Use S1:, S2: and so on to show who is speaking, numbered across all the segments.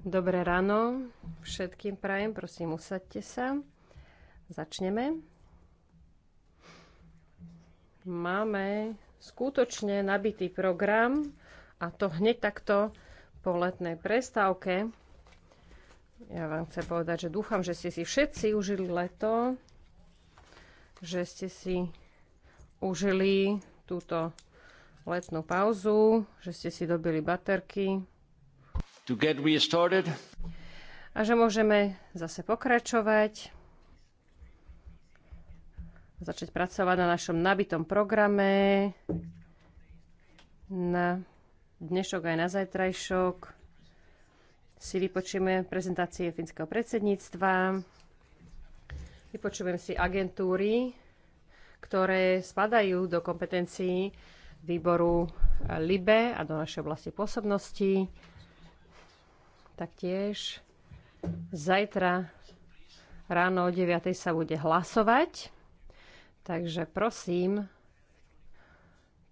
S1: Dobré ráno všetkým prajem, prosím, usaďte sa. Začneme. Máme skutočne nabitý program a to hneď takto po letnej prestávke. Ja vám chcem povedať, že dúfam, že ste si všetci užili leto, že ste si užili túto letnú pauzu, že ste si dobili baterky.
S2: To get restarted.
S1: A že môžeme zase pokračovať, začať pracovať na našom nabitom programe, na dnešok aj na zajtrajšok. Si vypočujeme prezentácie finského predsedníctva, vypočujem si agentúry, ktoré spadajú do kompetencií výboru eh, LIBE a do našej oblasti pôsobnosti. Taktiež zajtra ráno o 9.00 sa bude hlasovať. Takže prosím,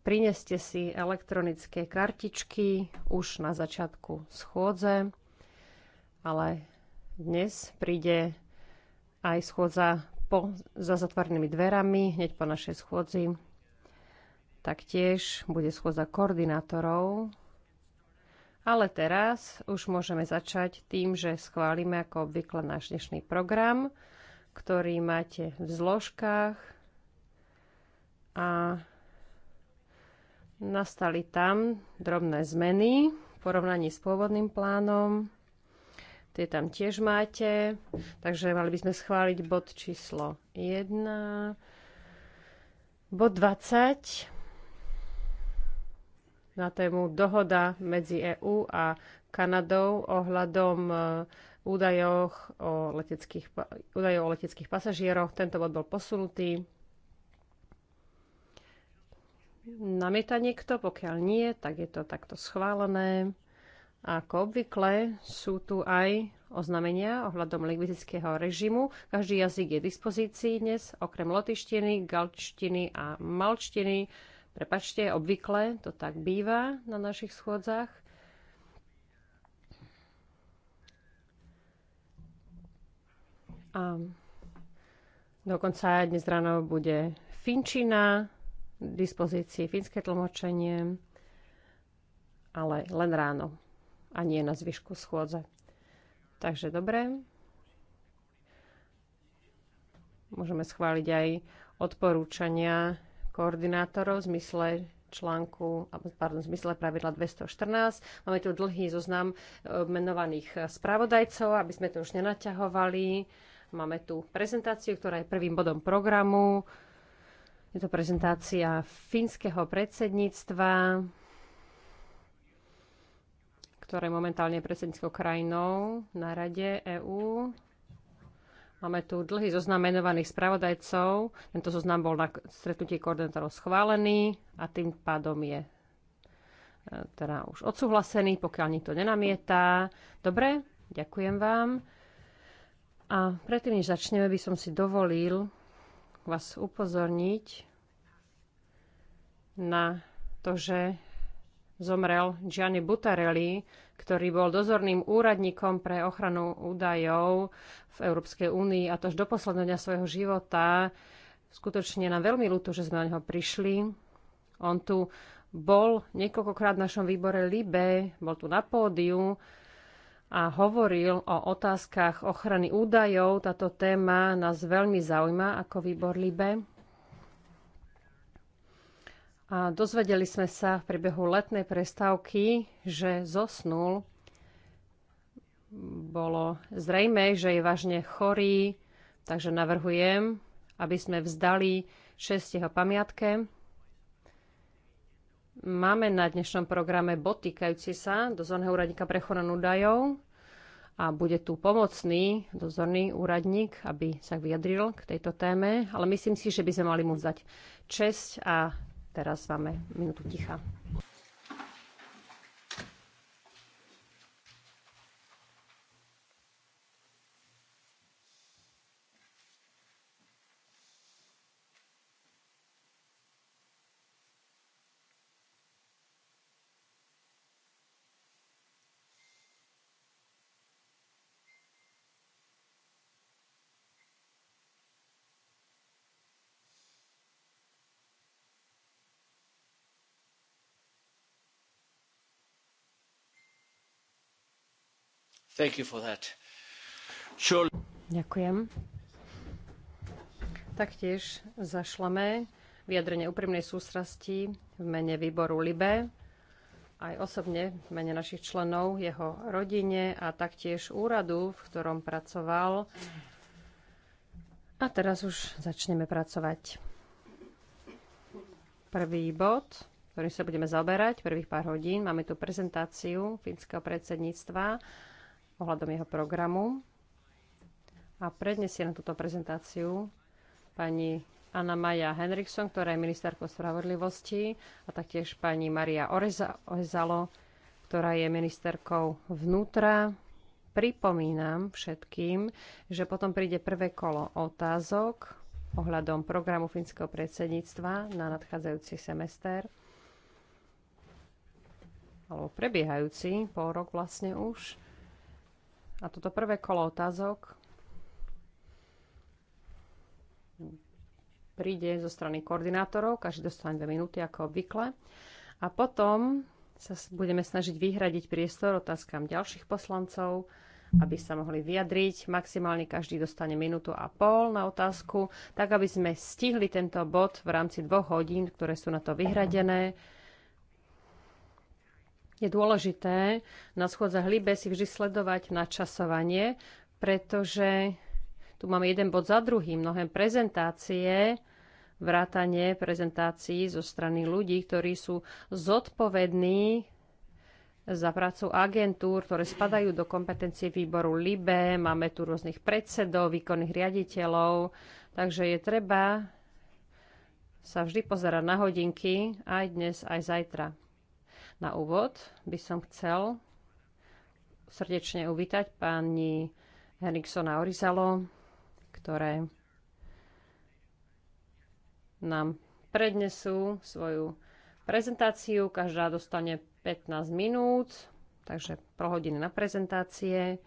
S1: prineste si elektronické kartičky už na začiatku schôdze, ale dnes príde aj schôdza po, za zatvorenými dverami, hneď po našej schôdzi. Taktiež bude schôdza koordinátorov. Ale teraz už môžeme začať tým, že schválime ako obvykle náš dnešný program, ktorý máte v zložkách. A nastali tam drobné zmeny v porovnaní s pôvodným plánom. Tie tam tiež máte, takže mali by sme schváliť bod číslo 1. Bod 20 na tému dohoda medzi EÚ a Kanadou ohľadom e, údajoch o leteckých, údajov o leteckých pasažieroch. Tento bod bol posunutý. Namieta niekto? Pokiaľ nie, tak je to takto schválené. A ako obvykle sú tu aj oznamenia ohľadom lingvistického režimu. Každý jazyk je v dispozícii dnes, okrem lotištiny, galčtiny a malčtiny. Prepačte, obvykle to tak býva na našich schôdzach. A dokonca dnes ráno bude finčina, v dispozícii finské tlmočenie, ale len ráno a nie na zvyšku schôdze. Takže dobre. Môžeme schváliť aj odporúčania koordinátorov v zmysle článku, pardon, v zmysle pravidla 214. Máme tu dlhý zoznam e, menovaných spravodajcov, aby sme to už nenaťahovali. Máme tu prezentáciu, ktorá je prvým bodom programu. Je to prezentácia fínskeho predsedníctva, ktoré momentálne je predsedníckou krajinou na Rade EÚ. Máme tu dlhý zoznam menovaných spravodajcov. Tento zoznam bol na stretnutí koordinátorov schválený a tým pádom je e, teda už odsúhlasený, pokiaľ nikto nenamietá. Dobre, ďakujem vám. A predtým, než začneme, by som si dovolil vás upozorniť na to, že zomrel Gianni Butarelli, ktorý bol dozorným úradníkom pre ochranu údajov v Európskej únii a to až do posledného dňa svojho života. Skutočne nám veľmi ľúto, že sme na neho prišli. On tu bol niekoľkokrát v našom výbore Libe, bol tu na pódiu a hovoril o otázkach ochrany údajov. Táto téma nás veľmi zaujíma ako výbor Libe. A dozvedeli sme sa v priebehu letnej prestávky, že zosnul. Bolo zrejme, že je vážne chorý, takže navrhujem, aby sme vzdali 6 jeho pamiatke. Máme na dnešnom programe bod týkajúci sa dozorného úradníka pre ochranu údajov a bude tu pomocný dozorný úradník, aby sa vyjadril k tejto téme, ale myslím si, že by sme mali mu vzdať česť a Teraz máme minútu ticha. Ďakujem. Taktiež zašleme vyjadrenie úprimnej sústrasti v mene výboru LIBE, aj osobne v mene našich členov, jeho rodine a taktiež úradu, v ktorom pracoval. A teraz už začneme pracovať. Prvý bod, ktorým sa budeme zaoberať, prvých pár hodín. Máme tu prezentáciu fínskeho predsedníctva ohľadom jeho programu. A predniesie na túto prezentáciu pani Anna Maja Henriksson, ktorá je ministerkou spravodlivosti, a taktiež pani Maria Orezalo, ktorá je ministerkou vnútra. Pripomínam všetkým, že potom príde prvé kolo otázok ohľadom programu fínskeho predsedníctva na nadchádzajúci semester alebo prebiehajúci pol rok vlastne už. A toto prvé kolo otázok príde zo strany koordinátorov, každý dostane dve minúty ako obvykle. A potom sa budeme snažiť vyhradiť priestor otázkam ďalších poslancov, aby sa mohli vyjadriť. Maximálne každý dostane minútu a pol na otázku, tak aby sme stihli tento bod v rámci dvoch hodín, ktoré sú na to vyhradené je dôležité na schôdzach Libe si vždy sledovať načasovanie, pretože tu máme jeden bod za druhým, mnohé prezentácie, vrátanie prezentácií zo strany ľudí, ktorí sú zodpovední za prácu agentúr, ktoré spadajú do kompetencie výboru LIBE. Máme tu rôznych predsedov, výkonných riaditeľov, takže je treba sa vždy pozerať na hodinky aj dnes, aj zajtra. Na úvod by som chcel srdečne uvítať pani Henriksona Orizalo, ktoré nám prednesú svoju prezentáciu. Každá dostane 15 minút, takže pro hodiny na prezentácie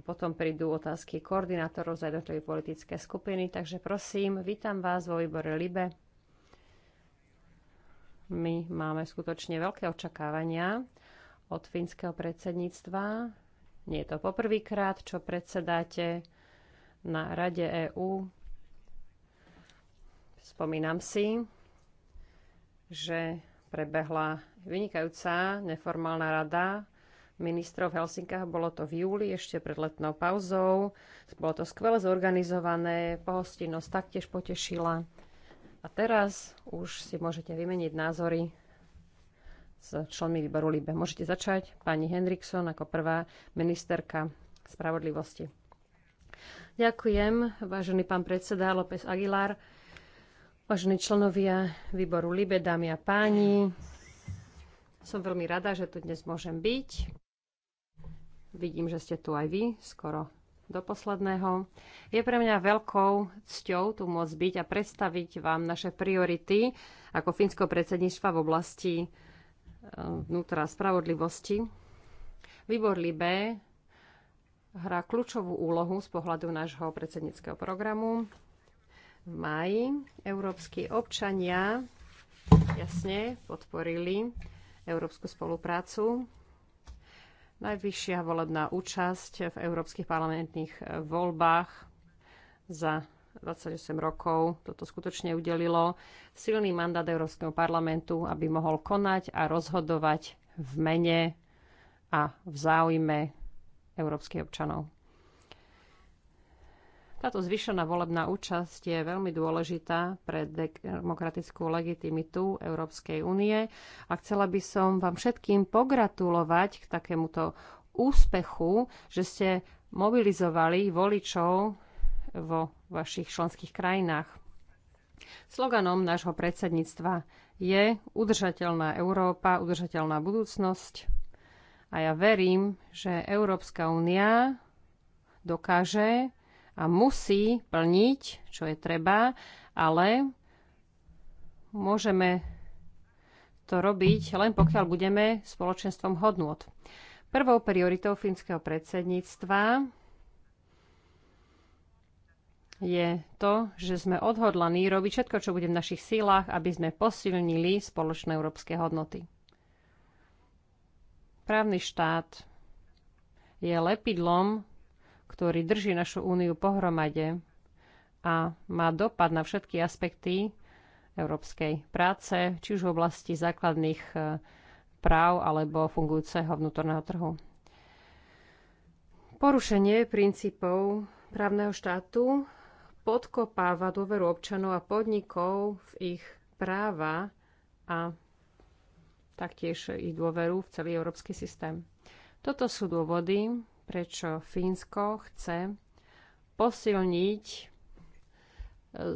S1: a potom prídu otázky koordinátorov za jednotlivé politické skupiny. Takže prosím, vítam vás vo výbore LIBE my máme skutočne veľké očakávania od fínskeho predsedníctva. Nie je to poprvýkrát, čo predsedáte na Rade EÚ. Spomínam si, že prebehla vynikajúca neformálna rada ministrov v Helsinkách. Bolo to v júli, ešte pred letnou pauzou. Bolo to skvele zorganizované, pohostinnosť taktiež potešila. A teraz už si môžete vymeniť názory s členmi výboru LIBE. Môžete začať pani Henriksson ako prvá ministerka spravodlivosti. Ďakujem, vážený pán predseda López Aguilar, vážení členovia výboru LIBE, dámy a páni. Som veľmi rada, že tu dnes môžem byť. Vidím, že ste tu aj vy, skoro do posledného. Je pre mňa veľkou cťou tu môcť byť a predstaviť vám naše priority ako fínsko predsedníctva v oblasti e, vnútra spravodlivosti. Výbor Libé hrá kľúčovú úlohu z pohľadu nášho predsedníckého programu. V maji európsky občania jasne podporili európsku spoluprácu Najvyššia volebná účasť v európskych parlamentných e, voľbách za 28 rokov toto skutočne udelilo silný mandát Európskeho parlamentu, aby mohol konať a rozhodovať v mene a v záujme európskych občanov. Táto zvyšená volebná účasť je veľmi dôležitá pre demokratickú legitimitu Európskej únie a chcela by som vám všetkým pogratulovať k takémuto úspechu, že ste mobilizovali voličov vo vašich členských krajinách. Sloganom nášho predsedníctva je udržateľná Európa, udržateľná budúcnosť. A ja verím, že Európska únia dokáže a musí plniť, čo je treba, ale môžeme to robiť len pokiaľ budeme spoločenstvom hodnúť. Prvou prioritou fínskeho predsedníctva je to, že sme odhodlaní robiť všetko, čo bude v našich sílách, aby sme posilnili spoločné európske hodnoty. Právny štát je lepidlom ktorý drží našu úniu pohromade a má dopad na všetky aspekty európskej práce, či už v oblasti základných e, práv alebo fungujúceho vnútorného trhu. Porušenie princípov právneho štátu podkopáva dôveru občanov a podnikov v ich práva a taktiež ich dôveru v celý európsky systém. Toto sú dôvody, prečo Fínsko chce posilniť e,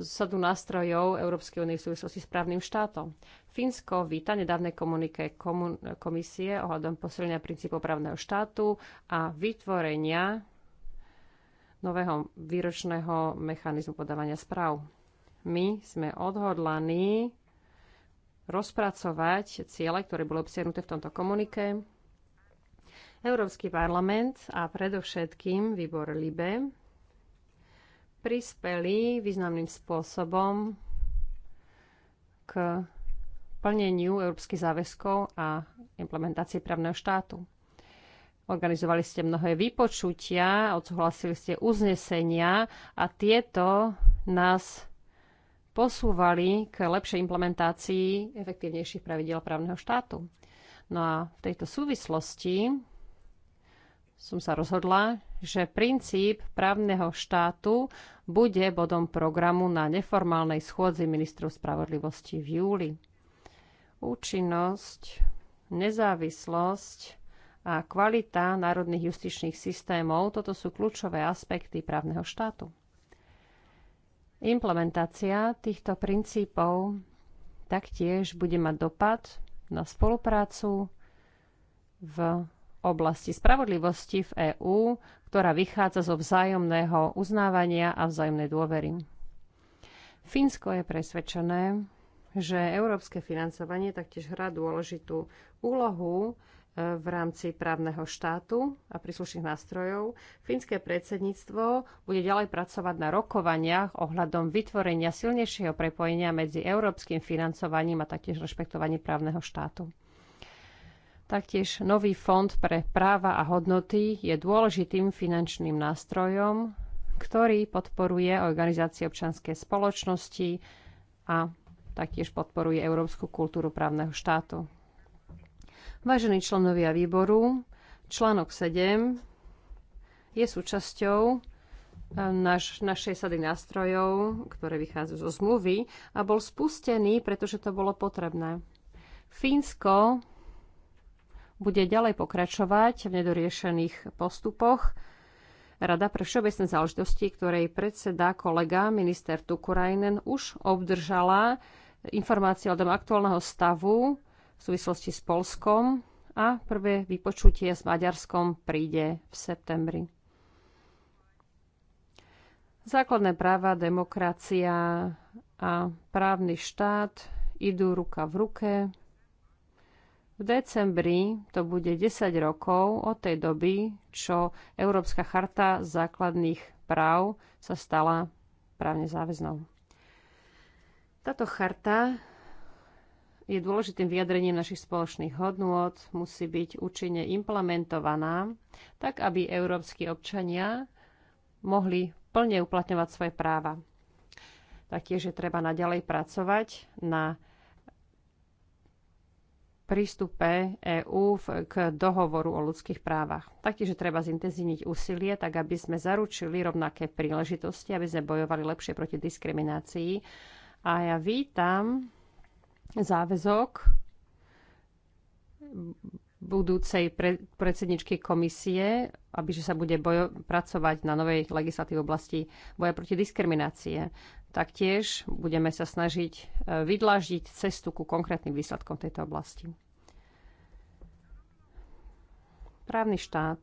S1: sadu nástrojov Európskej únie v súvislosti s právnym štátom. Fínsko víta nedávne komunike komun- komisie ohľadom posilnenia princípov právneho štátu a vytvorenia nového výročného mechanizmu podávania správ. My sme odhodlaní rozpracovať ciele, ktoré boli obsiahnuté v tomto komunike Európsky parlament a predovšetkým výbor LIBE prispeli významným spôsobom k plneniu európskych záväzkov a implementácii právneho štátu. Organizovali ste mnohé vypočutia, odsúhlasili ste uznesenia a tieto nás posúvali k lepšej implementácii efektívnejších pravidel právneho štátu. No a v tejto súvislosti som sa rozhodla, že princíp právneho štátu bude bodom programu na neformálnej schôdzi ministrov spravodlivosti v júli. Účinnosť, nezávislosť a kvalita národných justičných systémov, toto sú kľúčové aspekty právneho štátu. Implementácia týchto princípov taktiež bude mať dopad na spoluprácu v oblasti spravodlivosti v EÚ, ktorá vychádza zo vzájomného uznávania a vzájomnej dôvery. Fínsko je presvedčené, že európske financovanie taktiež hrá dôležitú úlohu e, v rámci právneho štátu a príslušných nástrojov. Fínske predsedníctvo bude ďalej pracovať na rokovaniach ohľadom vytvorenia silnejšieho prepojenia medzi európskym financovaním a taktiež rešpektovaním právneho štátu. Taktiež nový fond pre práva a hodnoty je dôležitým finančným nástrojom, ktorý podporuje organizácie občanskej spoločnosti a taktiež podporuje európsku kultúru právneho štátu. Vážení členovia výboru, článok 7 je súčasťou e, naš, našej sady nástrojov, ktoré vychádzajú zo zmluvy a bol spustený, pretože to bolo potrebné. Fínsko bude ďalej pokračovať v nedoriešených postupoch. Rada pre všeobecné záležitosti, ktorej predseda kolega minister Tukurajnen už obdržala informácie o aktuálneho stavu v súvislosti s Polskom a prvé vypočutie s Maďarskom príde v septembri. Základné práva, demokracia a právny štát idú ruka v ruke. V decembri to bude 10 rokov od tej doby, čo Európska charta základných práv sa stala právne záväznou. Táto charta je dôležitým vyjadrením našich spoločných hodnôt, musí byť účinne implementovaná, tak aby európsky občania mohli plne uplatňovať svoje práva. Taktiež je treba naďalej pracovať na prístupe EÚ k dohovoru o ľudských právach. Taktiež treba zintenzívniť úsilie, tak aby sme zaručili rovnaké príležitosti, aby sme bojovali lepšie proti diskriminácii. A ja vítam záväzok budúcej pre, predsedničky komisie, aby že sa bude bojo, pracovať na novej legislatíve v oblasti boja proti diskriminácie. Taktiež budeme sa snažiť e, vydláždiť cestu ku konkrétnym výsledkom tejto oblasti. Právny štát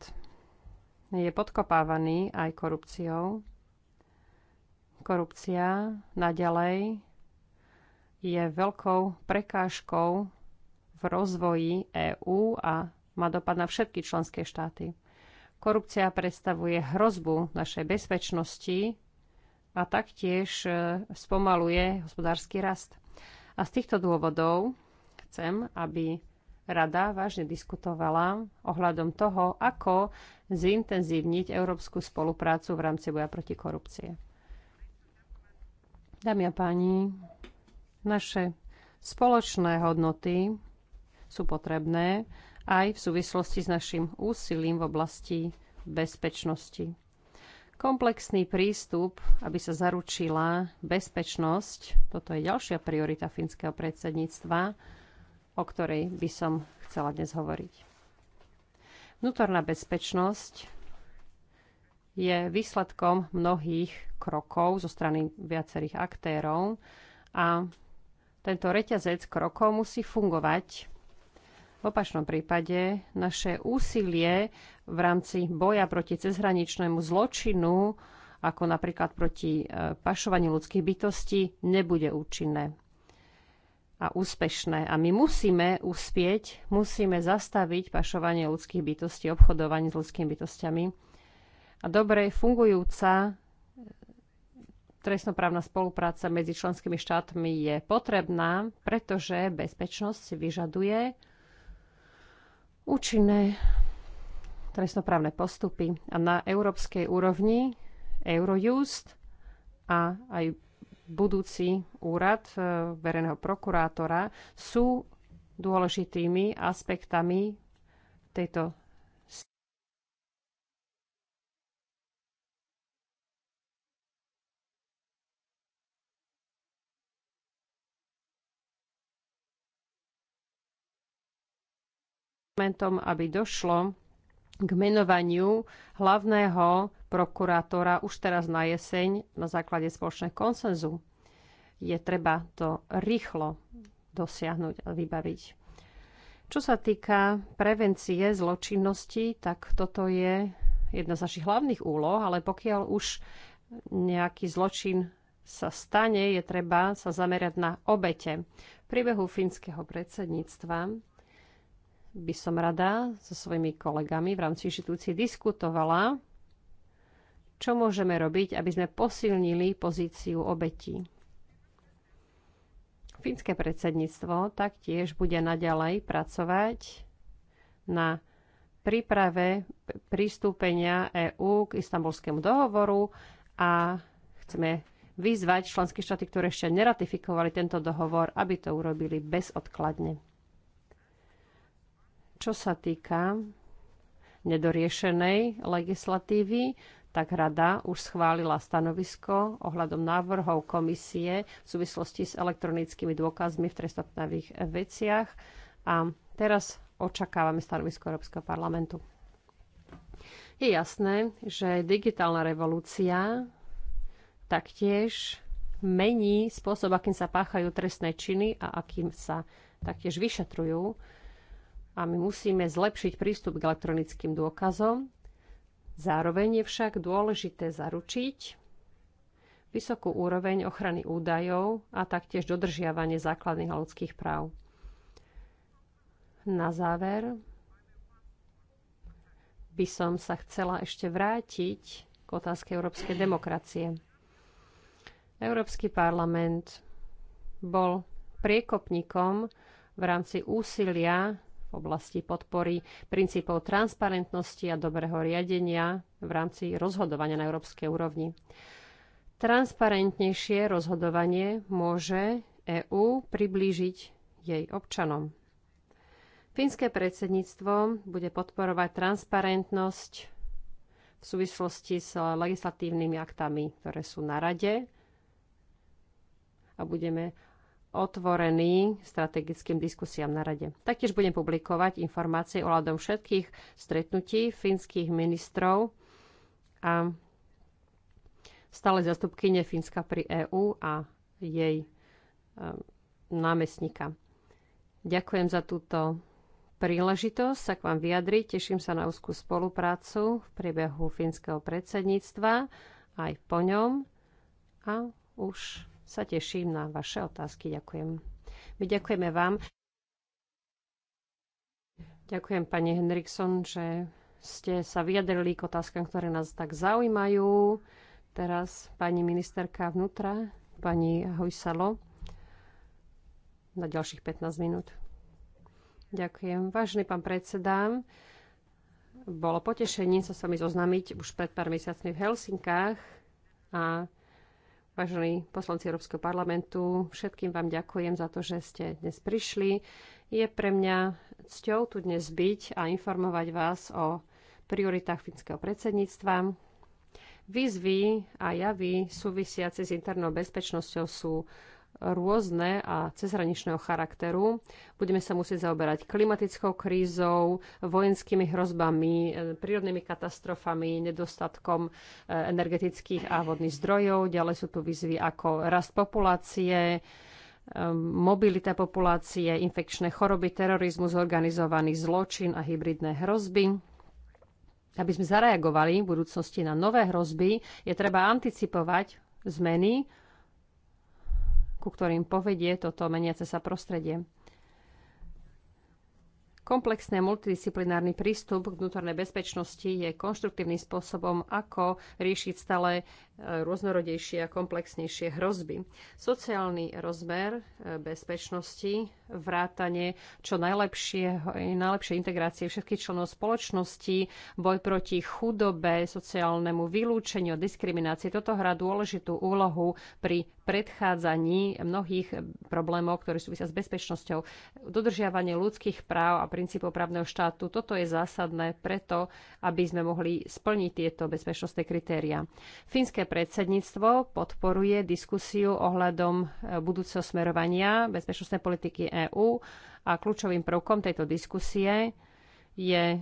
S1: je podkopávaný aj korupciou. Korupcia naďalej je veľkou prekážkou v rozvoji EÚ a má dopad na všetky členské štáty. Korupcia predstavuje hrozbu našej bezpečnosti a taktiež e, spomaluje hospodársky rast. A z týchto dôvodov chcem, aby rada vážne diskutovala ohľadom toho, ako zintenzívniť európsku spoluprácu v rámci boja proti korupcie. Dámy a páni, naše spoločné hodnoty sú potrebné aj v súvislosti s našim úsilím v oblasti bezpečnosti. Komplexný prístup, aby sa zaručila bezpečnosť, toto je ďalšia priorita fínskeho predsedníctva, o ktorej by som chcela dnes hovoriť. Vnútorná bezpečnosť je výsledkom mnohých krokov zo strany viacerých aktérov a tento reťazec krokov musí fungovať v opačnom prípade naše úsilie v rámci boja proti cezhraničnému zločinu, ako napríklad proti e, pašovaniu ľudských bytostí, nebude účinné a úspešné. A my musíme uspieť, musíme zastaviť pašovanie ľudských bytostí, obchodovanie s ľudskými bytostiami. A dobre fungujúca e, trestnoprávna spolupráca medzi členskými štátmi je potrebná, pretože bezpečnosť vyžaduje účinné trestnoprávne postupy. A na európskej úrovni Eurojust a aj budúci úrad e, verejného prokurátora sú dôležitými aspektami tejto parlamentom, aby došlo k menovaniu hlavného prokurátora už teraz na jeseň na základe spoločného konsenzu. Je treba to rýchlo dosiahnuť a vybaviť. Čo sa týka prevencie zločinnosti, tak toto je jedna z našich hlavných úloh, ale pokiaľ už nejaký zločin sa stane, je treba sa zamerať na obete. V priebehu fínskeho predsedníctva by som rada so svojimi kolegami v rámci inštitúcie diskutovala, čo môžeme robiť, aby sme posilnili pozíciu obetí. Fínske predsedníctvo taktiež bude naďalej pracovať na príprave pristúpenia EÚ k istambulskému dohovoru a chceme vyzvať členské štáty, ktoré ešte neratifikovali tento dohovor, aby to urobili bezodkladne. Čo sa týka nedoriešenej legislatívy, tak rada už schválila stanovisko ohľadom návrhov komisie v súvislosti s elektronickými dôkazmi v trestnoprávnych veciach a teraz očakávame stanovisko Európskeho parlamentu. Je jasné, že digitálna revolúcia taktiež mení spôsob, akým sa páchajú trestné činy a akým sa taktiež vyšetrujú a my musíme zlepšiť prístup k elektronickým dôkazom. Zároveň je však dôležité zaručiť vysokú úroveň ochrany údajov a taktiež dodržiavanie základných a ľudských práv. Na záver by som sa chcela ešte vrátiť k otázke európskej demokracie. Európsky parlament bol priekopníkom v rámci úsilia v oblasti podpory princípov transparentnosti a dobrého riadenia v rámci rozhodovania na európskej úrovni. Transparentnejšie rozhodovanie môže EÚ priblížiť jej občanom. Fínske predsedníctvo bude podporovať transparentnosť v súvislosti s legislatívnymi aktami, ktoré sú na rade a budeme otvorený strategickým diskusiám na rade. Taktiež budem publikovať informácie o hľadom všetkých stretnutí fínskych ministrov a stále zastupkyne Fínska pri EÚ a jej eh, námestníka. Ďakujem za túto príležitosť sa k vám vyjadriť. Teším sa na úzkú spoluprácu v priebehu fínskeho predsedníctva aj po ňom. A už sa teším na vaše otázky. Ďakujem. My ďakujeme vám. Ďakujem, pani Henriksson, že ste sa vyjadrili k otázkam, ktoré nás tak zaujímajú. Teraz pani ministerka vnútra, pani Hojsalo, na ďalších 15 minút. Ďakujem. Vážny pán predseda, bolo potešením sa s vami zoznámiť už pred pár mesiacmi v Helsinkách a Vážení poslanci Európskeho parlamentu, všetkým vám ďakujem za to, že ste dnes prišli. Je pre mňa cťou tu dnes byť a informovať vás o prioritách finského predsedníctva. Výzvy a javy súvisiace s internou bezpečnosťou sú rôzne a cezhraničného charakteru. Budeme sa musieť zaoberať klimatickou krízou, vojenskými hrozbami, e, prírodnými katastrofami, nedostatkom e, energetických a vodných zdrojov. Ďalej sú tu výzvy ako rast populácie, e, mobilita populácie, infekčné choroby, terorizmus, organizovaný zločin a hybridné hrozby. Aby sme zareagovali v budúcnosti na nové hrozby, je treba anticipovať zmeny, ku ktorým povedie toto meniace sa prostredie. Komplexný multidisciplinárny prístup k vnútornej bezpečnosti je konštruktívnym spôsobom, ako riešiť stále rôznorodejšie a komplexnejšie hrozby. Sociálny rozmer e, bezpečnosti, vrátanie čo najlepšie, e, najlepšie integrácie všetkých členov spoločnosti, boj proti chudobe, sociálnemu vylúčeniu, diskriminácii. Toto hrá dôležitú úlohu pri predchádzaní mnohých problémov, ktoré súvisia s bezpečnosťou, dodržiavanie ľudských práv a princípov právneho štátu. Toto je zásadné preto, aby sme mohli splniť tieto bezpečnostné kritéria. Fínske Belgické predsedníctvo podporuje diskusiu ohľadom e, budúceho smerovania bezpečnostnej politiky EÚ a kľúčovým prvkom tejto diskusie je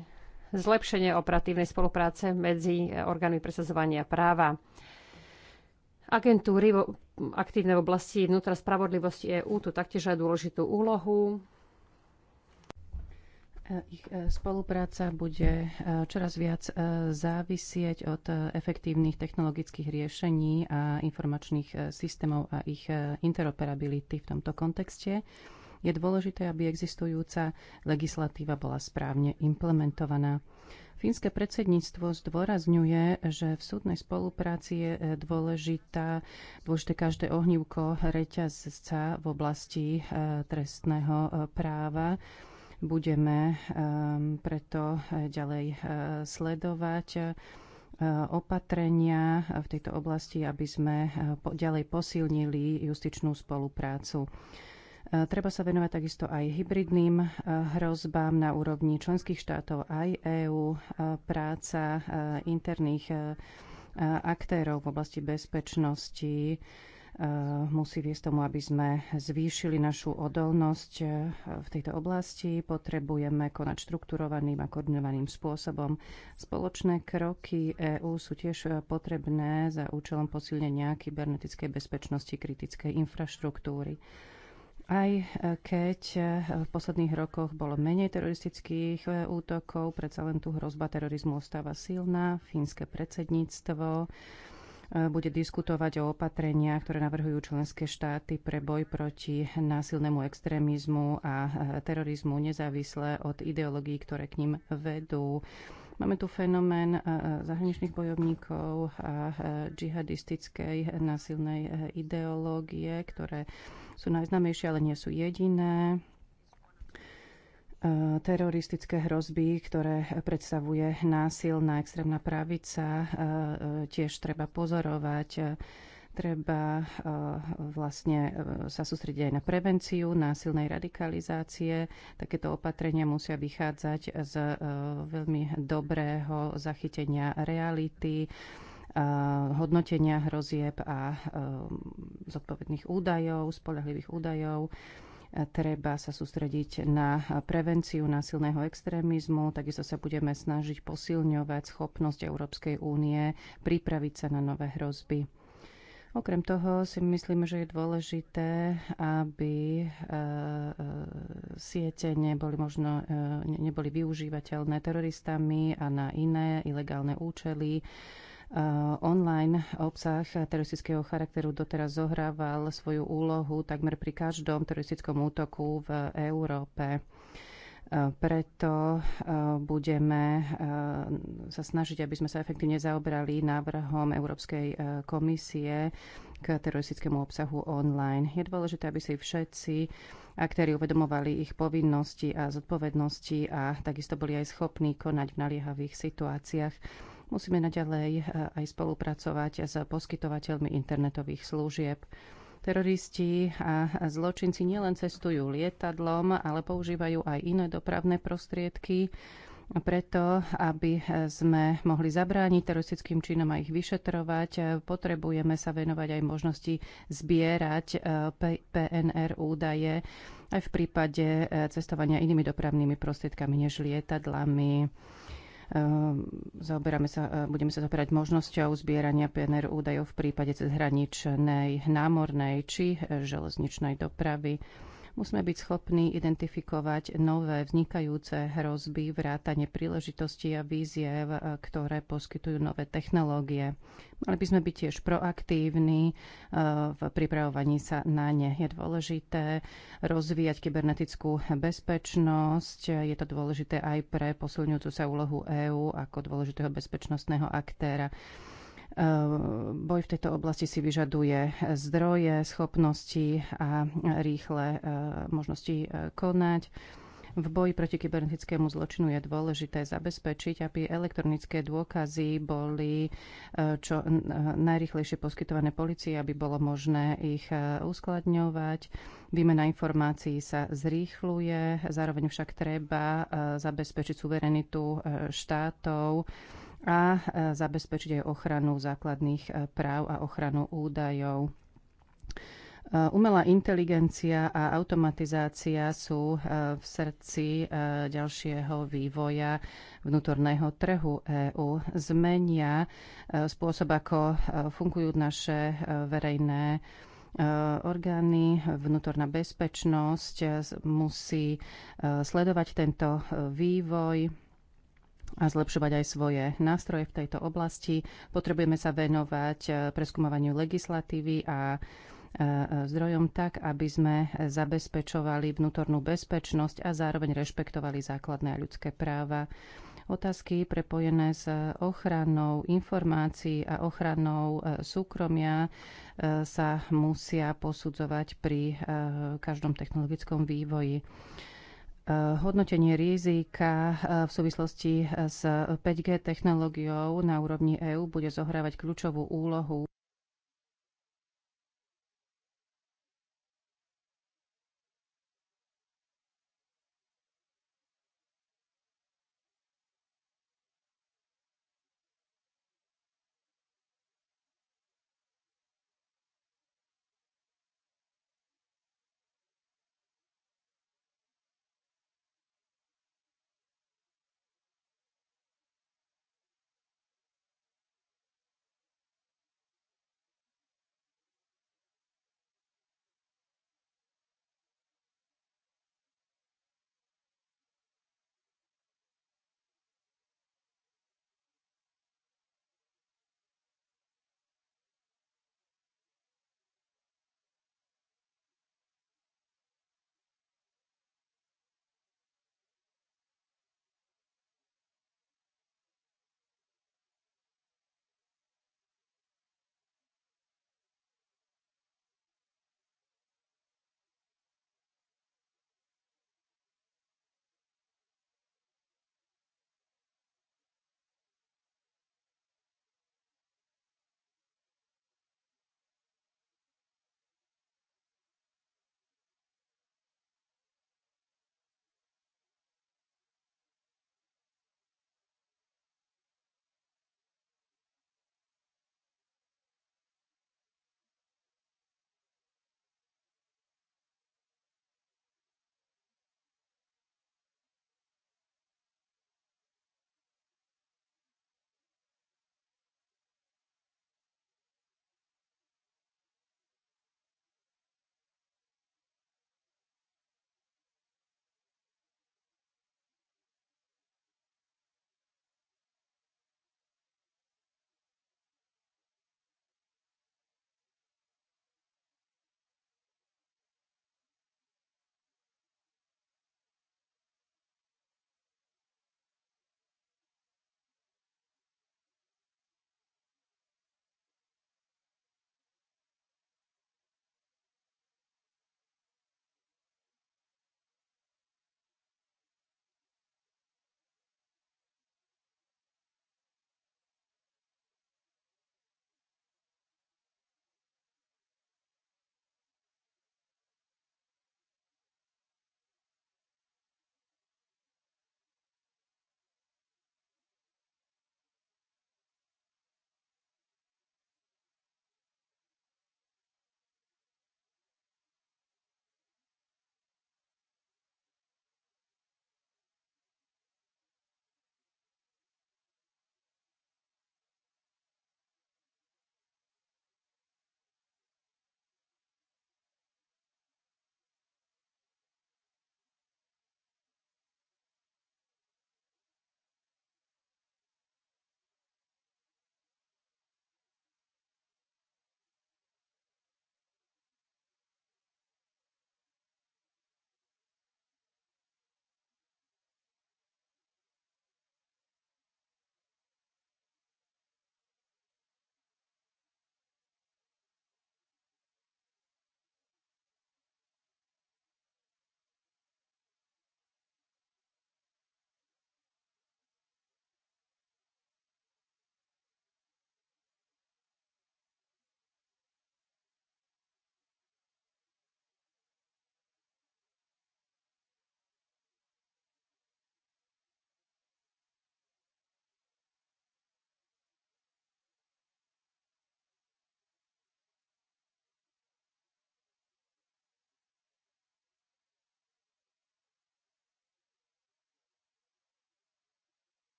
S1: zlepšenie operatívnej spolupráce medzi e, orgánmi presadzovania práva. Agentúry aktívne v oblasti vnútra spravodlivosti EÚ tu taktiež aj dôležitú úlohu.
S3: Eh, ich eh, spolupráca bude eh, čoraz viac závisieť od efektívnych technologických riešení a informačných systémov a ich interoperability v tomto kontexte. Je dôležité, aby existujúca legislatíva bola správne implementovaná. Fínske predsedníctvo zdôrazňuje, že v súdnej spolupráci je dôležitá, dôležité každé ohnívko reťazca v oblasti trestného práva Budeme ehm, preto eh, ďalej eh, sledovať eh, opatrenia v tejto oblasti, aby sme ďalej posilnili justičnú spoluprácu. Treba sa venovať takisto aj hybridným hrozbám na úrovni členských štátov aj EÚ, práca interných aktérov v oblasti bezpečnosti, Eh, musí viesť tomu, aby sme zvýšili našu odolnosť eh, v tejto oblasti. Potrebujeme konať štrukturovaným a koordinovaným spôsobom. Spoločné kroky EÚ sú tiež eh, potrebné za účelom posilnenia kybernetickej bezpečnosti kritickej infraštruktúry. Aj keď v posledných rokoch bolo menej teroristických útokov, predsa len tu hrozba terorizmu ostáva silná, fínske predsedníctvo E, bude diskutovať o opatreniach, ktoré navrhujú členské štáty pre boj proti násilnému extrémizmu a e, terorizmu nezávisle od ideológií, ktoré k ním vedú. Máme tu fenomén e, zahraničných bojovníkov a džihadistickej násilnej ideológie, ktoré sú najznamejšie, ale nie sú jediné. E, teroristické hrozby, ktoré predstavuje násilná extrémna pravica, e, e, tiež treba pozorovať. Treba vlastne sa sústrediť aj na prevenciu násilnej radikalizácie. Takéto opatrenia musia vychádzať z veľmi dobrého zachytenia reality, hodnotenia hrozieb a zodpovedných údajov, spolahlivých údajov Treba sa sústrediť na prevenciu násilného extrémizmu, takisto sa budeme snažiť posilňovať schopnosť Európskej únie pripraviť sa na nové hrozby. Okrem toho si myslím, že je dôležité, aby e, e, siete neboli, možno, e, neboli využívateľné teroristami a na iné ilegálne účely online obsah teroristického charakteru doteraz zohrával svoju úlohu takmer pri každom teroristickom útoku v Európe. Preto budeme sa snažiť, aby sme sa efektívne zaobrali návrhom Európskej komisie k teroristickému obsahu online. Je dôležité, aby si všetci aktéri uvedomovali ich povinnosti a zodpovednosti a takisto boli aj schopní konať v naliehavých situáciách. Musíme naďalej eh, aj spolupracovať s poskytovateľmi internetových služieb. Teroristi a zločinci nielen cestujú lietadlom, ale používajú aj iné dopravné prostriedky preto, aby sme mohli zabrániť teroristickým činom a ich vyšetrovať, potrebujeme sa venovať aj možnosti zbierať eh, PNR údaje aj v prípade eh, cestovania inými dopravnými prostriedkami než lietadlami. Ehm, zaoberáme sa, e, budeme sa zaoberať možnosťou zbierania PNR údajov v prípade cezhraničnej námornej či e, železničnej dopravy. Musíme byť schopní identifikovať nové vznikajúce hrozby, vrátanie príležitosti a víziev, e, ktoré poskytujú nové technológie. Mali by sme byť tiež proaktívni e, v pripravovaní sa na ne. Je dôležité rozvíjať kybernetickú bezpečnosť. Je to dôležité aj pre posilňujúcu sa úlohu EÚ ako dôležitého bezpečnostného aktéra. Eh, boj v tejto oblasti si vyžaduje zdroje, schopnosti a rýchle eh, možnosti eh, konať. V boji proti kybernetickému zločinu je dôležité zabezpečiť, aby elektronické dôkazy boli čo najrychlejšie poskytované policii, aby bolo možné ich uskladňovať. Výmena informácií sa zrýchluje, zároveň však treba zabezpečiť suverenitu štátov a e, zabezpečiť aj ochranu základných e, práv a ochranu údajov. E, umelá inteligencia a automatizácia sú v srdci ďalšieho vývoja vnútorného trhu EÚ. Zmenia spôsob, ako fungujú naše verejné orgány, vnútorná bezpečnosť musí sledovať tento vývoj a zlepšovať aj svoje nástroje v tejto oblasti. Potrebujeme sa venovať eh, preskúmovaniu legislatívy a eh, eh, zdrojom tak, aby sme zabezpečovali vnútornú bezpečnosť a zároveň rešpektovali základné a ľudské práva. Otázky prepojené s ochranou informácií a ochranou súkromia sa musia posudzovať pri každom technologickom vývoji hodnotenie rizika e, v súvislosti s 5G technológiou na úrovni EÚ bude zohrávať kľúčovú úlohu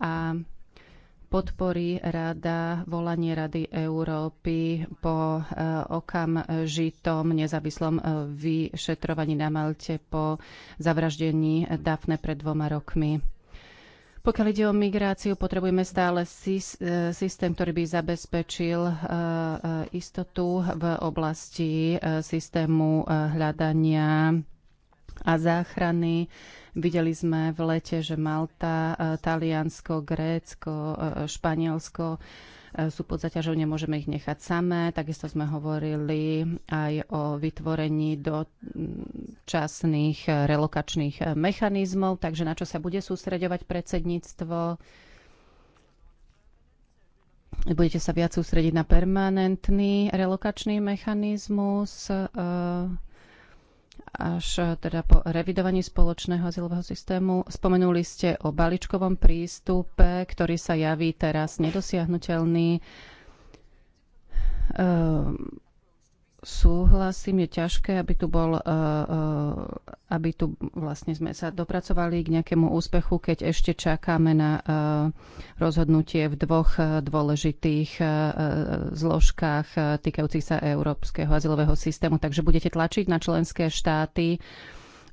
S3: a podporí rada volanie Rady Európy po eh, okamžitom nezávislom eh, vyšetrovaní na Malte po zavraždení Dafne pred dvoma rokmi. Pokiaľ ide o migráciu, potrebujeme stále eh, systém, ktorý by zabezpečil istotu v oblasti systému hľadania a záchrany. Videli sme v lete, že Malta, e, Taliansko, Grécko, e, Španielsko e, sú pod zaťažou, nemôžeme ich nechať samé. Takisto sme hovorili aj o vytvorení dočasných relokačných mechanizmov, takže na čo sa bude sústreďovať predsedníctvo. Budete sa viac sústrediť na permanentný relokačný mechanizmus až eh, teda po revidovaní spoločného azylového systému. Spomenuli ste o balíčkovom prístupe, ktorý sa javí teraz nedosiahnutelný. Ehm súhlasím, je ťažké, aby tu bol, eh, eh, aby tu vlastne sme sa dopracovali k nejakému úspechu, keď ešte čakáme na eh, rozhodnutie v dvoch dôležitých zložkách týkajúcich sa európskeho azylového systému. Takže budete tlačiť na členské štáty,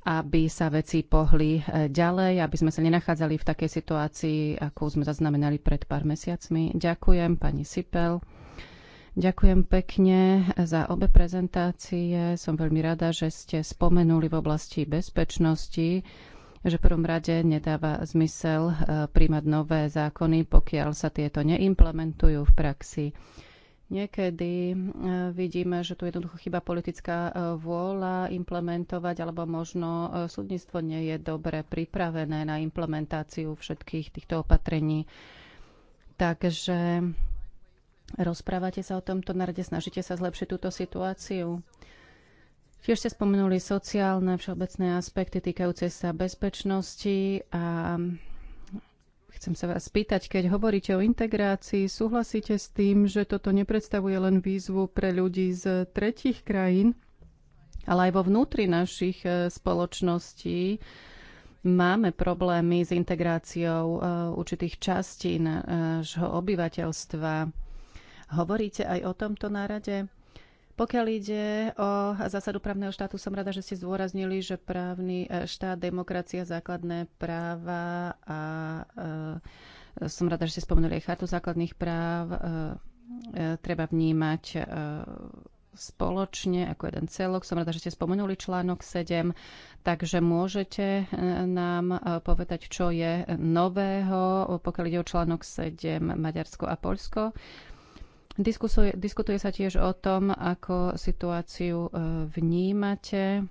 S3: aby sa veci pohli ďalej, aby sme sa nenachádzali v takej situácii, ako sme zaznamenali pred pár mesiacmi. Ďakujem, pani Sipel. Ďakujem pekne za obe prezentácie. Som veľmi rada, že ste spomenuli v oblasti bezpečnosti že v prvom rade nedáva zmysel e, príjmať nové zákony, pokiaľ sa tieto neimplementujú v praxi. Niekedy e, vidíme, že tu jednoducho chyba politická e, vôľa implementovať, alebo možno súdnictvo nie je dobre pripravené na implementáciu všetkých týchto opatrení. Takže Rozprávate sa o tomto narade, snažíte sa zlepšiť túto situáciu. Tiež ste spomenuli sociálne všeobecné aspekty týkajúce sa bezpečnosti a chcem sa vás spýtať, keď hovoríte o integrácii, súhlasíte s tým, že toto nepredstavuje len výzvu pre ľudí z tretich krajín, ale aj vo vnútri našich e, spoločností máme problémy s integráciou e, určitých častí e, nášho obyvateľstva Hovoríte aj o tomto nárade? Pokiaľ ide o zásadu právneho štátu, som rada, že ste zdôraznili, že právny e, štát, demokracia, základné práva a e, som rada, že ste spomenuli aj chartu základných práv, e, e, treba vnímať e, spoločne ako jeden celok. Som rada, že ste spomenuli článok 7, takže môžete e, nám e, povedať, čo je nového, pokiaľ ide o článok 7 Maďarsko a Polsko. E, Diskusuje, diskutuje sa tiež o tom, ako situáciu e, vnímate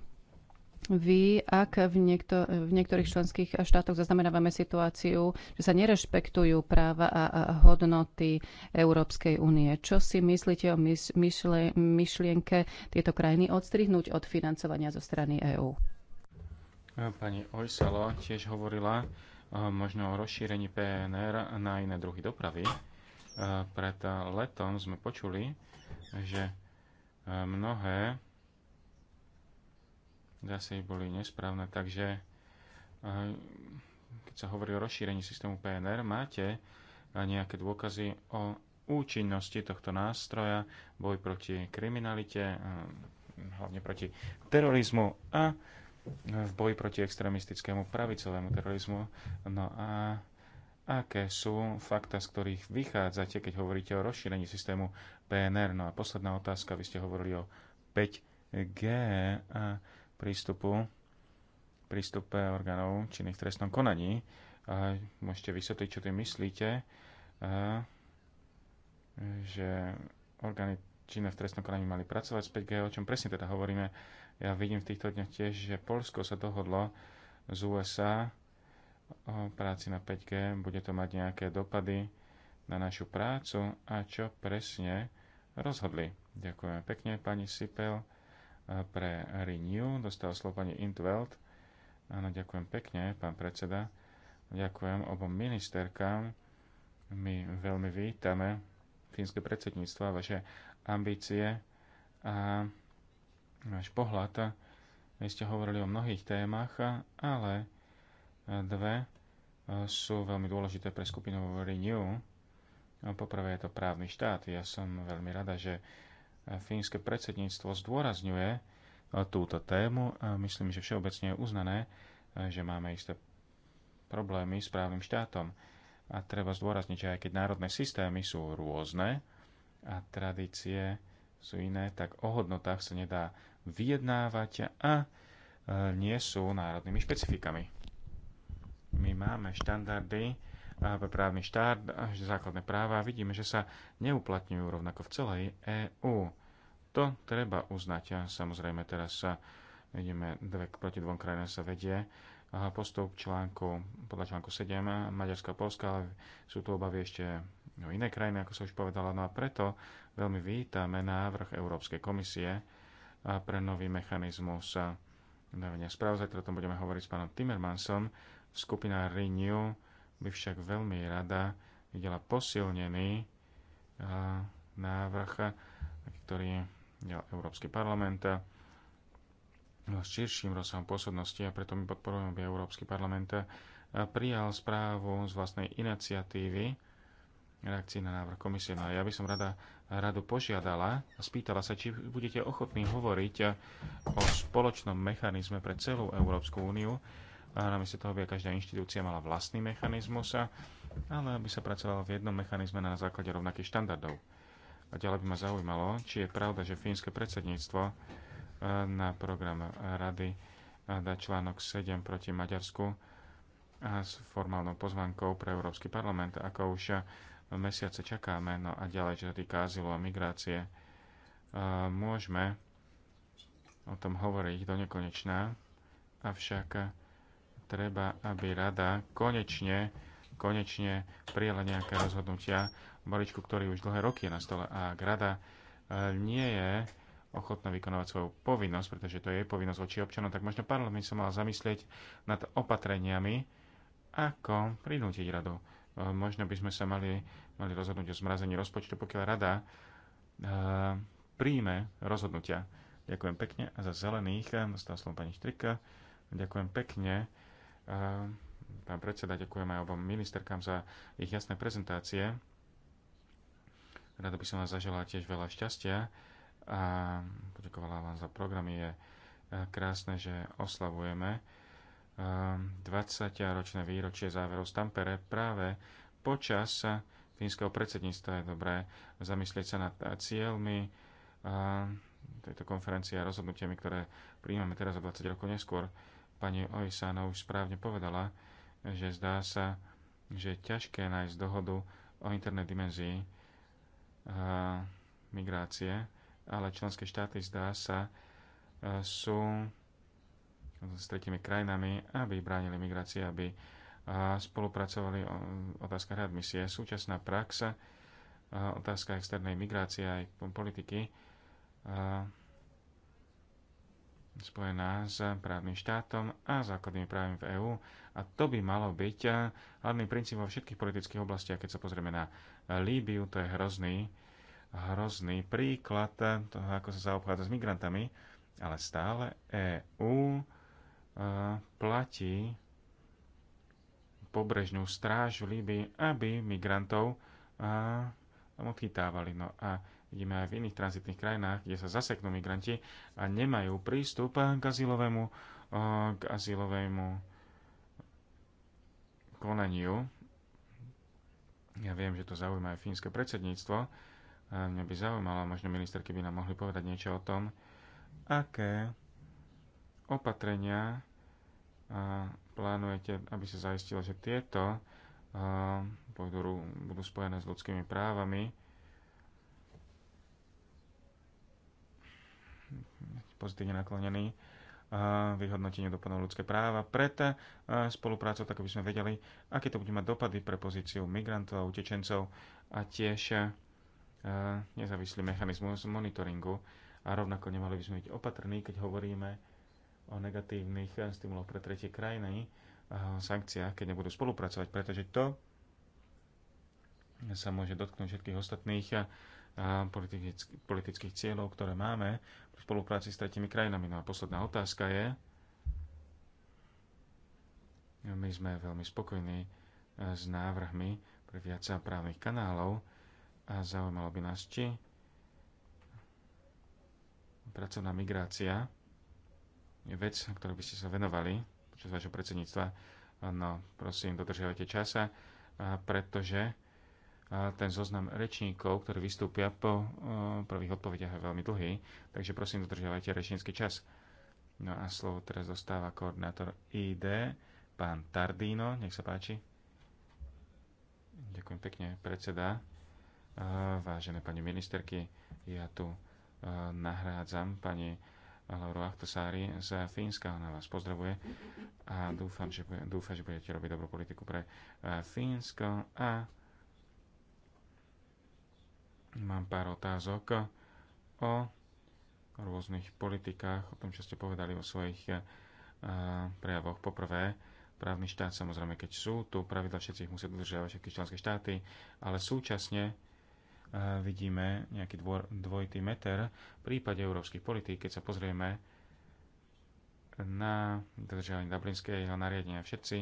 S3: vy, ak v, niekto, v niektorých členských štátoch zaznamenávame situáciu, že sa nerešpektujú práva a, a hodnoty Európskej únie. Čo si myslíte o myšle, myšlienke tieto krajiny odstrihnúť od financovania zo strany EÚ?
S2: Pani Ojsalo tiež hovorila e, možno o rozšírení PNR na iné druhy dopravy. Pred letom sme počuli, že mnohé zase boli nesprávne, takže keď sa hovorí o rozšírení systému PNR, máte nejaké dôkazy o účinnosti tohto nástroja, boj proti kriminalite, hlavne proti terorizmu a v boji proti extremistickému pravicovému terorizmu. No a aké sú fakta, z ktorých vychádzate, keď hovoríte o rozšírení systému PNR. No a posledná otázka, vy ste hovorili o 5G a prístupu, prístupe orgánov činných v trestnom konaní. A môžete vysvetliť, čo tým myslíte, a, že orgány činné v trestnom konaní mali pracovať s 5G, o čom presne teda hovoríme. Ja vidím v týchto dňoch tiež, že Polsko sa dohodlo z USA, o práci na 5G, bude to mať nejaké dopady na našu prácu a čo presne rozhodli. Ďakujeme pekne pani Sipel eh, pre Renew, dostal slovo pani Intveld. Áno, ďakujem pekne, pán predseda. Ďakujem obom ministerkám. My veľmi vítame fínske predsedníctvo a vaše ambície a váš pohľad. Vy ste hovorili o mnohých témach, ale dve e, sú veľmi dôležité pre skupinu Renew. E, poprvé je to právny štát. Ja som veľmi rada, že e, fínske predsedníctvo zdôrazňuje túto tému. Myslím, že všeobecne je uznané, že máme isté problémy s právnym štátom. A treba zdôrazniť, že aj keď národné systémy sú rôzne a tradície sú iné, tak o hodnotách sa nedá vyjednávať a nie sú národnými špecifikami my máme štandardy pre právny štát, základné práva vidíme, že sa neuplatňujú rovnako v celej EÚ. To treba uznať. A samozrejme teraz sa ideme dve, proti dvom krajinám sa vedie postup článku, podľa článku 7 Maďarska a Polska, ale sú tu obavy ešte no, iné krajiny, ako sa už povedala. No a preto veľmi vítame návrh Európskej komisie pre nový mechanizmus Dávania správ, zajtra o tom budeme hovoriť s pánom Timmermansom. Skupina Renew by však veľmi rada videla posilnený eh, návrh, ktorý je Európsky parlament eh, s širším rozsahom pôsobnosti a preto my podporujeme, aby Európsky parlament eh, prijal správu z vlastnej iniciatívy, reakcii na návrh komisie. No a ja by som rada, radu požiadala a spýtala sa, či budete ochotní hovoriť o spoločnom mechanizme pre celú Európsku úniu, namiesto toho by každá inštitúcia mala vlastný mechanizmus, ale aby sa pracovalo v jednom mechanizme na základe rovnakých štandardov. A ďalej by ma zaujímalo, či je pravda, že fínske predsedníctvo e, na program rady e, dá článok 7 proti Maďarsku a s formálnou pozvankou pre Európsky parlament, ako už mesiace čakáme, no a ďalej, čo sa týka azylu a migrácie, e, môžeme o tom hovoriť do nekonečná, avšak treba, aby rada konečne, konečne prijela nejaké rozhodnutia baličku, ktorý už dlhé roky je na stole a ak rada e, nie je ochotná vykonávať svoju povinnosť, pretože to je jej povinnosť voči občanom, tak možno parlament sa mal zamyslieť nad opatreniami, ako prinútiť radu. E, možno by sme sa mali mali rozhodnúť o zmrazení rozpočtu, pokiaľ rada eh, príjme rozhodnutia. Ďakujem pekne a za zelených eh, dostal slovo pani Štrika. Ďakujem pekne. Eh, pán predseda, ďakujem aj obom ministerkám za ich jasné prezentácie. Rada by som vás zaželala tiež veľa šťastia a poďakovala vám za program. Je krásne, že oslavujeme 20-ročné výročie záverov z Tampere práve počas fínskeho predsedníctva je dobré zamyslieť sa nad eh, cieľmi eh, tejto konferencie a rozhodnutiami, ktoré príjmame teraz o 20 rokov neskôr. Pani Ojsana už správne povedala, že zdá sa, že je ťažké nájsť dohodu o internet dimenzii eh, migrácie, ale členské štáty zdá sa sú s tretimi krajinami, aby bránili migrácie, aby a spolupracovali o otázkach readmisie. Súčasná praxa, otázka externej migrácie aj politiky a spojená s právnym štátom a základnými právami v EÚ. A to by malo byť hlavný princíp vo všetkých politických oblastiach. Keď sa pozrieme na Líbiu, to je hrozný, hrozný príklad toho, ako sa zaobchádza s migrantami, ale stále EÚ platí pobrežnú stráž v Líbii, aby migrantov a, tam odchytávali. No a vidíme aj v iných tranzitných krajinách, kde sa zaseknú migranti a nemajú prístup k azylovému, k azylovému konaniu. Ja viem, že to zaujíma aj fínske predsedníctvo. A mňa by zaujímalo, možno ministerky by nám mohli povedať niečo o tom, aké opatrenia a plánujete, aby sa zaistilo, že tieto pôjdu, budú spojené s ľudskými právami. Pozitívne naklonený vyhodnotenie dopadov ľudské práva Preto spoluprácu tak aby sme vedeli, aké to bude mať dopady pre pozíciu migrantov a utečencov a tiež nezávislý mechanizmus monitoringu. A rovnako nemali by sme byť opatrní, keď hovoríme o negatívnych eh, stimuloch pre tretie krajiny, eh, sankciách, keď nebudú spolupracovať, pretože to sa môže dotknúť všetkých ostatných eh, politických, politických cieľov, ktoré máme v spolupráci s tretimi krajinami. No a posledná otázka je, my sme veľmi spokojní s návrhmi pre viac právnych kanálov a zaujímalo by nás, či pracovná migrácia je vec, ktorú by ste sa venovali počas vašho predsedníctva. No, prosím, dodržiavajte časa, pretože ten zoznam rečníkov, ktorí vystúpia po prvých odpovediach je veľmi dlhý, takže prosím, dodržiavajte rečnícky čas. No a slovo teraz dostáva koordinátor ID, pán Tardino, nech sa páči. Ďakujem pekne, predseda. Vážené pani ministerky, ja tu nahrádzam pani Lauro Ahtosári z Fínska. Ona vás pozdravuje a dúfam, že, bude, dúfa, že budete robiť dobrú politiku pre eh, Fínsko. A mám pár otázok o rôznych politikách, o tom, čo ste povedali o svojich eh, prejavoch. Poprvé, právny štát, samozrejme, keď sú tu pravidla, všetci ich musia dodržiavať všetky členské štáty, ale súčasne vidíme nejaký dvor, dvojitý meter v prípade európskych politík, keď sa pozrieme na dodržiavanie jeho nariadenia. Všetci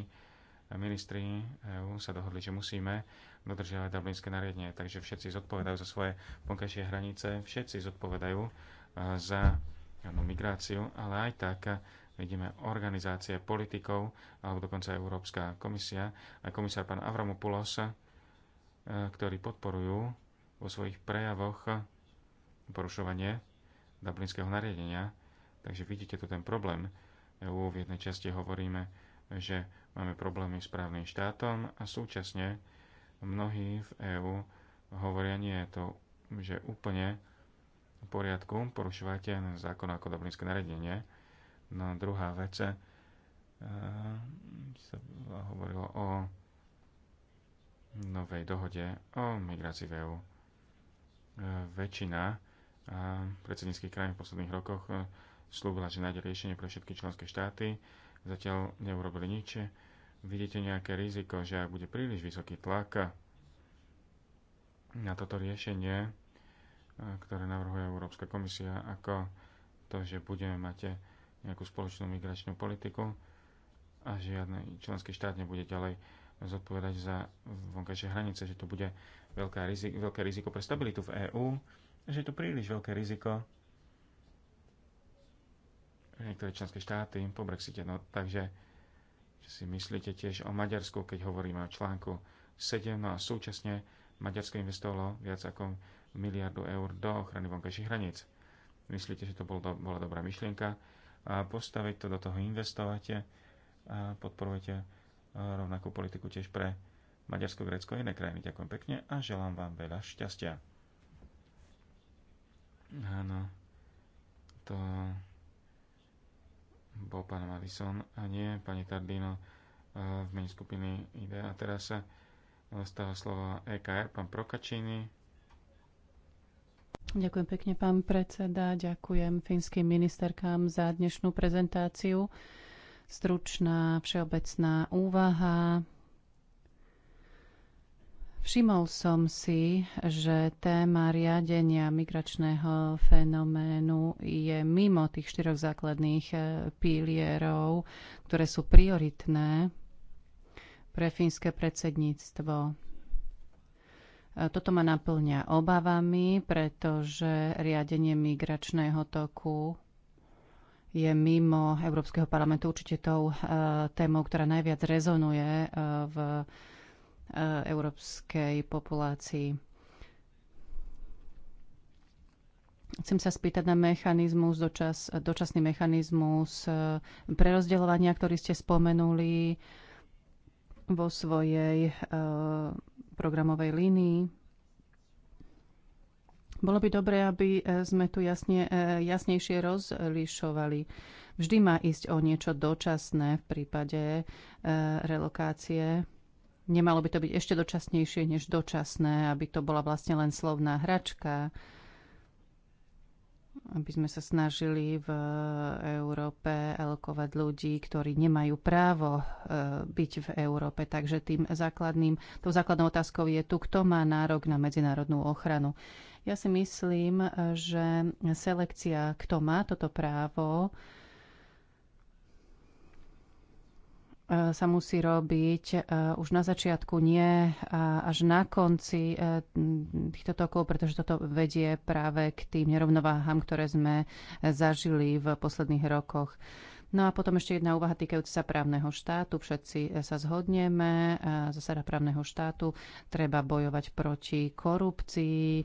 S2: ministri EU sa dohodli, že musíme dodržiavať Dublinské nariadenie, takže všetci zodpovedajú za svoje vonkajšie hranice, všetci zodpovedajú e, za no, migráciu, ale aj tak vidíme organizácie politikov, alebo dokonca Európska komisia, aj komisár pán Avramopoulos, e, ktorí podporujú vo svojich prejavoch porušovanie dublinského nariadenia. Takže vidíte tu ten problém. EU v jednej časti hovoríme, že máme problémy s právnym štátom a súčasne mnohí v EÚ hovoria, nie je to, že úplne v poriadku porušovate zákon ako dublinské nariadenie. No a druhá vec, e, sa hovorilo o novej dohode o migrácii v Eu. E, väčšina e, predsedníckých krajín v posledných rokoch e, slúbila, že nájde riešenie pre všetky členské štáty. Zatiaľ neurobili nič. Vidíte nejaké riziko, že ak bude príliš vysoký tlak na toto riešenie, ktoré navrhuje Európska komisia, ako to, že budeme mať nejakú spoločnú migračnú politiku a žiadny členský štát nebude ďalej zodpovedať za vonkajšie hranice, že to bude veľká rizik, veľké riziko pre stabilitu v EÚ, že je to príliš veľké riziko niektoré členské štáty po Brexite. No, takže že si myslíte tiež o Maďarsku, keď hovoríme o článku 7, no a súčasne Maďarsko investovalo viac ako miliardu eur do ochrany vonkajších hraníc. Myslíte, že to bol do, bola dobrá myšlienka? A postaviť to do toho investovate a podporujete rovnakú politiku tiež pre Maďarsko, Grécko a iné krajiny. Ďakujem pekne a želám vám veľa šťastia. Áno, to bol pán Madison a nie pani Tardino e, v mene skupiny ide A teraz sa dostáva slovo EKR, pán Prokačiny.
S3: Ďakujem pekne, pán predseda. Ďakujem finským ministerkám za dnešnú prezentáciu. Stručná všeobecná úvaha. Všimol som si, že téma riadenia migračného fenoménu je mimo tých štyroch základných e, pilierov, ktoré sú prioritné pre fínske predsedníctvo. E, toto ma naplňa obavami, pretože riadenie migračného toku je mimo Európskeho parlamentu určite tou e, témou, ktorá najviac rezonuje e, v e, európskej populácii. Chcem sa spýtať na mechanizmus, dočas, dočasný mechanizmus prerozdeľovania, ktorý ste spomenuli vo svojej programovej línii bolo by dobré, aby e, sme tu jasne, e, jasnejšie rozlišovali. Vždy má ísť o niečo dočasné v prípade e, relokácie. Nemalo by to byť ešte dočasnejšie než dočasné, aby to bola vlastne len slovná hračka, aby sme sa snažili v Európe elokovať ľudí, ktorí nemajú právo byť v Európe. Takže tým základným, tou základnou otázkou je tu, kto má nárok na medzinárodnú ochranu. Ja si myslím, že selekcia, kto má toto právo, e, sa musí robiť e, už na začiatku, nie až na konci e, týchto tokov, pretože toto vedie práve k tým nerovnováhám, ktoré sme zažili v posledných rokoch. No a potom ešte jedna úvaha týkajúca sa právneho štátu. Všetci e, sa zhodneme, e, zasada právneho štátu treba bojovať proti korupcii, e,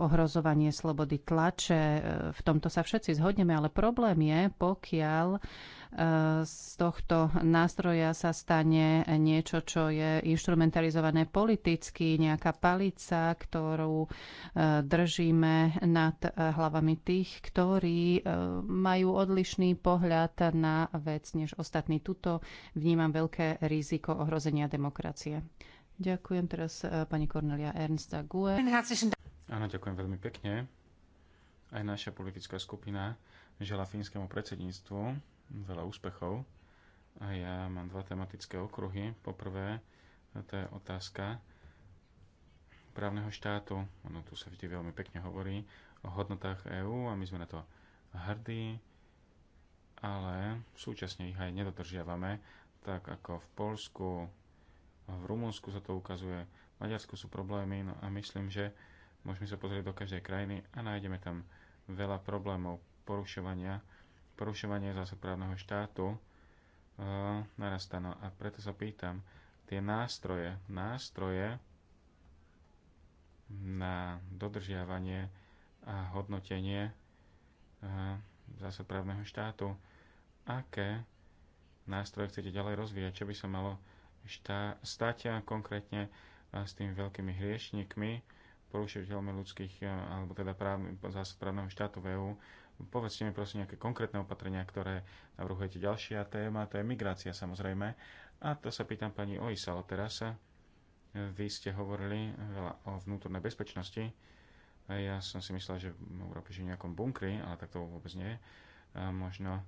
S3: ohrozovanie slobody tlače. V tomto sa všetci zhodneme, ale problém je, pokiaľ z tohto nástroja sa stane niečo, čo je instrumentalizované politicky, nejaká palica, ktorú e, držíme nad e, hlavami tých, ktorí e, majú odlišný pohľad na vec než ostatní. Tuto vnímam veľké riziko ohrozenia demokracie. Ďakujem teraz pani Cornelia Ernsta Gue.
S2: Áno, ďakujem veľmi pekne. Aj naša politická skupina žela fínskemu predsedníctvu veľa úspechov. A ja mám dva tematické okruhy. Poprvé, to je otázka právneho štátu. Ono tu sa vždy veľmi pekne hovorí o hodnotách EÚ a my sme na to hrdí, ale súčasne ich aj nedodržiavame, tak ako v Polsku, v Rumunsku sa to ukazuje, v Maďarsku sú problémy, no a myslím, že môžeme sa pozrieť do každej krajiny a nájdeme tam veľa problémov porušovania porušovanie zásad právneho štátu e, narastá. No a preto sa pýtam, tie nástroje, nástroje na dodržiavanie a hodnotenie e, zásad právneho štátu, aké nástroje chcete ďalej rozvíjať, čo by sa malo štá, stať konkrétne e, s tými veľkými hriešnikmi, porušiteľmi ľudských, alebo teda práv, zásad právneho štátu v EU, Povedzte mi prosím nejaké konkrétne opatrenia, ktoré navrhujete. Ďalšia téma, to je migrácia samozrejme. A to sa pýtam pani Oisala teraz. Vy ste hovorili veľa o vnútornej bezpečnosti. Ja som si myslel, že v Európe žije v nejakom bunkri, ale tak to vôbec nie. A možno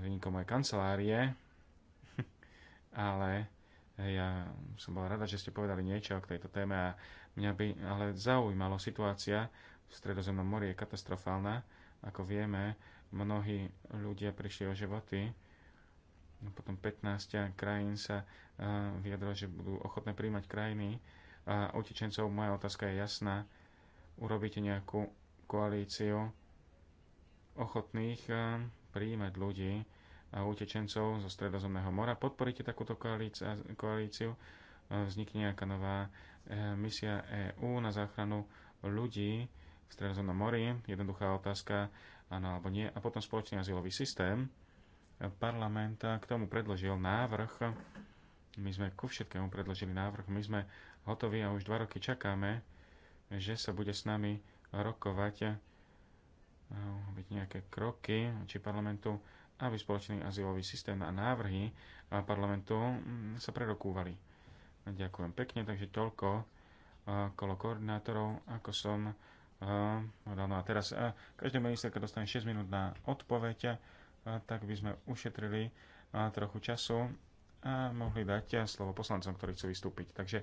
S2: výnikom mojej kancelárie, ale ja som bol rada, že ste povedali niečo o tejto téme a mňa by ale zaujímalo situácia v Stredozemnom mori je katastrofálna ako vieme, mnohí ľudia prišli o životy. No, potom 15 krajín sa e, vyjadrilo, že budú ochotné príjmať krajiny. A utečencov moja otázka je jasná. Urobíte nejakú koalíciu ochotných e, príjmať ľudí a utečencov zo Stredozemného mora. Podporíte takúto koalíciu, e, vznikne nejaká nová misia EÚ na záchranu ľudí v Stredozemnom mori. Jednoduchá otázka, áno alebo nie. A potom spoločný azylový systém. parlamenta k tomu predložil návrh. My sme ku všetkému predložili návrh. My sme hotoví a už dva roky čakáme, že sa bude s nami rokovať eh, byť nejaké kroky či parlamentu, aby spoločný azylový systém a návrhy eh, parlamentu mm, sa prerokúvali. Ďakujem pekne, takže toľko eh, kolo koordinátorov, ako som No a teraz eh, každý ministerka dostane 6 minút na odpoveď, eh, tak by sme ušetrili eh, trochu času a mohli dať slovo poslancom, ktorí chcú vystúpiť. Takže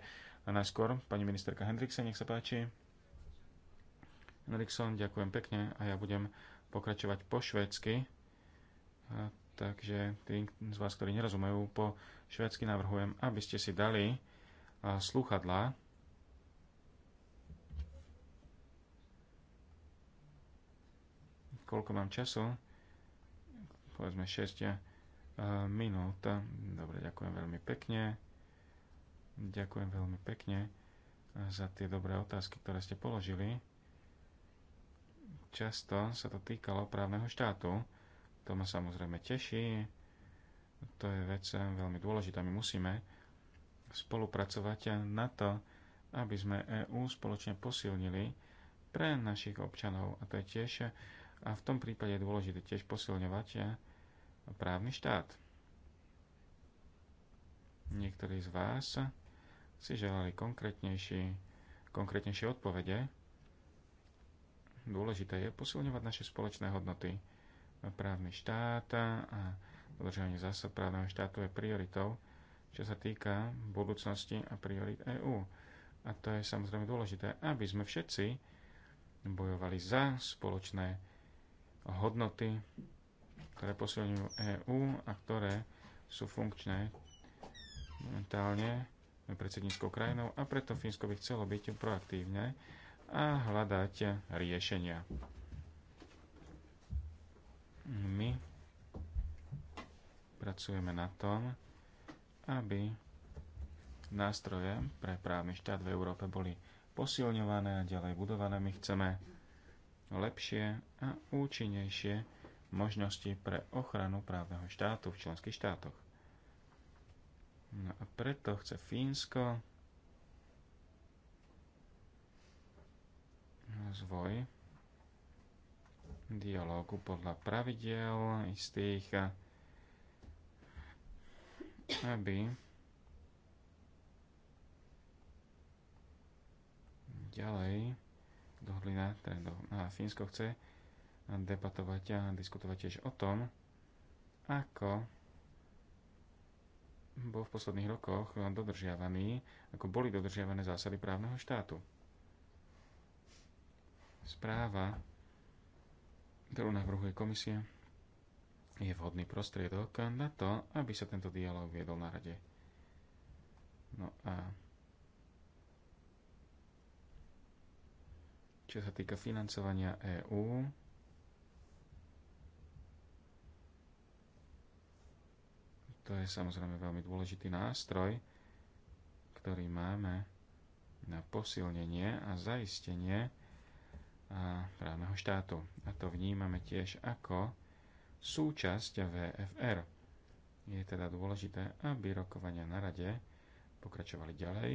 S2: najskôr pani ministerka Hendrikse, nech sa páči. Hendrikson, ďakujem pekne a ja budem pokračovať po švédsky. Takže tí z vás, ktorí nerozumejú po švédsky, navrhujem, aby ste si dali sluchadlá, koľko mám času, povedzme 6 eh, minút. Dobre, ďakujem veľmi pekne. Ďakujem veľmi pekne eh, za tie dobré otázky, ktoré ste položili. Často sa to týkalo právneho štátu. To ma samozrejme teší. To je vec eh, veľmi dôležitá. My musíme spolupracovať na to, aby sme EÚ spoločne posilnili pre našich občanov. A to je tiež a v tom prípade je dôležité tiež posilňovať eh, právny štát. Niektorí z vás si želali konkrétnejšie odpovede. Dôležité je posilňovať naše spoločné hodnoty. Právny štát a dodržanie zásad právneho štátu je prioritou, čo sa týka budúcnosti a priorit EÚ. A to je samozrejme dôležité, aby sme všetci bojovali za spoločné hodnoty, ktoré posilňujú EÚ a ktoré sú funkčné momentálne predsedníckou krajinou a preto Fínsko by chcelo byť proaktívne a hľadať riešenia. My pracujeme na tom, aby nástroje pre právny štát v Európe boli posilňované a ďalej budované. My chceme lepšie a účinnejšie možnosti pre ochranu právneho štátu v členských štátoch. No a preto chce Fínsko rozvoj dialógu podľa pravidel istých, aby ďalej dohodli na teda do, A Fínsko chce debatovať a diskutovať tiež o tom, ako bol v posledných rokoch dodržiavaný, ako boli dodržiavané zásady právneho štátu. Správa, ktorú navrhuje komisia, je vhodný prostriedok na to, aby sa tento dialog viedol na rade. No a Čo sa týka financovania EÚ, to je samozrejme veľmi dôležitý nástroj, ktorý máme na posilnenie a zaistenie právneho štátu. A to vnímame tiež ako súčasť VFR. Je teda dôležité, aby rokovania na rade pokračovali ďalej.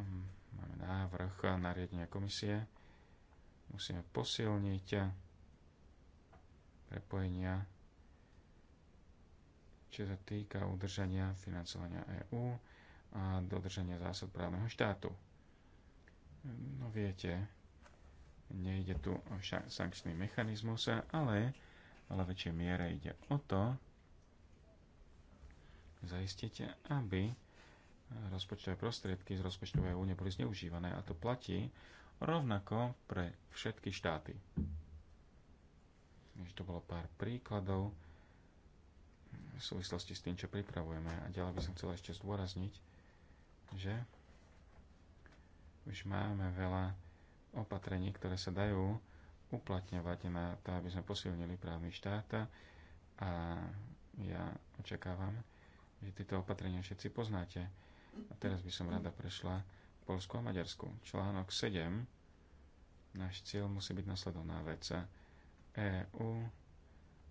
S2: Hm, Máme návrh nariadenia komisie. Musíme posilniť prepojenia, čo sa týka udržania financovania EÚ a dodržania zásad právneho štátu. No viete, nejde tu o sankčný mechanizmus, ale ale väčšej miere ide o to, zaistite, aby rozpočtové prostriedky z rozpočtovej únie boli zneužívané a to platí rovnako pre všetky štáty. Takže to bolo pár príkladov v súvislosti s tým, čo pripravujeme. A ďalej by som chcel ešte zdôrazniť, že už máme veľa opatrení, ktoré sa dajú uplatňovať na to, aby sme posilnili právny štát a ja očakávam, že tieto opatrenia všetci poznáte. A teraz by som rada prešla Polsku a Maďarsku. Článok 7. Náš cieľ musí byť nasledovná vec. EU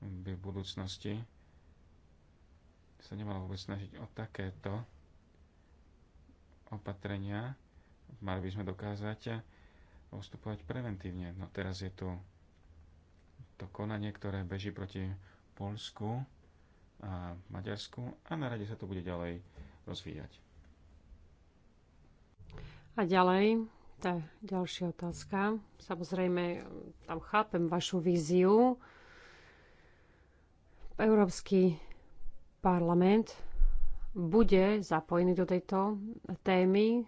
S2: by v budúcnosti sa nemalo vôbec snažiť o takéto opatrenia. Mali by sme dokázať postupovať preventívne. No teraz je tu to konanie, ktoré beží proti Polsku a Maďarsku a na rade sa to bude ďalej rozvíjať.
S1: A ďalej, tá ďalšia otázka. Samozrejme, tam chápem vašu víziu. Európsky parlament bude zapojený do tejto témy.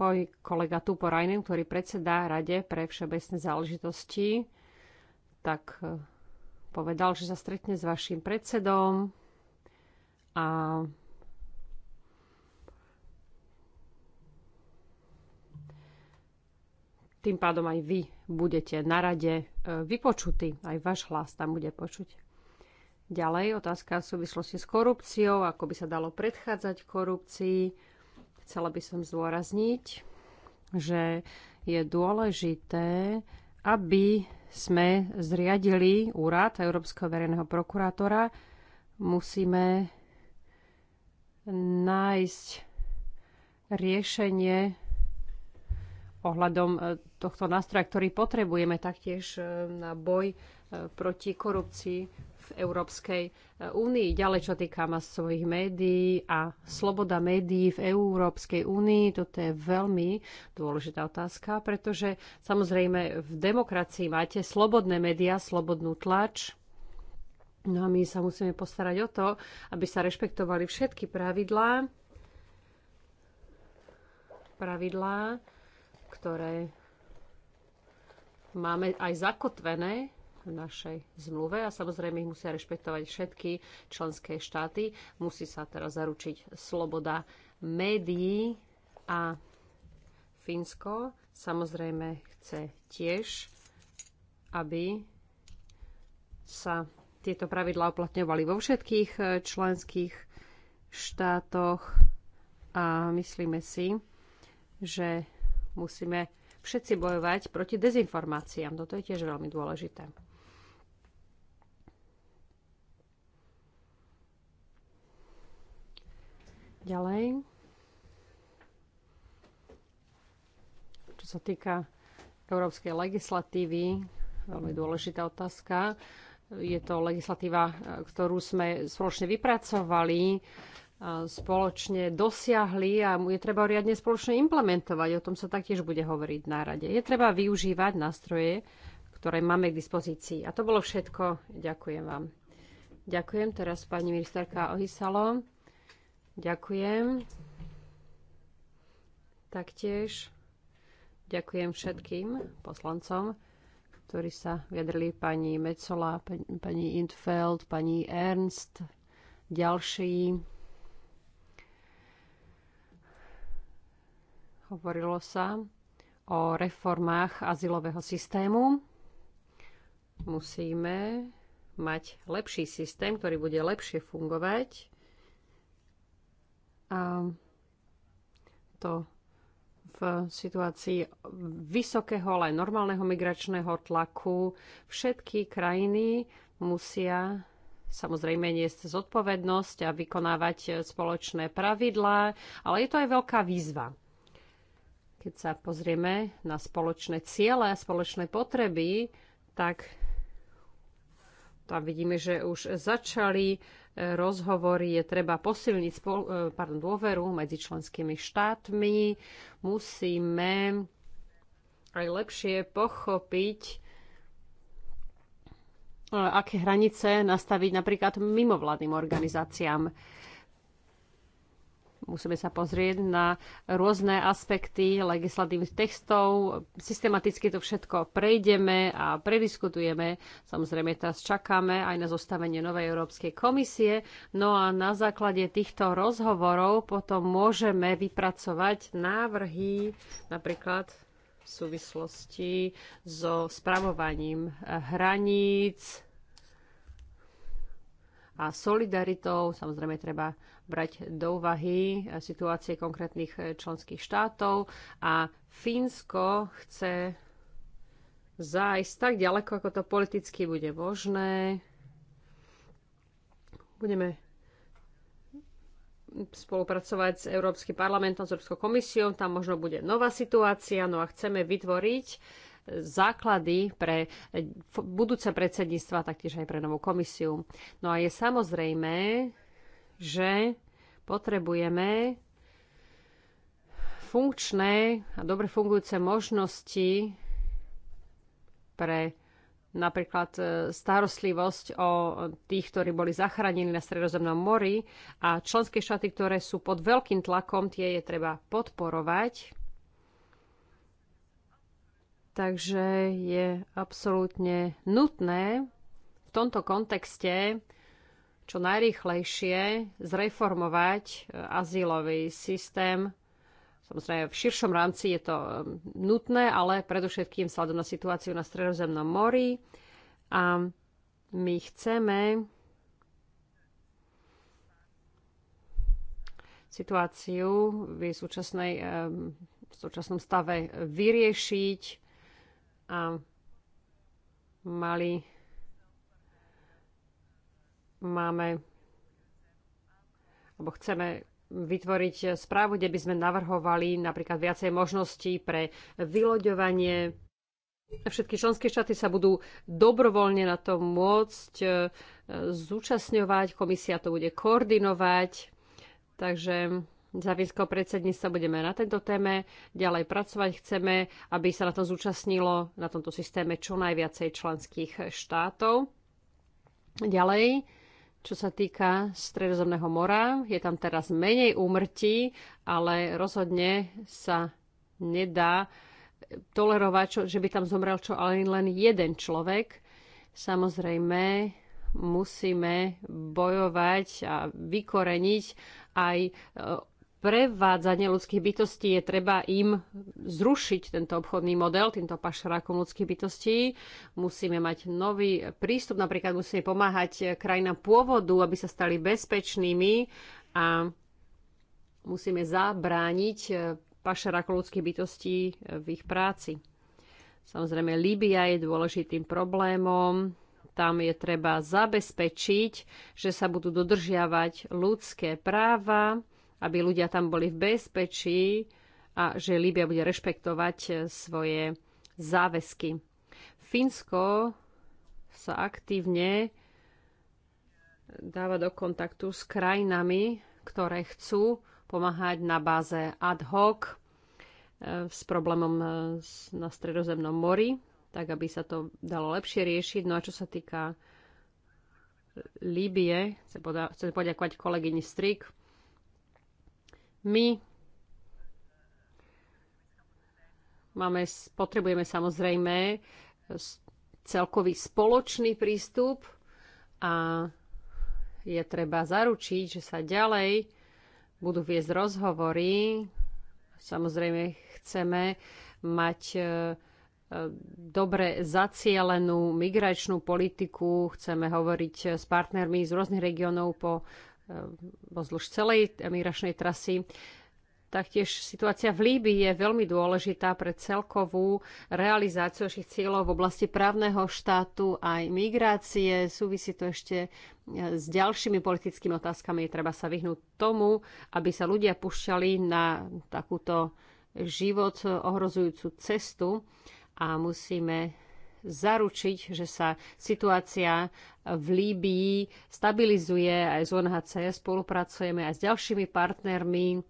S1: Poj kolega Tuporajnen, ktorý predsedá Rade pre všeobecné záležitosti, tak eh, povedal, že sa stretne s vašim predsedom a tým pádom aj vy budete na rade e, vypočutí, aj váš hlas tam bude počuť. Ďalej otázka v súvislosti s korupciou, ako by sa dalo predchádzať korupcii. Chcela by som zdôrazniť, že je dôležité, aby sme zriadili úrad Európskeho verejného prokurátora, musíme nájsť riešenie ohľadom e, tohto nástroja, ktorý potrebujeme taktiež e, na boj e, proti korupcii v Európskej únii. Ďalej, čo týka masových médií a sloboda médií v Európskej únii, toto je veľmi dôležitá otázka, pretože samozrejme v demokracii máte slobodné médiá, slobodnú tlač, No a my sa musíme postarať o to, aby sa rešpektovali všetky pravidlá, pravidlá, ktoré máme aj zakotvené v našej zmluve a samozrejme ich musia rešpektovať všetky členské štáty. Musí sa teraz zaručiť sloboda médií a Fínsko samozrejme chce tiež, aby sa tieto pravidlá uplatňovali vo všetkých eh, členských štátoch a myslíme si, že Musíme všetci bojovať proti dezinformáciám. Toto je tiež veľmi dôležité. Ďalej. Čo sa týka európskej legislatívy, veľmi dôležitá otázka. Je to legislatíva, ktorú sme spoločne vypracovali spoločne dosiahli a je treba riadne spoločne implementovať. O tom sa taktiež bude hovoriť na rade. Je treba využívať nástroje, ktoré máme k dispozícii. A to bolo všetko. Ďakujem vám. Ďakujem teraz pani ministerka Ohisalo. Ďakujem. Taktiež ďakujem všetkým poslancom, ktorí sa vyjadrili pani Mecola, pani Intfeld, pani Ernst, ďalší. Hovorilo sa o reformách azylového systému. Musíme mať lepší systém, ktorý bude lepšie fungovať. A to v situácii vysokého, ale aj normálneho migračného tlaku. Všetky krajiny musia samozrejme niesť zodpovednosť a vykonávať spoločné pravidlá, ale je to aj veľká výzva. Keď sa pozrieme na spoločné ciele a spoločné potreby, tak tam vidíme, že už začali e, rozhovory, je treba posilniť spol- e, pardon, dôveru medzi členskými štátmi. Musíme aj lepšie pochopiť, e, aké hranice nastaviť napríklad mimovládnym organizáciám. Musíme sa pozrieť na rôzne aspekty legislatívnych textov. Systematicky to všetko prejdeme a prediskutujeme. Samozrejme, teraz čakáme aj na zostavenie novej Európskej komisie. No a na základe týchto rozhovorov potom môžeme vypracovať návrhy napríklad v súvislosti so spravovaním hraníc a solidaritou. Samozrejme, treba brať do úvahy eh, situácie konkrétnych eh, členských štátov a Fínsko chce zájsť tak ďaleko, ako to politicky bude možné. Budeme spolupracovať s Európskym parlamentom, s Európskou komisiou, tam možno bude nová situácia, no a chceme vytvoriť eh, základy pre budúce predsedníctva, taktiež aj pre novú komisiu. No a je samozrejme, že potrebujeme funkčné a dobre fungujúce možnosti pre napríklad e, starostlivosť o tých, ktorí boli zachránení na Stredozemnom mori a členské štáty, ktoré sú pod veľkým tlakom, tie je treba podporovať. Takže je absolútne nutné v tomto kontexte čo najrýchlejšie zreformovať e, azylový systém. Samozrejme, v širšom rámci je to e, nutné, ale predovšetkým sa na situáciu na Stredozemnom mori. A my chceme situáciu v súčasnej, e, v súčasnom stave vyriešiť a mali máme alebo chceme vytvoriť správu, kde by sme navrhovali napríklad viacej možností pre vyloďovanie. Všetky členské štáty sa budú dobrovoľne na to môcť e, zúčastňovať, komisia to bude koordinovať. Takže za výskou predsedníctva budeme na tento téme ďalej pracovať. Chceme, aby sa na to zúčastnilo na tomto systéme čo najviacej členských štátov. Ďalej, čo sa týka Stredozemného mora, je tam teraz menej úmrtí, ale rozhodne sa nedá tolerovať, čo, že by tam zomrel čo ale len jeden človek. Samozrejme, musíme bojovať a vykoreniť aj e, prevádzanie ľudských bytostí je treba im zrušiť tento obchodný model, týmto pašerákom ľudských bytostí. Musíme mať nový prístup, napríklad musíme pomáhať krajinám pôvodu, aby sa stali bezpečnými a musíme zabrániť pašerákom ľudských bytostí v ich práci. Samozrejme, Líbia je dôležitým problémom. Tam je treba zabezpečiť, že sa budú dodržiavať ľudské práva aby ľudia tam boli v bezpečí a že Líbia bude rešpektovať eh, svoje záväzky. Fínsko sa aktívne dáva do kontaktu s krajinami, ktoré chcú pomáhať na báze ad hoc eh, s problémom eh, na Stredozemnom mori, tak aby sa to dalo lepšie riešiť. No a čo sa týka Líbie, chcem poďakovať kolegyni Strik, my máme, potrebujeme samozrejme celkový spoločný prístup a je treba zaručiť, že sa ďalej budú viesť rozhovory. Samozrejme, chceme mať e, e, dobre zacielenú migračnú politiku, chceme hovoriť s partnermi z rôznych regiónov po vzdĺž celej migračnej trasy. Taktiež situácia v Líbii je veľmi dôležitá pre celkovú realizáciu našich cieľov v oblasti právneho štátu a aj migrácie. Súvisí to ešte e, s ďalšími politickými otázkami. Je treba sa vyhnúť tomu, aby sa ľudia pušťali na takúto život ohrozujúcu cestu a musíme zaručiť, že sa situácia v Líbii stabilizuje. Aj z UNHCR spolupracujeme aj s ďalšími partnermi.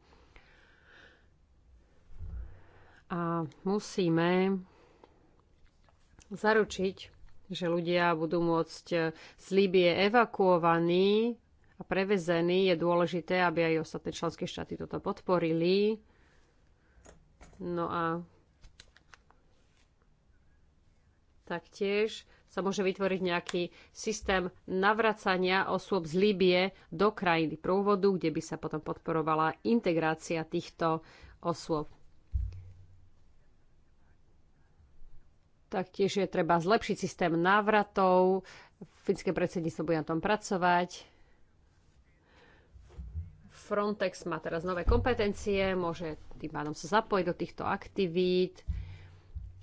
S1: A musíme zaručiť, že ľudia budú môcť z Líbie evakuovaní a prevezení. Je dôležité, aby aj ostatné členské štáty toto podporili. No a Taktiež sa môže vytvoriť nejaký systém navracania osôb z Líbie do krajiny prúvodu, kde by sa potom podporovala integrácia týchto osôb. Taktiež je treba zlepšiť systém návratov. Fínske predsedníctvo bude na tom pracovať. Frontex má teraz nové kompetencie, môže tým pádom sa zapojiť do týchto aktivít.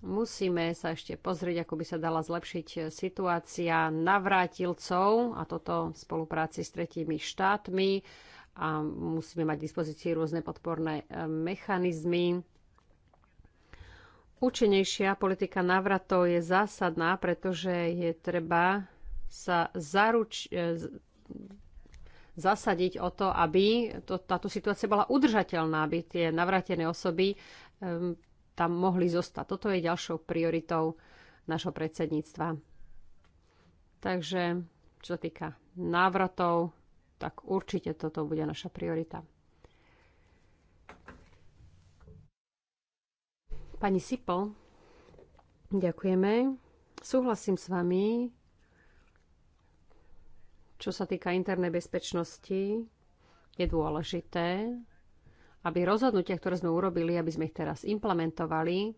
S1: Musíme sa ešte pozrieť, ako by sa dala zlepšiť eh, situácia navrátilcov a toto v spolupráci s tretími štátmi a musíme mať v dispozícii rôzne podporné eh, mechanizmy. Účinnejšia politika návratov je zásadná, pretože je treba sa zaruč, eh, zasadiť o to, aby to, táto situácia bola udržateľná, aby tie navrátené osoby ehm, tam mohli zostať. Toto je ďalšou prioritou našho predsedníctva. Takže, čo sa týka návratov, tak určite toto bude naša priorita. Pani Sipol, ďakujeme. Súhlasím s vami, čo sa týka internej bezpečnosti, je dôležité, aby rozhodnutia, ktoré sme urobili, aby sme ich teraz implementovali.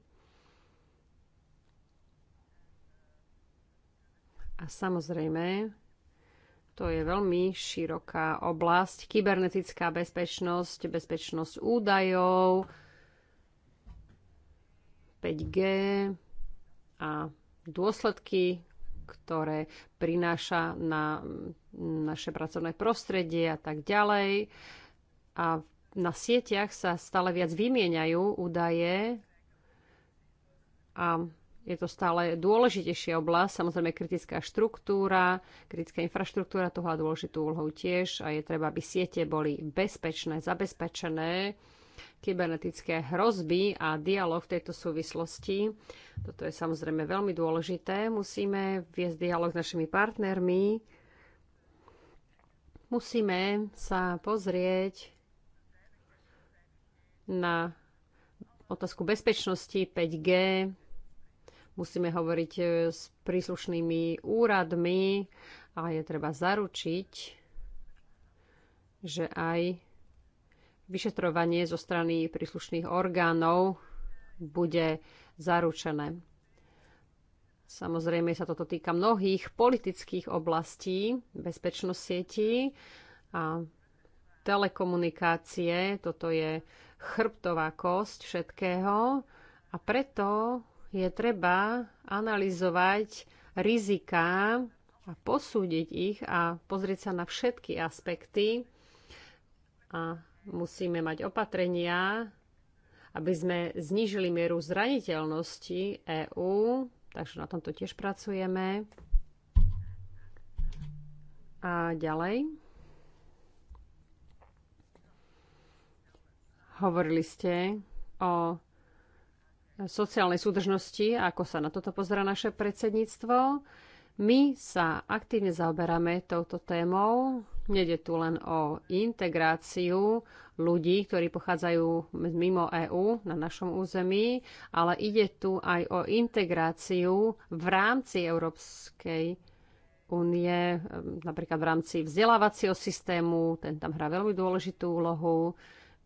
S1: A samozrejme, to je veľmi široká oblasť. Kybernetická bezpečnosť, bezpečnosť údajov, 5G a dôsledky, ktoré prináša na naše pracovné prostredie a tak ďalej. A v na sieťach sa stále viac vymieňajú údaje a je to stále dôležitejšia oblasť, samozrejme kritická štruktúra, kritická infraštruktúra toho dôležitú úlohou tiež a je treba, aby siete boli bezpečné, zabezpečené, kybernetické hrozby a dialog v tejto súvislosti. Toto je samozrejme veľmi dôležité. Musíme viesť dialog s našimi partnermi. Musíme sa pozrieť na otázku bezpečnosti 5G. Musíme hovoriť e, s príslušnými úradmi a je treba zaručiť, že aj vyšetrovanie zo strany príslušných orgánov bude zaručené. Samozrejme sa toto týka mnohých politických oblastí, bezpečnosť sietí a telekomunikácie. Toto je chrbtová kosť všetkého a preto je treba analyzovať riziká a posúdiť ich a pozrieť sa na všetky aspekty a musíme mať opatrenia, aby sme znížili mieru zraniteľnosti EÚ, takže na tomto tiež pracujeme. A ďalej. Hovorili ste o sociálnej súdržnosti, ako sa na toto pozera naše predsedníctvo. My sa aktívne zaoberáme touto témou. Nede tu len o integráciu ľudí, ktorí pochádzajú mimo EÚ na našom území, ale ide tu aj o integráciu v rámci Európskej únie, napríklad v rámci vzdelávacieho systému, ten tam hrá veľmi dôležitú úlohu.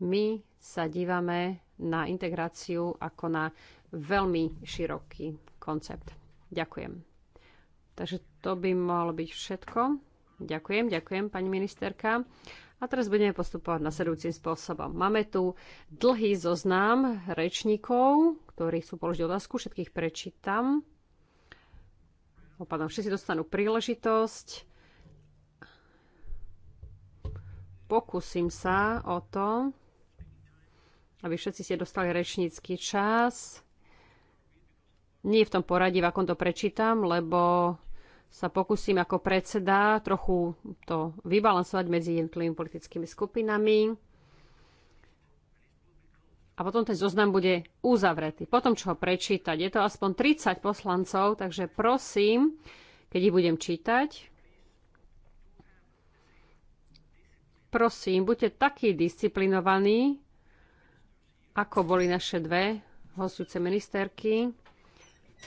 S1: My sa dívame na integráciu ako na veľmi široký koncept. Ďakujem. Takže to by mohlo byť všetko. Ďakujem, ďakujem, pani ministerka. A teraz budeme postupovať nasledujúcim spôsobom. Máme tu dlhý zoznam rečníkov, ktorí sú položili otázku, všetkých prečítam. Opadom, všetci dostanú príležitosť. Pokúsim sa o to, aby všetci ste dostali rečnícky čas. Nie v tom poradí, v akom to prečítam, lebo sa pokúsim ako predseda trochu to vybalansovať medzi jednotlivými politickými skupinami. A potom ten zoznam bude uzavretý. Potom, čo ho prečítať, je to aspoň 30 poslancov, takže prosím, keď ich budem čítať, prosím, buďte takí disciplinovaní, ako boli naše dve hostujúce ministerky.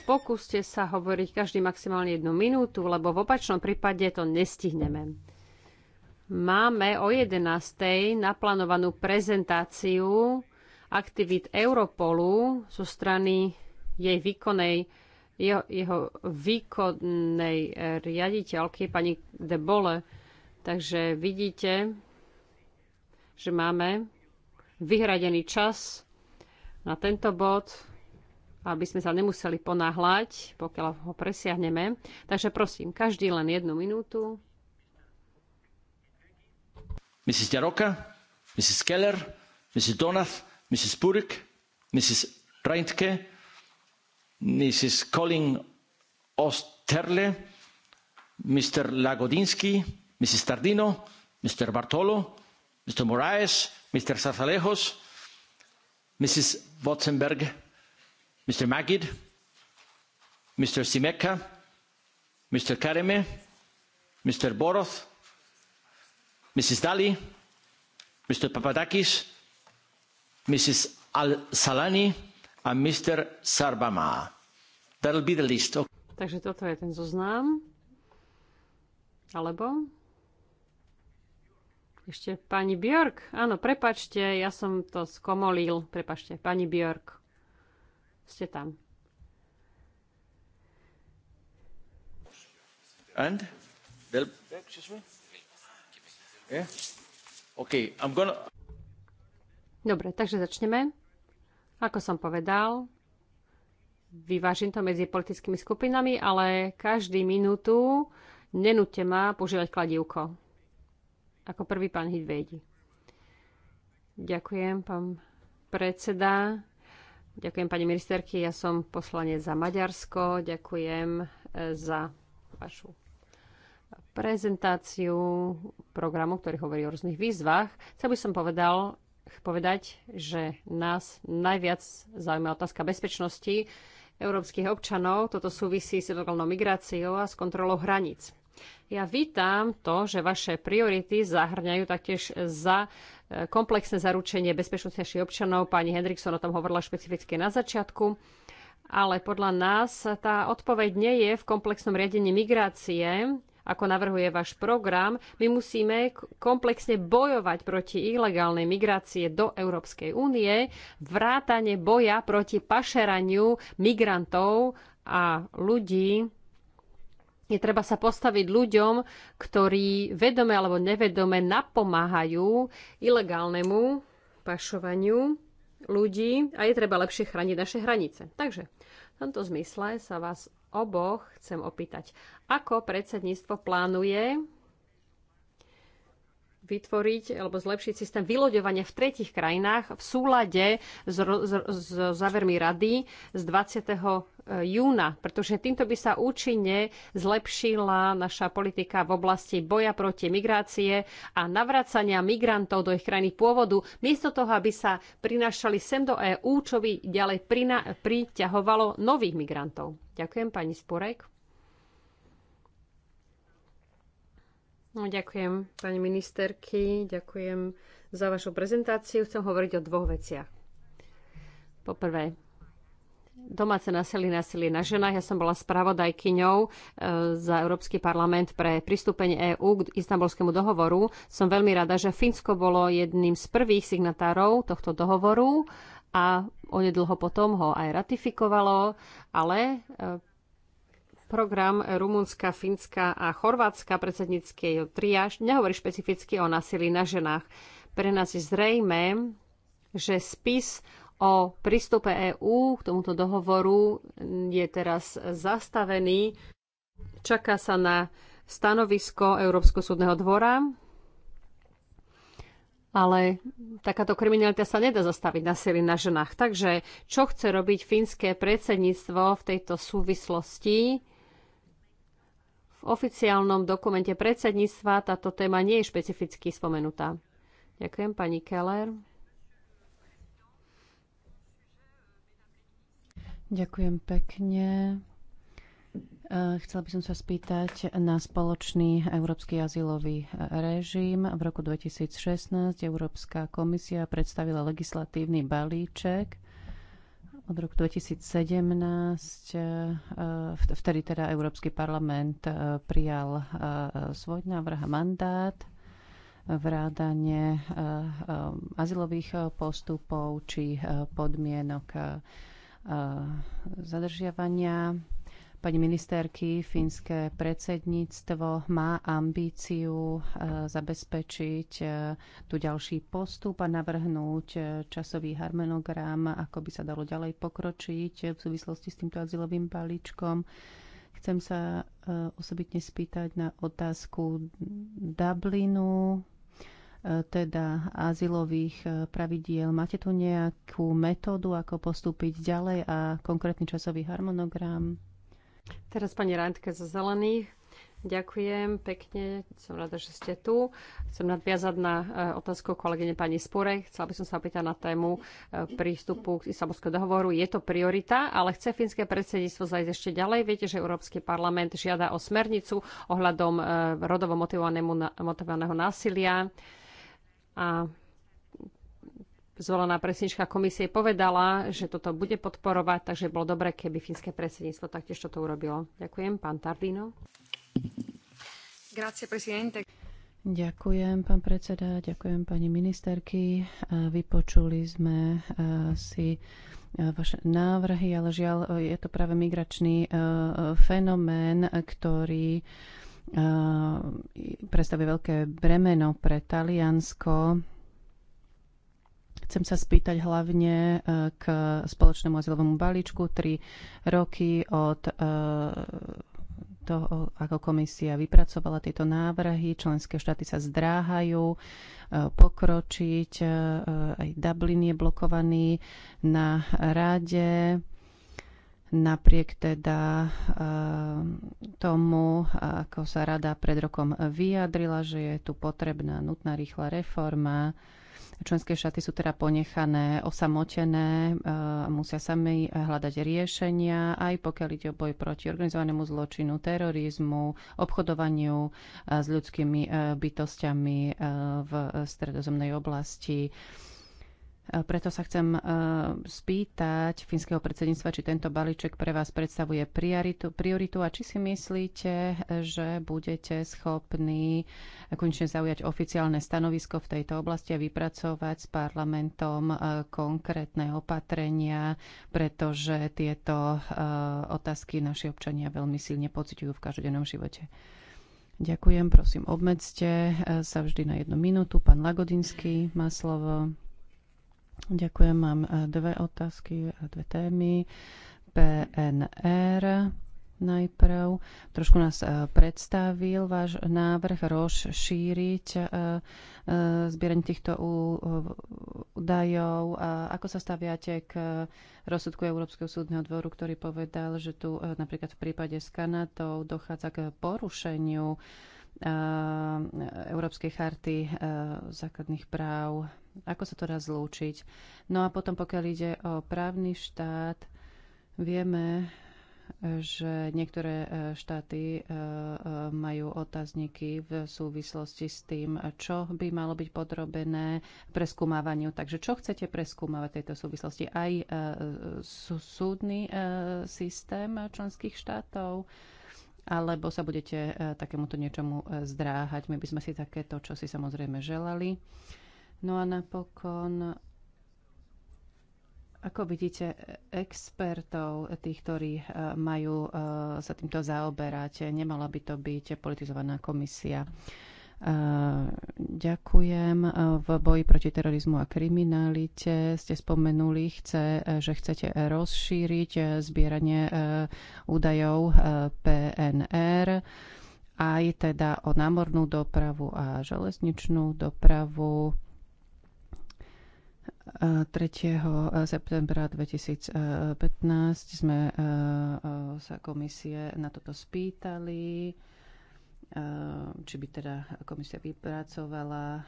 S1: Pokúste sa hovoriť každý maximálne jednu minútu, lebo v opačnom prípade to nestihneme. Máme o 11.00 naplánovanú prezentáciu aktivít Europolu zo strany jej výkonnej, jeho, jeho výkonnej eh, riaditeľky, pani De Takže vidíte, že máme vyhradený čas na tento bod, aby sme sa nemuseli ponáhľať, pokiaľ ho presiahneme. Takže prosím, každý len jednu minútu.
S2: Mrs. Jaroka, Mrs. Keller, Mrs. Donath, Mrs. Burek, Mrs. Reintke, Mrs. Colin Osterle, Mr. Lagodinsky, Mrs. Tardino, Mr. Bartolo, Mr. Moraes, Mr. Mrs. Wotzenberg, Mr. Magid, Mr. Simeka, Mr. Kareme, Mr. Boroth, Mrs. Dali, Mr. Papadakis, Mrs. Al-Salani Mr.
S1: Takže toto je ten zoznam. Alebo ešte pani Björk. Áno, prepačte, ja som to skomolil. Prepačte, pani Björk. Ste tam.
S2: And? Del... Yeah? Okay, I'm gonna...
S1: Dobre, takže začneme. Ako som povedal, vyvážim to medzi politickými skupinami, ale každý minútu nenúte ma používať kladivko. Ako prvý pán Hidvejdi. Ďakujem, pán predseda. Ďakujem, pani ministerky. Ja som poslanec za Maďarsko. Ďakujem e, za vašu prezentáciu programu, ktorý hovorí o rôznych výzvach. Chcel by som povedal, povedať, že nás najviac zaujíma otázka bezpečnosti európskych občanov. Toto súvisí s ilegálnou migráciou a s kontrolou hraníc. Ja vítam to, že vaše priority zahrňajú taktiež za e, komplexné zaručenie bezpečnostnejších občanov. Pani Hendrickson o tom hovorila špecificky na začiatku. Ale podľa nás tá odpoveď nie je v komplexnom riadení migrácie, ako navrhuje váš program. My musíme komplexne bojovať proti ilegálnej migrácie do Európskej únie, vrátane boja proti pašeraniu migrantov a ľudí je treba sa postaviť ľuďom, ktorí vedome alebo nevedome napomáhajú ilegálnemu pašovaniu ľudí a je treba lepšie chrániť naše hranice. Takže v tomto zmysle sa vás oboch chcem opýtať, ako predsedníctvo plánuje vytvoriť alebo zlepšiť systém vyloďovania v tretich krajinách v súlade s, s, s závermi rady z 20. E, júna, pretože týmto by sa účinne zlepšila naša politika v oblasti boja proti migrácie a navracania migrantov do ich krajiny pôvodu, miesto toho, aby sa prinášali sem do EÚ, čo by ďalej priťahovalo nových migrantov. Ďakujem pani Sporek. No, ďakujem pani ministerky, ďakujem za vašu prezentáciu. Chcem hovoriť o dvoch veciach. Poprvé, domáce násilie, násilie na ženách. Ja som bola spravodajkyňou e, za Európsky parlament pre pristúpenie EÚ k istambulskému dohovoru. Som veľmi rada, že Fínsko bolo jedným z prvých signatárov tohto dohovoru a onedlho potom ho aj ratifikovalo, ale e, Program Rumunska, Fínska a Chorvátska predsedníckej triáž nehovorí špecificky o násilí na ženách. Pre nás je zrejme, že spis o prístupe EÚ k tomuto dohovoru je teraz zastavený. Čaká sa na stanovisko Európskeho súdneho dvora, ale takáto kriminalita sa nedá zastaviť na sily na ženách. Takže čo chce robiť fínske predsedníctvo v tejto súvislosti? oficiálnom dokumente predsedníctva táto téma nie je špecificky spomenutá. Ďakujem, pani Keller.
S3: Ďakujem pekne. E, chcela by som sa spýtať na spoločný európsky azylový režim. V roku 2016 Európska komisia predstavila legislatívny balíček od roku 2017 e, vtedy teda Európsky parlament e, prijal e, svoj návrh a mandát vrádanie azylových postupov či podmienok zadržiavania pani ministerky, fínske predsedníctvo má ambíciu eh, zabezpečiť eh, tu ďalší postup a navrhnúť eh, časový harmonogram, ako by sa dalo ďalej pokročiť v súvislosti s týmto azylovým balíčkom. Chcem sa osobitne spýtať na otázku Dublinu, teda azylových pravidiel. Máte tu nejakú metódu, ako postúpiť ďalej a konkrétny časový harmonogram?
S1: Teraz pani Rantke za zelených. Ďakujem pekne, som rada, že ste tu. Chcem nadviazať na e, otázku kolegyne pani Spurek. Chcela by som sa opýtať na tému e, prístupu k istambulského dohovoru. Je to priorita, ale chce fínske predsedníctvo zajsť ešte ďalej. Viete, že Európsky parlament žiada o smernicu ohľadom e, rodovo motivovaného násilia. A zvolená presnička komisie povedala, že toto bude podporovať, takže bolo dobre, keby fínske predsedníctvo taktiež toto urobilo. Ďakujem, pán Tardino. Grazie,
S3: presidente. Ďakujem, pán predseda, ďakujem pani ministerky. Vypočuli sme e, si e, vaše návrhy, ale žiaľ, e, je to práve migračný fenomén, ktorý predstavuje veľké bremeno pre Taliansko Chcem sa spýtať hlavne e, k spoločnému azylovému balíčku. Tri roky od e, toho, ako komisia vypracovala tieto návrhy. Členské štáty sa zdráhajú e, pokročiť. Aj Dublin je blokovaný na rade. Napriek teda tomu, ako sa rada pred rokom vyjadrila, že je tu potrebná nutná rýchla reforma, Členské štáty sú teda ponechané osamotené, e, musia sami hľadať riešenia, aj pokiaľ ide o boj proti organizovanému zločinu, terorizmu, obchodovaniu e, s ľudskými e, bytostiami v stredozemnej oblasti preto sa chcem e, spýtať fínskeho predsedníctva, či tento balíček pre vás predstavuje prioritu, prioritu a či si myslíte, že budete schopní konečne zaujať oficiálne stanovisko v tejto oblasti a vypracovať s parlamentom e, konkrétne opatrenia, pretože tieto e, otázky naši občania veľmi silne pociťujú v každodennom živote. Ďakujem, prosím, obmedzte sa vždy na jednu minútu. Pán Lagodinský má slovo. Ďakujem. Mám e, dve otázky, e, dve témy. PNR najprv. Trošku nás e, predstavil váš návrh rozšíriť zbieranie týchto údajov. Ako sa staviate k rozsudku Európskeho súdneho dvoru, ktorý povedal, že tu napríklad v prípade s Kanadou dochádza k porušeniu Európskej charty základných práv ako sa to dá zlúčiť? No a potom, pokiaľ ide o právny štát, vieme, že niektoré e, štáty e, e, majú otázniky v súvislosti s tým, čo by malo byť podrobené preskúmávaniu. Takže čo chcete preskúmavať v tejto súvislosti? Aj súdny systém členských štátov? Alebo sa budete takémuto niečomu zdráhať? My by sme si takéto, čo si samozrejme želali. No a napokon, ako vidíte, expertov, tých, ktorí eh, majú eh, sa týmto zaoberať, nemala by to byť politizovaná komisia. Eh, ďakujem. V boji proti terorizmu a kriminalite ste spomenuli, chce, že chcete rozšíriť zbieranie údajov PNR aj teda o námornú dopravu a železničnú dopravu. 3. Eh, septembra 2015 sme eh, eh, sa komisie na toto spýtali, či by teda komisia vypracovala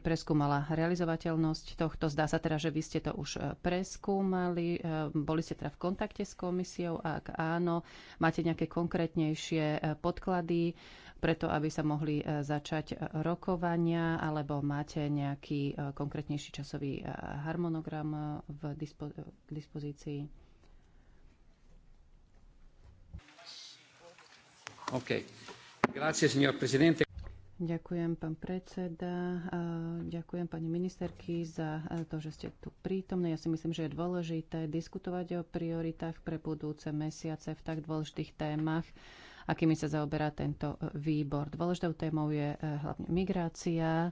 S3: preskúmala realizovateľnosť tohto. Zdá sa teda, že vy ste to už preskúmali. Boli ste teda v kontakte s komisiou? Ak áno, máte nejaké konkrétnejšie podklady? preto aby sa mohli e, začať e, rokovania, alebo máte nejaký e, konkrétnejší časový harmonogram v dispo- k dispozícii?
S2: OK. Grazie, signor Presidente.
S3: Ďakujem, pán predseda. Ďakujem pani ministerky za to, že ste tu prítomní. Ja si myslím, že je dôležité diskutovať o prioritách pre budúce mesiace v tak dôležitých témach, akými sa zaoberá tento e, výbor. Dôležitou témou je e, hlavne migrácia.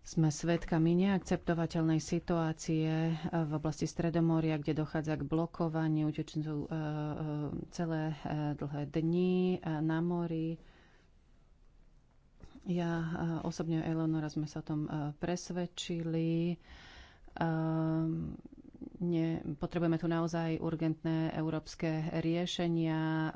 S3: Sme svedkami neakceptovateľnej situácie e, v oblasti Stredomoria, kde dochádza k blokovaniu utečencov celé dlhé dni na mori. Ja osobne a Eleonora sme sa o tom presvedčili. Ehm, ne, potrebujeme tu naozaj urgentné európske riešenia, e,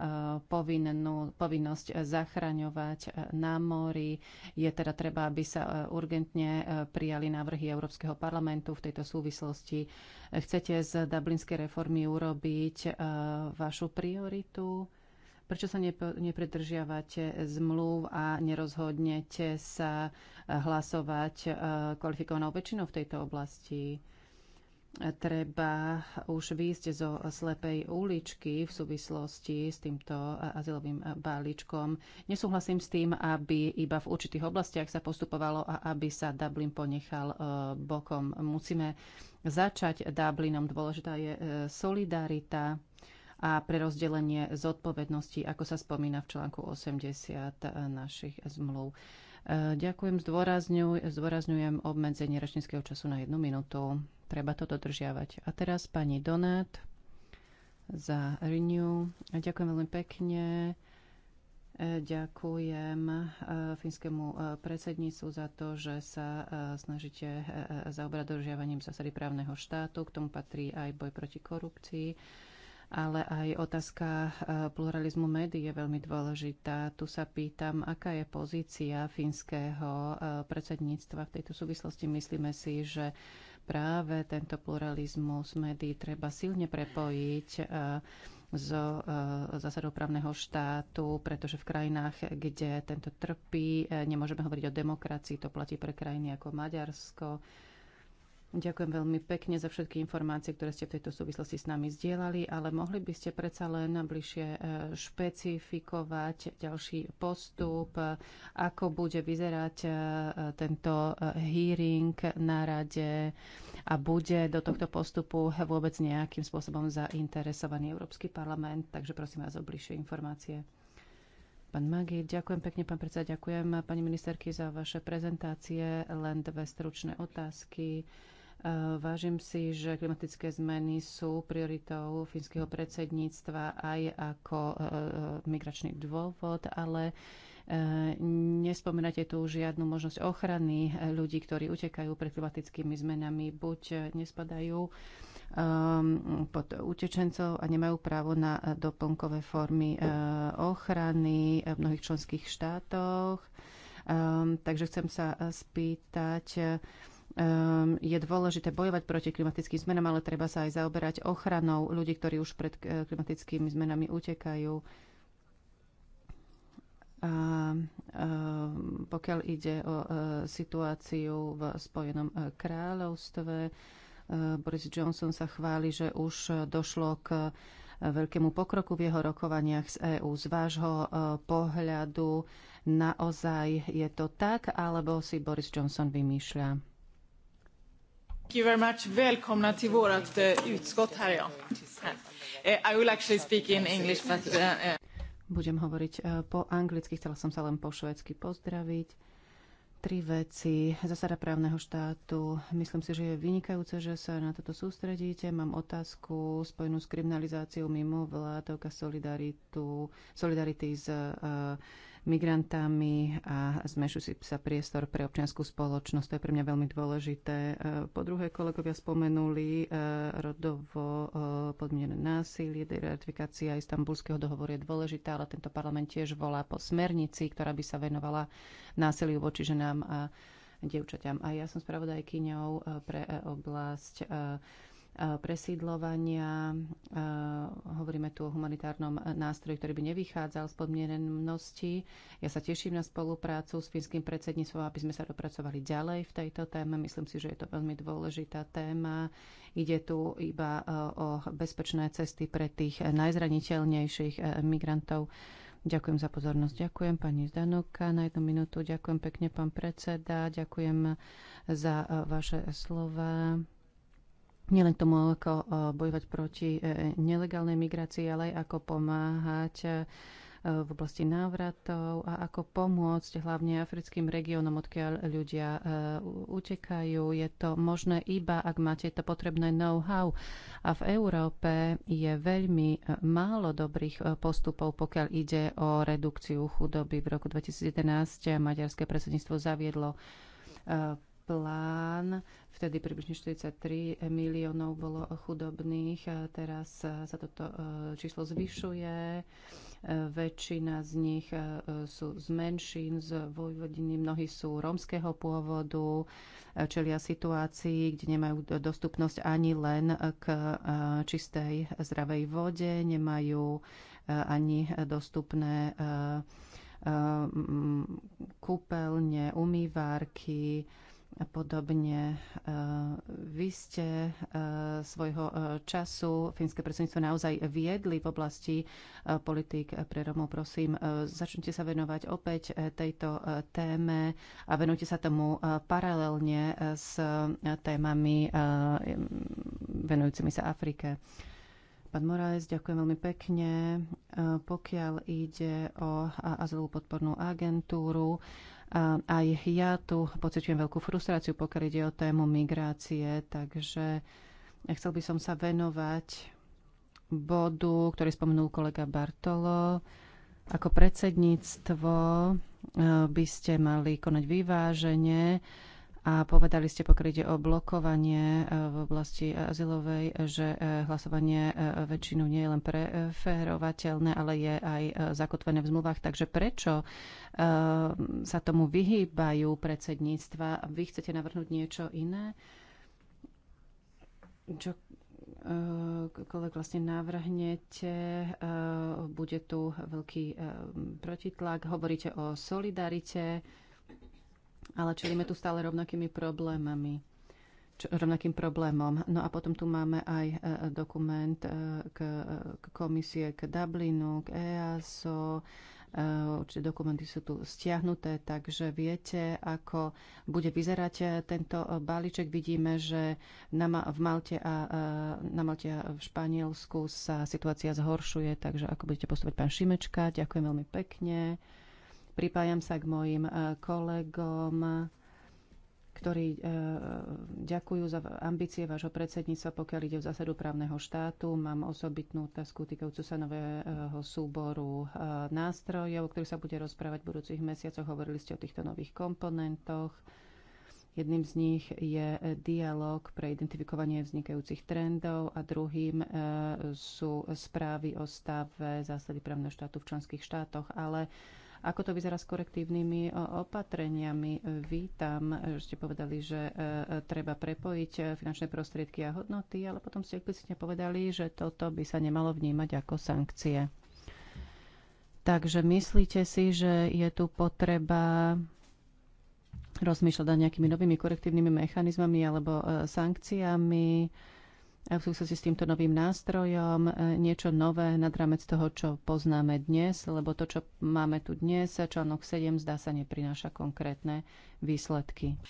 S3: povinnú, povinnosť zachraňovať e, na mori. Je teda treba, aby sa e, urgentne prijali návrhy Európskeho parlamentu v tejto súvislosti. Chcete z dublinskej reformy urobiť vašu prioritu? Prečo sa nepredržiavate zmluv a nerozhodnete sa hlasovať kvalifikovanou väčšinou v tejto oblasti? treba už výjsť zo slepej uličky v súvislosti s týmto azylovým balíčkom. Nesúhlasím s tým, aby iba v určitých oblastiach sa postupovalo a aby sa Dublin ponechal e, bokom. Musíme začať Dublinom. Dôležitá je e, solidarita a prerozdelenie zodpovednosti, ako sa spomína v článku 80 našich zmluv. E, ďakujem, zdôrazňuj, zdôrazňujem obmedzenie rečníckého času na jednu minútu. Treba to dodržiavať. A teraz pani Donát za Renew. E, ďakujem veľmi pekne. E, ďakujem finskému predsedníctvu za to, že sa snažíte zaobrať dodržiavaním zásady právneho štátu. K tomu patrí aj boj proti korupcii ale aj otázka eh, pluralizmu médií je veľmi dôležitá. Tu sa pýtam, aká je pozícia fínskeho eh, predsedníctva v tejto súvislosti. Myslíme si, že práve tento pluralizmus médií treba silne prepojiť zo eh, zásadou právneho štátu, pretože v krajinách, kde tento trpí, nemôžeme hovoriť o demokracii, to platí pre krajiny ako Maďarsko, Ďakujem veľmi pekne za všetky informácie, ktoré ste v tejto súvislosti s nami zdieľali, ale mohli by ste predsa len najbližšie e, špecifikovať ďalší postup, ako bude vyzerať e, tento e, hearing na rade a bude do tohto postupu vôbec nejakým spôsobom zainteresovaný Európsky parlament. Takže prosím vás o bližšie informácie. Pán Magy, ďakujem pekne, pán predseda, ďakujem pani ministerky za vaše prezentácie. Len dve stručné otázky. Eh, vážim si, že klimatické zmeny sú prioritou fínskeho predsedníctva aj ako eh, eh, migračný dôvod, ale nespomínate tu žiadnu možnosť ochrany ľudí, ktorí utekajú pred klimatickými zmenami, buď nespadajú ehm, pod utečencov a nemajú právo na doplnkové formy ochrany v mnohých členských štátoch. Ehm, takže chcem sa spýtať, Ehm, je dôležité bojovať proti klimatickým zmenám, ale treba sa aj zaoberať ochranou ľudí, ktorí už pred eh, klimatickými zmenami utekajú. A ehm, pokiaľ ide o eh, situáciu v Spojenom eh, kráľovstve, Boris Johnson sa chváli, že už došlo k veľkému pokroku v jeho rokovaniach z EÚ. Z vášho pohľadu naozaj je to tak, alebo si Boris Johnson vymýšľa? Thank you very much. Välkomna till vårt eh, utskott här
S2: ja. Eh, I will actually speak in English, but, uh,
S3: budem hovoriť po anglicky, chcela som sa len po švedsky pozdraviť. Tri veci. Zasada právneho štátu. Myslím si, že je vynikajúce, že sa na toto sústredíte. Mám otázku spojenú s kriminalizáciou mimo vládok a solidaritu, solidarity s uh, migrantami a zmešu si sa priestor pre občianskú spoločnosť. To je pre mňa veľmi dôležité. E, po druhé, kolegovia spomenuli e, rodovo e, podmienené násilie, ratifikácia istambulského dohovoru je dôležitá, ale tento parlament tiež volá po smernici, ktorá by sa venovala násiliu voči ženám a dievčatám. A ja som spravodajkyňou pre oblasť E, presídlovania. E, hovoríme tu o humanitárnom nástroji, ktorý by nevychádzal z podmienenosti. Ja sa teším na spoluprácu s fínskym predsedníctvom, aby sme sa dopracovali ďalej v tejto téme. Myslím si, že je to veľmi dôležitá téma. Ide tu iba e, o bezpečné cesty pre tých najzraniteľnejších migrantov. Ďakujem za pozornosť. Ďakujem pani Zdanoka na jednu minútu. Ďakujem pekne pán predseda. Ďakujem za vaše slova nielen tomu, ako e, bojovať proti e, nelegálnej migrácii, ale aj ako pomáhať e, v oblasti návratov a ako pomôcť hlavne africkým regiónom, odkiaľ ľudia utekajú. Je to možné iba, ak máte to potrebné know-how. A v Európe je veľmi málo dobrých postupov, pokiaľ ide o redukciu chudoby. V roku 2011 maďarské predsedníctvo zaviedlo plán. Vtedy približne 43 miliónov bolo chudobných, teraz e, sa toto e, číslo zvyšuje. E, väčšina z nich sú z menšín, z vojvodiny, mnohí sú rómskeho pôvodu, čelia situácii, kde nemajú dostupnosť ani len k čistej zdravej vode, nemajú ani dostupné kúpeľne, umývárky, podobne. E, vy ste e, svojho e, času fínske predsedníctvo naozaj viedli v oblasti politík pre Romov. Prosím, začnite sa venovať opäť tejto téme a venujte sa tomu paralelne s témami venujúcimi sa Afrike. Pán Moraes, ďakujem veľmi pekne. Pokiaľ ide o azylovú podpornú agentúru, a aj ja tu pociťujem veľkú frustráciu, pokiaľ ide o tému migrácie, takže chcel by som sa venovať bodu, ktorý spomenul kolega Bartolo. Ako predsedníctvo eh, by ste mali konať vyváženie a povedali ste, pokiaľ ide o blokovanie e, v oblasti e, azylovej, e, že hlasovanie väčšinou nie je len preferovateľné, ale je aj zakotvené v zmluvách. Takže prečo sa tomu vyhýbajú predsedníctva? Vy chcete navrhnúť niečo iné? Čo koľvek vlastne navrhnete, bude tu veľký protitlak. Hovoríte o solidarite, ale čelíme tu stále rovnakými problémami čo, rovnakým problémom. No a potom tu máme aj e, e, dokument e, k, k komisie k Dublinu, k EASO. Určite dokumenty sú tu stiahnuté, takže viete, ako bude vyzerať tento balíček. Vidíme, že na, v Malte a, na Malte a v Španielsku sa situácia zhoršuje, takže ako budete postupovať, pán Šimečka. Ďakujem veľmi pekne. Pripájam sa k mojim e, kolegom, ktorí e, ďakujú za ambície vášho predsedníctva, pokiaľ ide v zásadu právneho štátu. Mám osobitnú otázku týkajúcu sa nového súboru e, nástrojov, o ktorých sa bude rozprávať v budúcich mesiacoch. Hovorili ste o týchto nových komponentoch. Jedným z nich je dialog pre identifikovanie vznikajúcich trendov a druhým sú správy o stave zásady právneho štátu v členských štátoch. Ale ako to vyzerá s korektívnymi e, opatreniami? Vítam, e, že ste povedali, že e, treba prepojiť finančné prostriedky a hodnoty, ale potom ste explicitne povedali, že toto by sa nemalo vnímať ako sankcie. Takže myslíte si, že je tu potreba rozmýšľať nad nejakými novými korektívnymi mechanizmami alebo sankciami? v súvislosti s týmto novým nástrojom, e, niečo nové nad rámec toho, čo poznáme dnes, lebo to, čo máme tu dnes, článok 7 zdá sa neprináša konkrétne výsledky.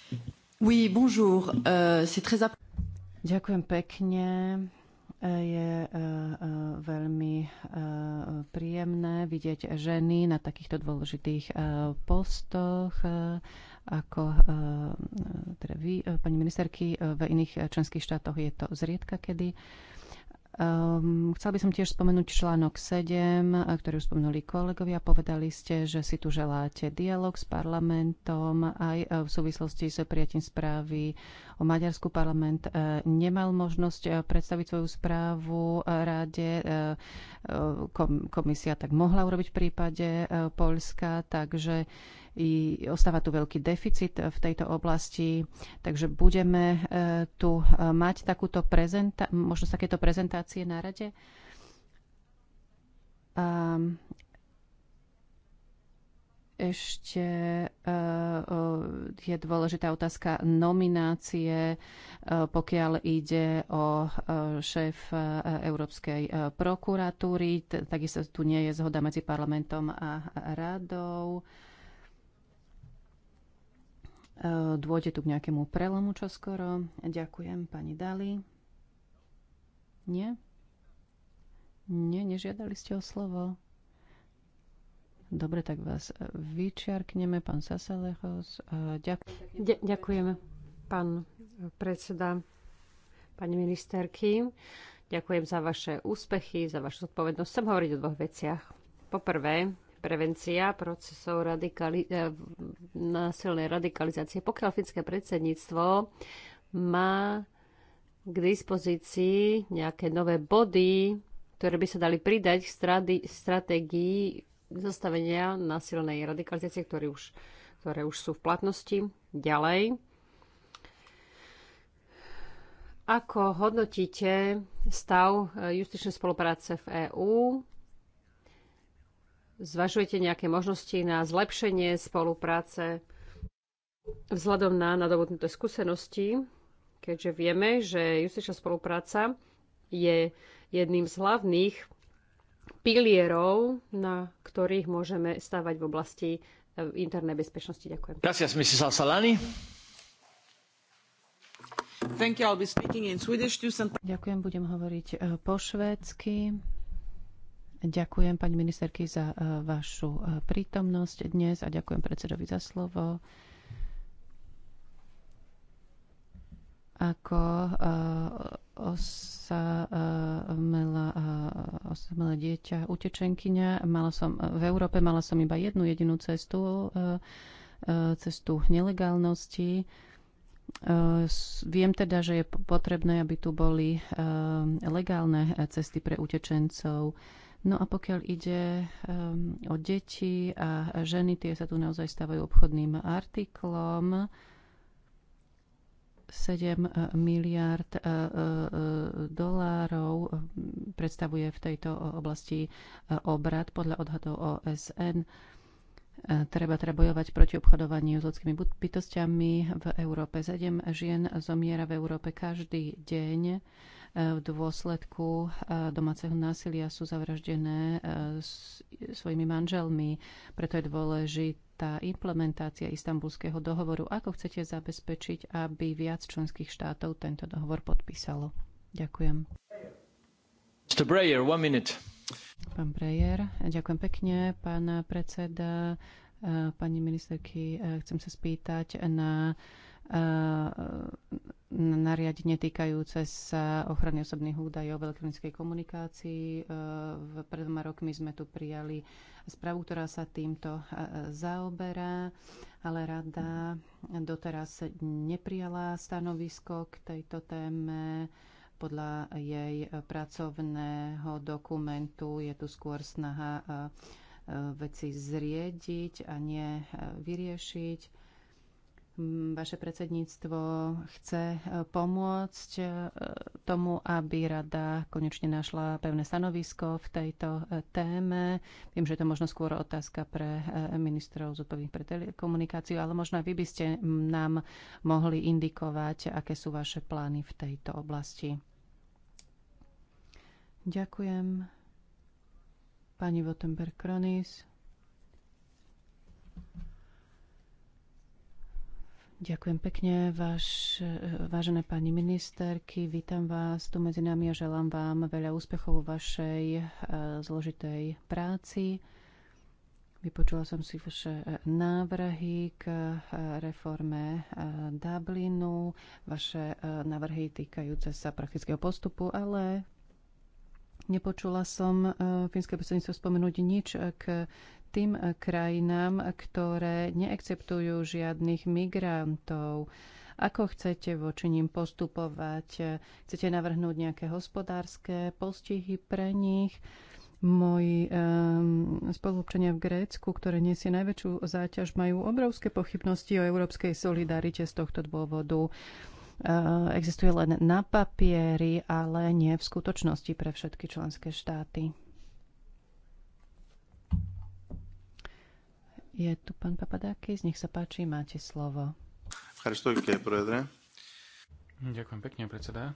S3: Oui, bonjour. Uh, très... Ďakujem pekne. E, je uh, uh, veľmi uh, príjemné vidieť ženy na takýchto dôležitých postoch ako eh, teda vy, eh, pani ministerky, eh, v iných členských štátoch je to zriedka kedy. Um, ehm, chcel by som tiež spomenúť článok 7, ktorý už spomenuli kolegovia. Povedali ste, že si tu želáte dialog s parlamentom aj v súvislosti s prijatím správy o Maďarsku. Parlament nemal možnosť predstaviť svoju správu ráde. Komisia tak mohla urobiť v prípade Polska, takže i ostáva tu veľký deficit v tejto oblasti, takže budeme e, tu e, mať takúto prezenta- možnosť takéto prezentácie na rade. A ešte e, je dôležitá otázka nominácie, pokiaľ ide o šéf Európskej prokuratúry. Takisto tu nie je zhoda medzi parlamentom a radou. Eh, dôjde tu k nejakému prelomu čoskoro. Ďakujem pani Dali. Nie? Nie, nežiadali ste o slovo. Dobre, tak vás eh, vyčiarkneme, pán Sasalechos. Eh, ďakujem. Ďakujem,
S1: pán predseda, pani ministerky. Ďakujem za vaše úspechy, za vašu zodpovednosť. Chcem hovoriť o dvoch veciach. Poprvé, prevencia procesov radikali- eh, násilnej radikalizácie. Pokiaľ finské predsedníctvo má k dispozícii nejaké nové body, ktoré by sa dali pridať k stratégii zastavenia násilnej radikalizácie, ktoré už, ktoré už sú v platnosti. Ďalej. Ako hodnotíte stav eh, justičnej spolupráce v EÚ? zvažujete nejaké možnosti na zlepšenie spolupráce vzhľadom na nadobudnuté skúsenosti, keďže vieme, že justičná spolupráca je jedným z hlavných pilierov, na ktorých môžeme stavať v oblasti eh, internej bezpečnosti. Ďakujem.
S2: Gracias, Mrs. Salani.
S3: Thank you. I'll be speaking in Swedish. Ďakujem, budem hovoriť eh, po švédsky. Ďakujem pani ministerky za eh, vašu eh, prítomnosť dnes a ďakujem predsedovi za slovo. Ako eh, osamelé dieťa utečenkyňa, mala som, v Európe mala som iba jednu jedinú cestu, cestu nelegálnosti. Viem teda, že je potrebné, aby tu boli legálne cesty pre utečencov. No a pokiaľ ide um, o deti a ženy, tie sa tu naozaj stávajú obchodným artiklom. 7 e, miliard uh, uh, dolárov predstavuje v tejto oblasti obrad podľa odhadov OSN. Treba teda bojovať proti obchodovaniu s ľudskými bytostiami v Európe. 7 žien zomiera v Európe každý deň v dôsledku eh, domáceho násilia sú zavraždené eh, svojimi manželmi. Preto je dôležitá implementácia istambulského dohovoru. Ako chcete zabezpečiť, aby viac členských štátov tento dohovor podpísalo? Ďakujem.
S2: Mr. Breyer, one minute.
S3: Pán Breyer, ďakujem pekne, pán predseda. Eh, pani ministerky, chcem sa spýtať na nariadenie týkajúce sa ochrany osobných údajov v elektronickej komunikácii. E, v pred dvoma rokmi sme tu prijali správu, ktorá sa týmto e, zaoberá, ale rada doteraz neprijala stanovisko k tejto téme. Podľa jej pracovného dokumentu je tu skôr snaha e, veci zriediť a nie vyriešiť Mm, vaše predsedníctvo chce e, pomôcť e, tomu, aby rada konečne našla pevné stanovisko v tejto e, téme. Viem, že je to možno skôr otázka pre ministrov zodpovedných pre telekomunikáciu, ale možno aj vy by ste nám mohli indikovať, aké sú vaše plány v tejto oblasti. Ďakujem. Pani wottenberg kronis Ďakujem pekne, váš, eh, vážené pani ministerky. Vítam vás tu medzi nami a želám vám veľa úspechov vo vašej eh, zložitej práci. Vypočula som si vaše eh, návrhy k reforme Dublinu, vaše návrhy týkajúce sa praktického postupu, ale Nepočula som fínske predsedníctvo spomenúť nič k tým krajinám, ktoré neakceptujú žiadnych migrantov. Ako chcete voči ním postupovať? Chcete navrhnúť nejaké hospodárske postihy pre nich? Moji um, ehm, spolupčania v Grécku, ktoré nesie najväčšiu záťaž, majú obrovské pochybnosti o európskej solidarite z tohto dôvodu. Uh, existuje len na papieri, ale nie v skutočnosti pre všetky členské štáty. Je tu pán Papadákis, nech sa páči, máte slovo.
S2: Ďakujem pekne, predseda.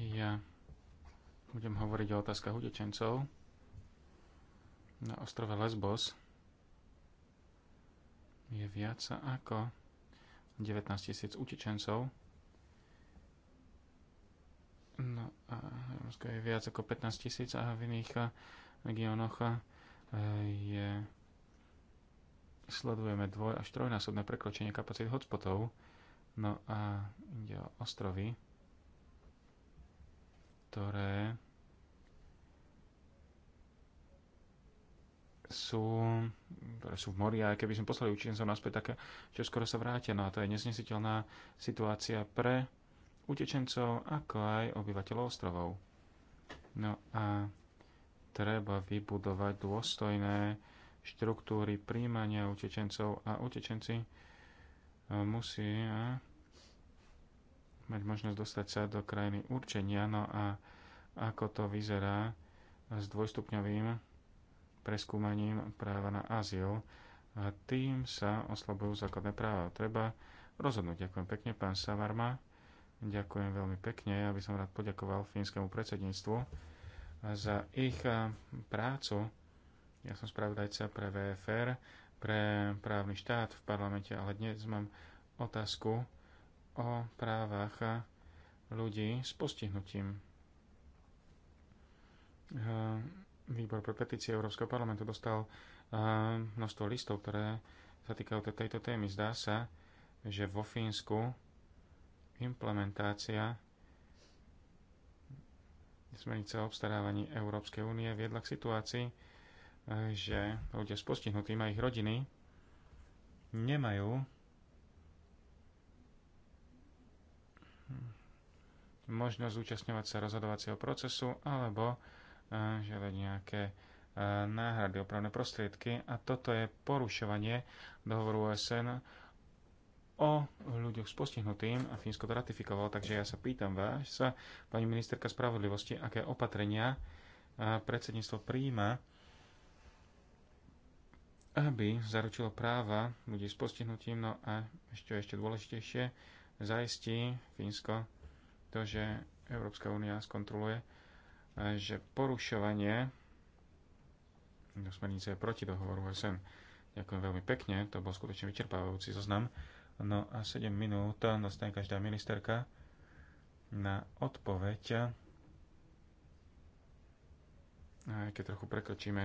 S2: Ja budem hovoriť o otázkach utečencov na ostrove Lesbos. Je viac ako 19 tisíc utečencov. No a je viac ako 15 tisíc a v iných regiónoch je, sledujeme dvoj až trojnásobné prekročenie kapacít hotspotov. No a ide o ostrovy, ktoré sú, ktoré sú v mori a aj keby sme poslali učencov naspäť, tak čo skoro sa vrátia. No a to je neznesiteľná situácia pre utečencov, ako aj obyvateľov ostrovov. No a treba vybudovať dôstojné štruktúry príjmania utečencov a utečenci eh, musia mať možnosť dostať sa do krajiny určenia. No a ako to vyzerá s dvojstupňovým preskúmaním práva na azyl. A tým sa oslabujú základné práva. Treba rozhodnúť. Ďakujem pekne, pán Savarma. Ďakujem veľmi pekne. Ja by som rád poďakoval fínskemu predsedníctvu za ich eh, prácu. Ja som spravodajca pre VFR, pre právny štát v parlamente, ale dnes mám otázku o právach eh, ľudí s postihnutím. Eh, výbor pre petície Európskeho parlamentu dostal množstvo listov, ktoré sa týkajú tejto témy. Zdá sa, že vo Fínsku implementácia smernice o obstarávaní Európskej únie viedla k situácii, eh, že ľudia s postihnutým a ich rodiny nemajú možnosť zúčastňovať sa rozhodovacieho procesu alebo eh, žiadať nejaké eh, náhrady, opravné prostriedky a toto je porušovanie dohovoru OSN o ľuďoch s postihnutým a Fínsko to ratifikovalo, takže ja sa pýtam vás, pani ministerka spravodlivosti, aké opatrenia predsedníctvo príjma, aby zaručilo práva ľudí s postihnutím, no a ešte, ešte dôležitejšie, zaistí Fínsko to, že Európska únia skontroluje, že porušovanie smernice je proti dohovoru SN. Ďakujem veľmi pekne, to bol skutočne vyčerpávajúci zoznam. No a 7 minút dostane každá ministerka na odpoveď. Aj keď trochu prekročíme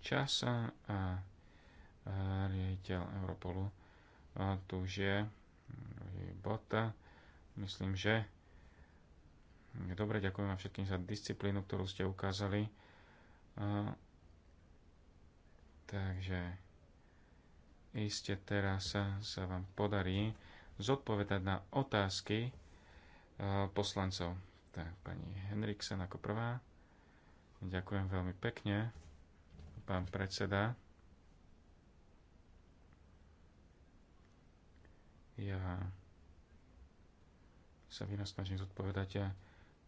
S2: čas a, a riaditeľ Europolu a tu je bod. Myslím, že dobre, ďakujem vám všetkým za disciplínu, ktorú ste ukázali. A, takže iste teraz sa vám podarí zodpovedať na otázky eh, poslancov. Tak, pani Henriksen ako prvá. Ďakujem veľmi pekne, pán predseda. Ja sa vynasnažím zodpovedať eh,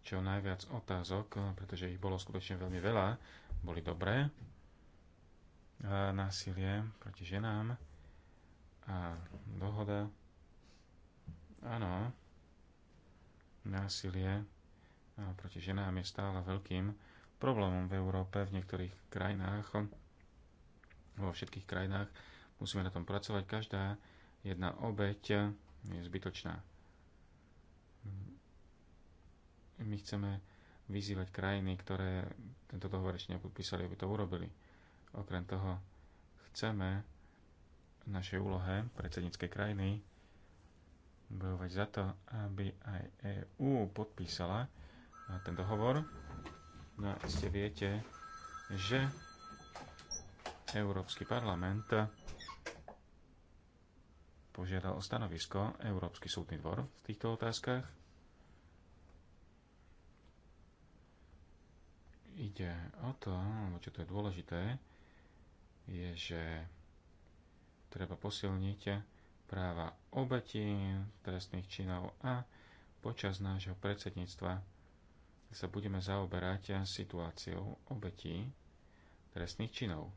S2: čo najviac otázok, eh, pretože ich bolo skutočne veľmi veľa, boli dobré. Násilie proti ženám a dohoda. Áno, násilie proti ženám je stále veľkým problémom v Európe, v niektorých krajinách, vo všetkých krajinách. Musíme na tom pracovať. Každá jedna obeť. je zbytočná. My chceme vyzývať krajiny, ktoré tento dohovor ešte nepodpísali, aby to urobili. Okrem toho chceme našej úlohe predsedníckej krajiny bojovať za to, aby aj EÚ podpísala ten dohovor. No a ste viete, že Európsky parlament požiadal o stanovisko Európsky súdny dvor v týchto otázkach. Ide o to, čo to je dôležité, je, že treba posilniť práva obetí trestných činov a počas nášho predsedníctva sa budeme zaoberať situáciou obetí trestných činov.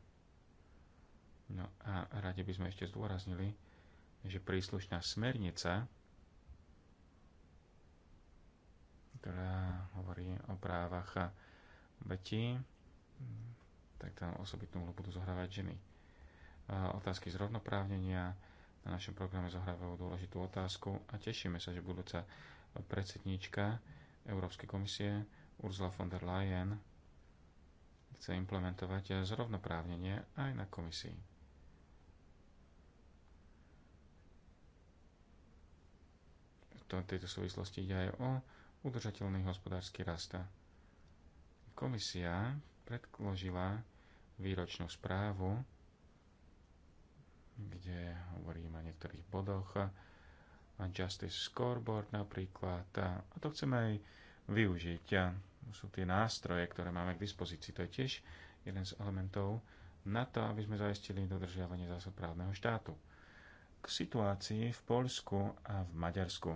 S2: No a rade by sme ešte zdôraznili, že príslušná smernica, ktorá hovorí o právach obetí, tak tam osobitnú úlohu budú zohrávať ženy otázky zrovnoprávnenia na našom programe zohrávajú dôležitú otázku a tešíme sa, že budúca predsedníčka Európskej komisie Ursula von der Leyen chce implementovať zrovnoprávnenie aj na komisii. V tejto súvislosti ide aj o udržateľný hospodársky rast. Komisia predložila výročnú správu kde hovoríme o niektorých bodoch. A Justice Scoreboard napríklad. A to chceme aj využiť. A sú tie nástroje, ktoré máme k dispozícii. To je tiež jeden z elementov na to, aby sme zaistili dodržiavanie zásad právneho štátu. K situácii v Polsku a v Maďarsku.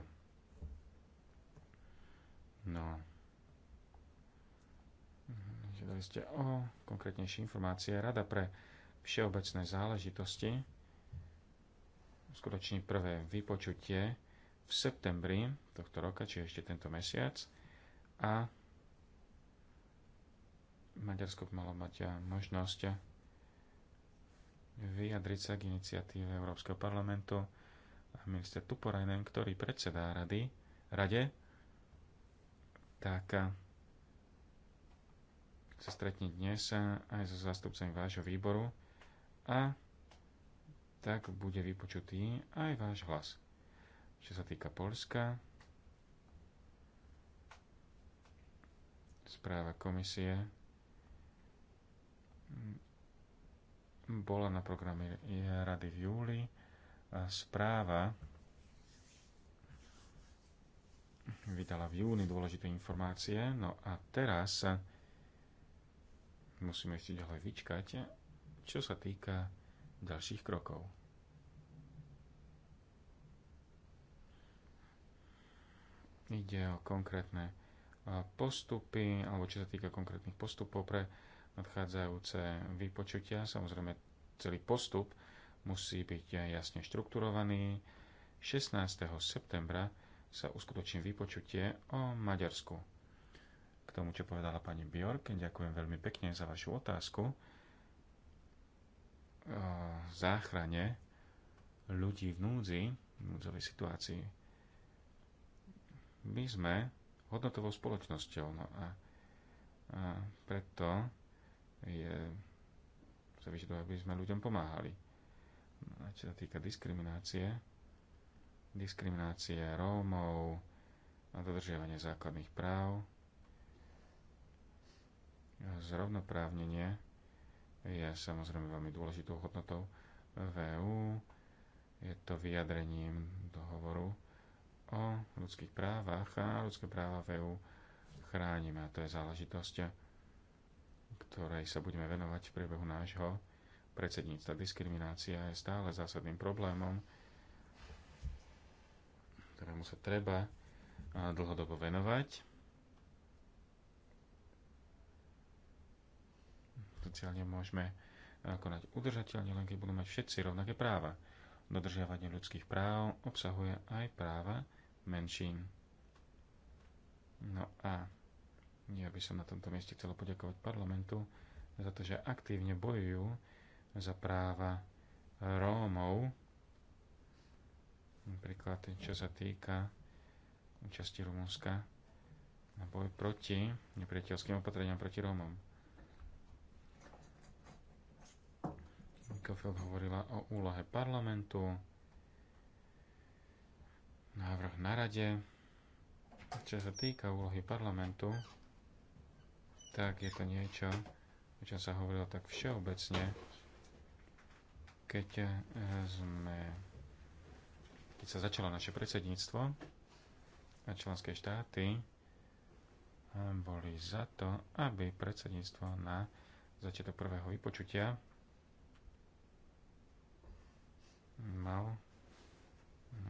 S2: No. Žiadali ste o konkrétnejšie informácie. Rada pre všeobecné záležitosti skutoční prvé vypočutie v septembri tohto roka, či ešte tento mesiac. A Maďarsko malo mať eh, možnosť vyjadriť sa k iniciatíve Európskeho parlamentu a minister Tuporajnen, ktorý predsedá rady, rade, tak sa eh, stretne dnes eh, aj so zástupcami vášho výboru a tak bude vypočutý aj váš hlas. Čo sa týka Polska, správa komisie bola na programe Rady v júli. A správa vydala v júni dôležité informácie. No a teraz musíme ešte ďalej vyčkať, čo sa týka ďalších krokov. Ide o konkrétne postupy, alebo čo sa týka konkrétnych postupov pre nadchádzajúce vypočutia. Samozrejme, celý postup musí byť jasne štrukturovaný. 16. septembra sa uskutoční vypočutie o Maďarsku. K tomu, čo povedala pani Bjork, ďakujem veľmi pekne za vašu otázku záchrane ľudí v núdzi, v núdzovej situácii. My sme hodnotovou spoločnosťou no a, a preto je sa vyžaduje, aby sme ľuďom pomáhali. No a čo sa týka diskriminácie, diskriminácie Rómov a dodržiavanie základných práv, zrovnoprávnenie je samozrejme veľmi dôležitou hodnotou v EU. Je to vyjadrením dohovoru o ľudských právach a ľudské práva v EU chránime. A to je záležitosť, ktorej sa budeme venovať v priebehu nášho predsedníctva. Diskriminácia je stále zásadným problémom, ktorému sa treba dlhodobo venovať sociálne môžeme eh, konať udržateľne, len keď budú mať všetci rovnaké práva. Dodržiavanie ľudských práv obsahuje aj práva menšín. No a ja by som na tomto mieste chcel poďakovať parlamentu za to, že aktívne bojujú za práva Rómov. Napríklad, čo sa týka účasti Rumunska na boj proti nepriateľským opatreniam proti Rómom Inkofield hovorila o úlohe parlamentu, návrh na rade. Čo sa týka úlohy parlamentu, tak je to niečo, o čom sa hovorilo tak všeobecne, keď eh, sme keď sa začalo naše predsedníctvo a členské štáty eh, boli za to, aby predsedníctvo na začiatok prvého vypočutia mal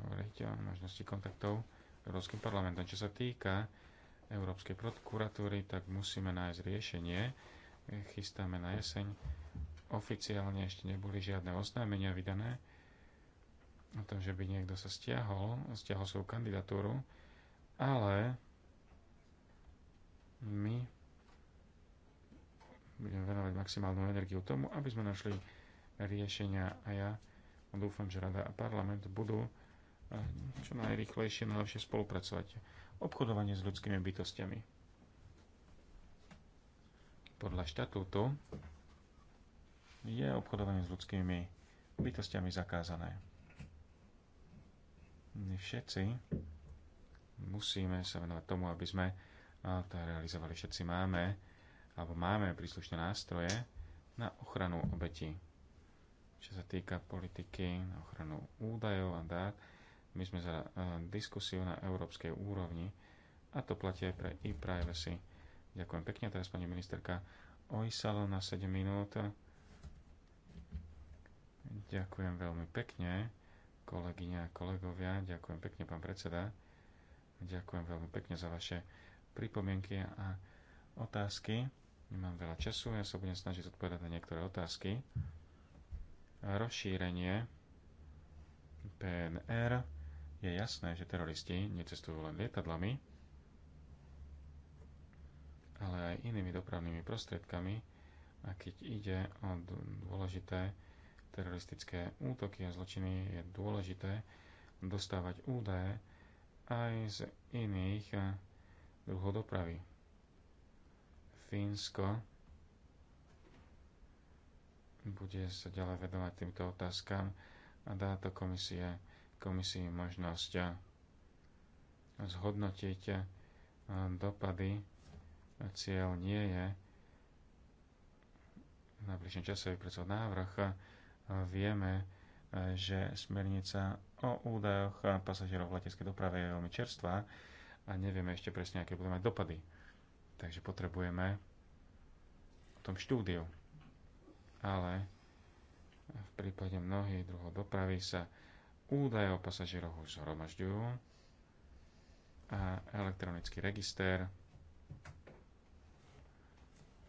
S2: hovoriť o možnosti kontaktov s Európskym parlamentom. Čo sa týka Európskej prokuratúry, tak musíme nájsť riešenie. Chystáme na jeseň. Oficiálne ešte neboli žiadne oznámenia vydané o tom, že by niekto sa stiahol, stiahol svoju kandidatúru, ale my budeme venovať maximálnu energiu tomu, aby sme našli riešenia a ja a dúfam, že Rada a parlament budú eh, čo najrychlejšie, najlepšie spolupracovať. Obchodovanie s ľudskými bytostiami. Podľa štatútu je obchodovanie s ľudskými bytostiami zakázané. My všetci musíme sa venovať tomu, aby sme to realizovali. Všetci máme, alebo máme príslušné nástroje na ochranu obetí čo sa týka politiky na ochranu údajov a dát. My sme za e, diskusiu na európskej úrovni a to platí aj pre e-privacy. Ďakujem pekne, teraz pani ministerka Ojsalo na 7 minút. Ďakujem veľmi pekne, kolegyňa a kolegovia. Ďakujem pekne, pán predseda. Ďakujem veľmi pekne za vaše pripomienky a otázky. Nemám veľa času, ja sa budem snažiť odpovedať na niektoré otázky rozšírenie PNR, je jasné, že teroristi necestujú len lietadlami, ale aj inými dopravnými prostriedkami a keď ide o dôležité teroristické útoky a zločiny, je dôležité dostávať údaje aj z iných eh, druhov dopravy. Fínsko bude sa ďalej vedovať týmto otázkam a dá to komisie, komisii možnosť zhodnotiť dopady. Cieľ nie je na bližšom čase vypracovať návrh. Vieme, že smernica o údajoch pasažierov v leteckej doprave je veľmi čerstvá a nevieme ešte presne, aké budú mať dopady. Takže potrebujeme o tom štúdiu ale v prípade mnohých druhov dopravy sa údaje o pasažieroch už zhromažďujú a elektronický register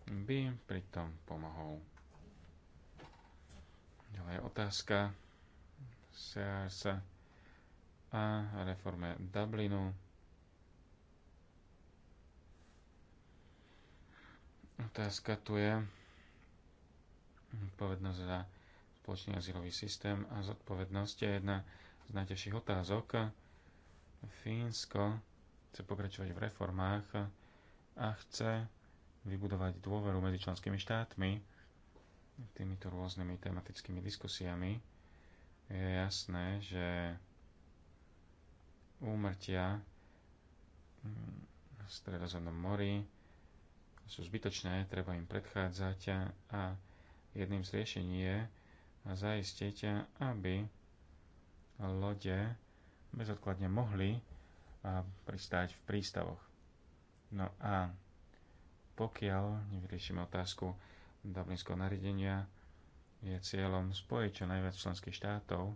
S2: by pritom pomohol. Ďalej otázka SEARSA a reforme Dublinu. Otázka tu je, zodpovednosť za spoločný azylový systém a zodpovednosť je jedna z najťažších otázok. Fínsko chce pokračovať v reformách a chce vybudovať dôveru medzi členskými štátmi týmito rôznymi tematickými diskusiami. Je jasné, že úmrtia v Stredozemnom mori sú zbytočné, treba im predchádzať a Jedným z riešení je zaistiť, aby lode bezodkladne mohli pristáť v prístavoch. No a pokiaľ nevyriešime otázku Dublinského nariadenia, je cieľom spojiť čo najviac členských štátov,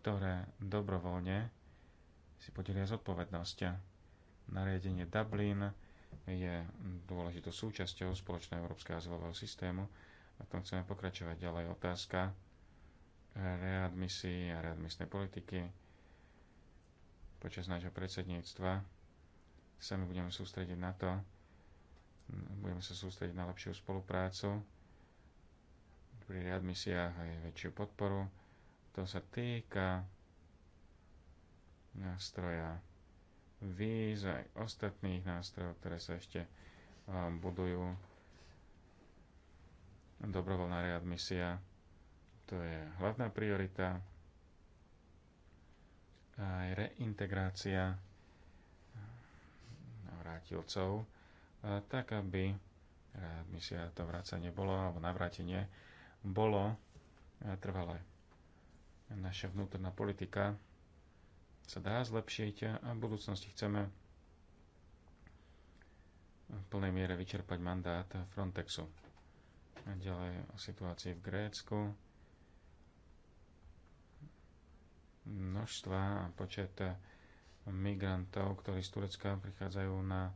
S2: ktoré dobrovoľne si podelia zodpovednosť. Nariadenie Dublin je dôležitou súčasťou spoločného európskeho azylového systému, a tom chceme pokračovať ďalej. Otázka readmisí a readmisnej politiky. Počas nášho predsedníctva sa my budeme sústrediť na to, budeme sa sústrediť na lepšiu spoluprácu pri readmisiách aj väčšiu podporu. To sa týka nástroja víz aj ostatných nástrojov, ktoré sa ešte um, budujú dobrovoľná readmisia, to je hlavná priorita, aj reintegrácia vrátilcov, tak aby readmisia to vracanie bolo, alebo navrátenie bolo trvalé. Naša vnútorná politika sa dá zlepšiť a v budúcnosti chceme v plnej miere vyčerpať mandát Frontexu ďalej o situácii v Grécku, množstva a počet migrantov, ktorí z Turecka prichádzajú na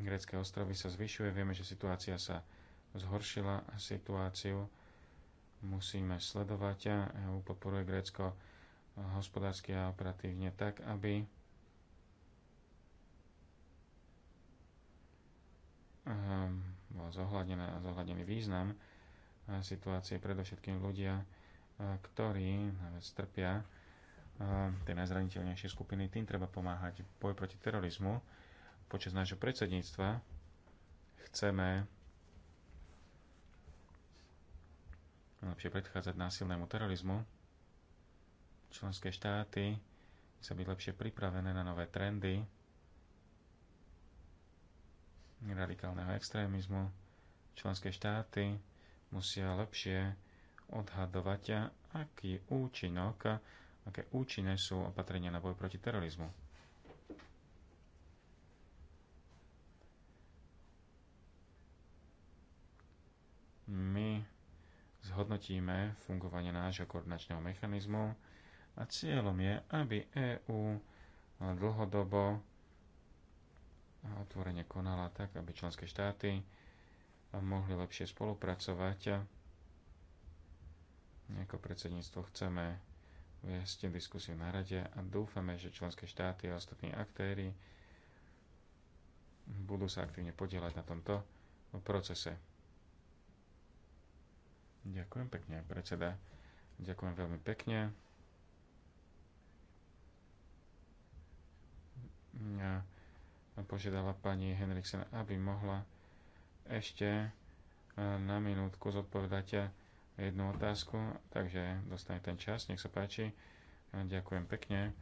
S2: grécké ostrovy sa zvyšuje. Vieme, že situácia sa zhoršila a situáciu musíme sledovať a EU podporuje Grécko hospodársky a operatívne tak, aby um, bol zohľadená a zohľadený význam e, situácie predovšetkým ľudia, e, ktorí trpia e, tie najzraniteľnejšie skupiny, tým treba pomáhať. Boj proti terorizmu počas nášho predsedníctva chceme lepšie predchádzať násilnému terorizmu. Členské štáty sa byť lepšie pripravené na nové trendy, radikálneho extrémizmu. Členské štáty musia lepšie odhadovať, aký účinok, aké účinné sú opatrenia na boj proti terorizmu. My zhodnotíme fungovanie nášho koordinačného mechanizmu a cieľom je, aby EÚ dlhodobo a otvorene konala tak, aby členské štáty mohli lepšie spolupracovať. Ako predsedníctvo chceme viesť diskusiu na rade a dúfame, že členské štáty a ostatní aktéry budú sa aktívne podielať na tomto procese. Ďakujem pekne, predseda. Ďakujem veľmi pekne. Ja požiadala pani Henriksen, aby mohla ešte e, na minútku zodpovedať jednu otázku, takže dostane ten čas, nech sa páči. E, ďakujem pekne. E,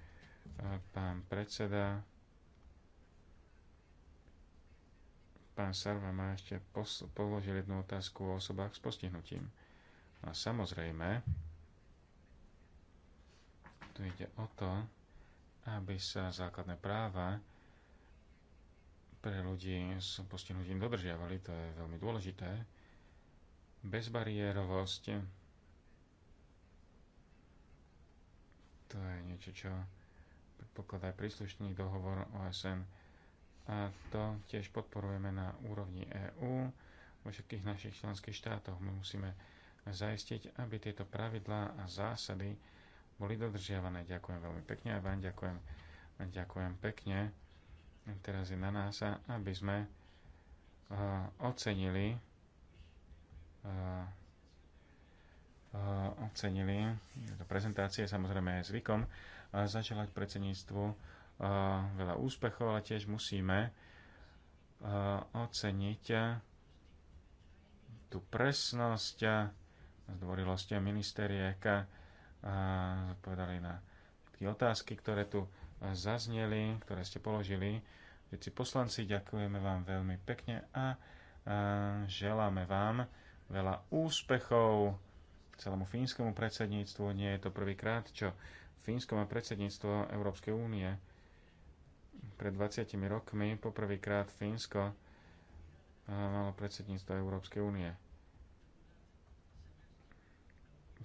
S2: pán predseda, pán Sarva má ešte položil jednu otázku o osobách s postihnutím. No a samozrejme, tu ide o to, aby sa základné práva pre ľudí s postihnutím dodržiavali, to je veľmi dôležité. Bezbariérovosť, to je niečo, čo predpokladá príslušný dohovor OSN. A to tiež podporujeme na úrovni EÚ vo všetkých našich členských štátoch. My musíme zaistiť, aby tieto pravidlá a zásady boli dodržiavané. Ďakujem veľmi pekne a vám ďakujem, ďakujem pekne. Teraz je na nás, aby sme eh, ocenili eh, eh, ocenili do prezentácie, samozrejme aj zvykom, zaželať predsedníctvu veľa úspechov, ale tiež musíme oceniť tú presnosť a zdvorilosť ministeriek a povedali na otázky, ktoré tu zazneli, ktoré ste položili. Všetci poslanci, ďakujeme vám veľmi pekne a želáme vám veľa úspechov celému fínskemu predsedníctvu. Nie je to prvýkrát, čo Fínsko má predsedníctvo Európskej únie. Pred 20 rokmi poprvýkrát Fínsko malo predsedníctvo Európskej únie.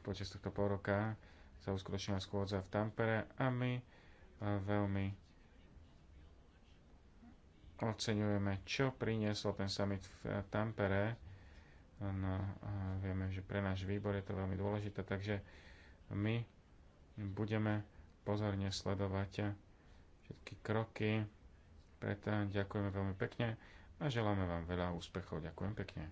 S2: Počas tohto pol roka sa uskutočnila schôdza v Tampere a my veľmi oceňujeme, čo prinieslo ten summit v Tampere. No, vieme, že pre náš výbor je to veľmi dôležité, takže my budeme pozorne sledovať všetky kroky. Preto ďakujeme veľmi pekne a želáme vám veľa úspechov. Ďakujem pekne.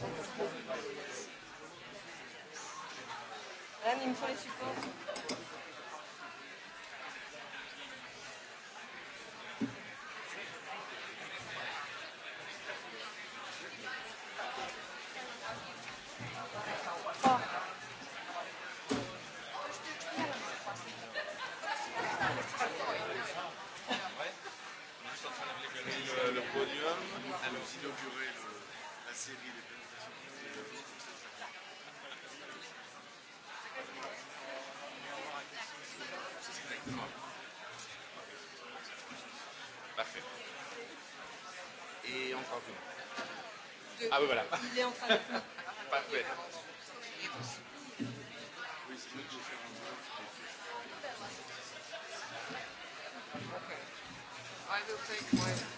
S2: Anne, il me faut les supports. De...
S3: Ah oui, voilà. Il est en train de Parfait.
S2: Oui, c'est mieux que j'ai fait un I will take my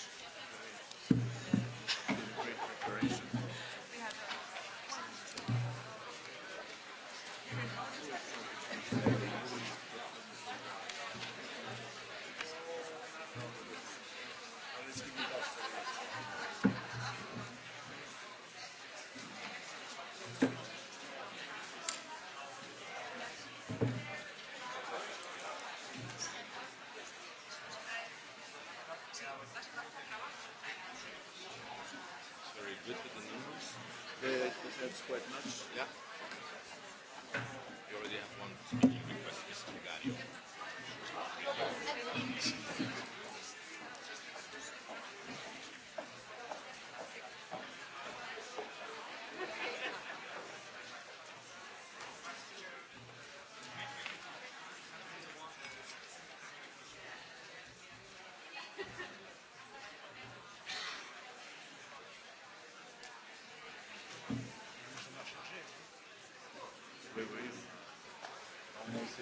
S2: bit with the numbers? Yeah, it helps quite much. Yeah. Okay. You already have one speaking request, Mr. Gario.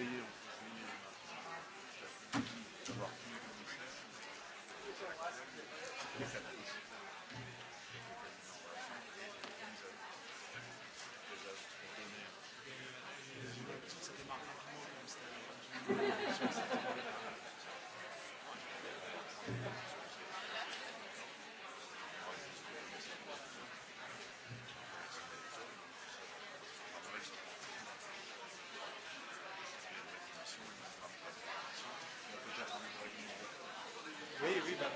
S3: essayer, on peut essayer.
S2: On va voir. Ça démarre rapidement comme c'était. Oui, oui, bah,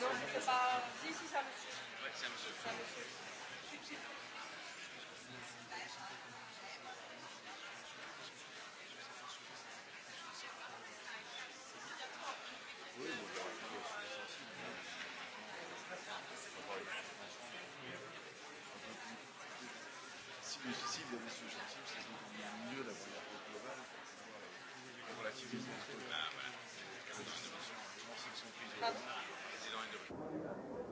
S2: Non, je ne sais pas. Si, si, ça me Ouais, ça me suit. Ça me Mais si vous avez ce gentil, c'est mieux la gouvernance globale pour relativiser le truc. Bah voilà, c'est dans une dimension, c'est dans une dimension.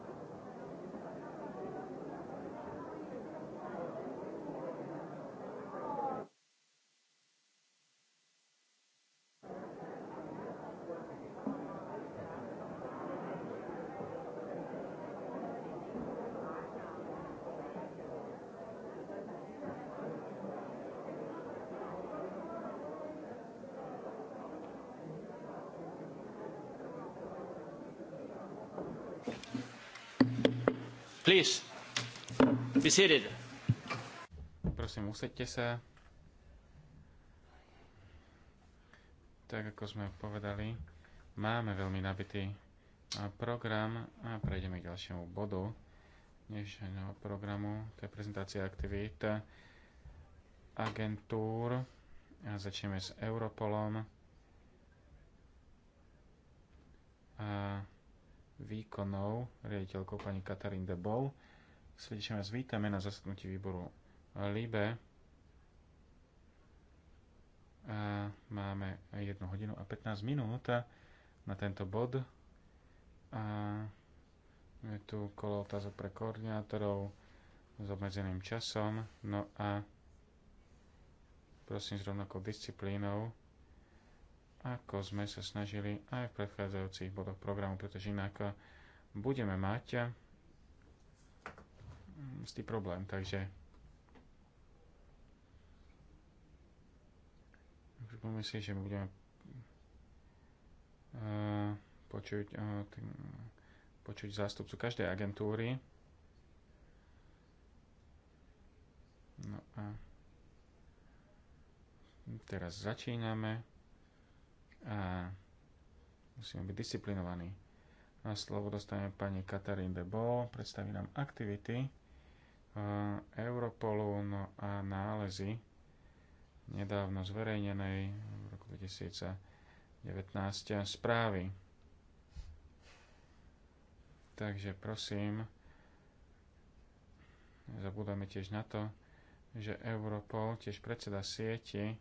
S2: Please, be seated. Prosím, usedte sa. Tak ako sme povedali, máme veľmi nabitý program a prejdeme k ďalšiemu bodu dnešného programu. To je prezentácia aktivít agentúr. A začneme s Europolom. výkonov riaditeľkou pani Katarín de Bol. Svedečne vás vítame na zasadnutí výboru LIBE. A máme 1 hodinu a 15 minút na tento bod. A je tu kolo otázok pre koordinátorov s obmedzeným časom. No a prosím s rovnakou disciplínou ako sme sa snažili aj v predchádzajúcich bodoch programu, pretože inak budeme mať eh, tým problém. Takže pripomíme si, že my budeme eh, počuť, eh, počuť zástupcu každej agentúry. No a teraz začíname a musíme byť disciplinovaní. A slovo dostaneme pani Katarín de Bo, predstaví nám aktivity e, Europolu no a nálezy nedávno zverejnenej v roku 2019 správy. Takže prosím, nezabúdame tiež na to, že Europol tiež predseda sieti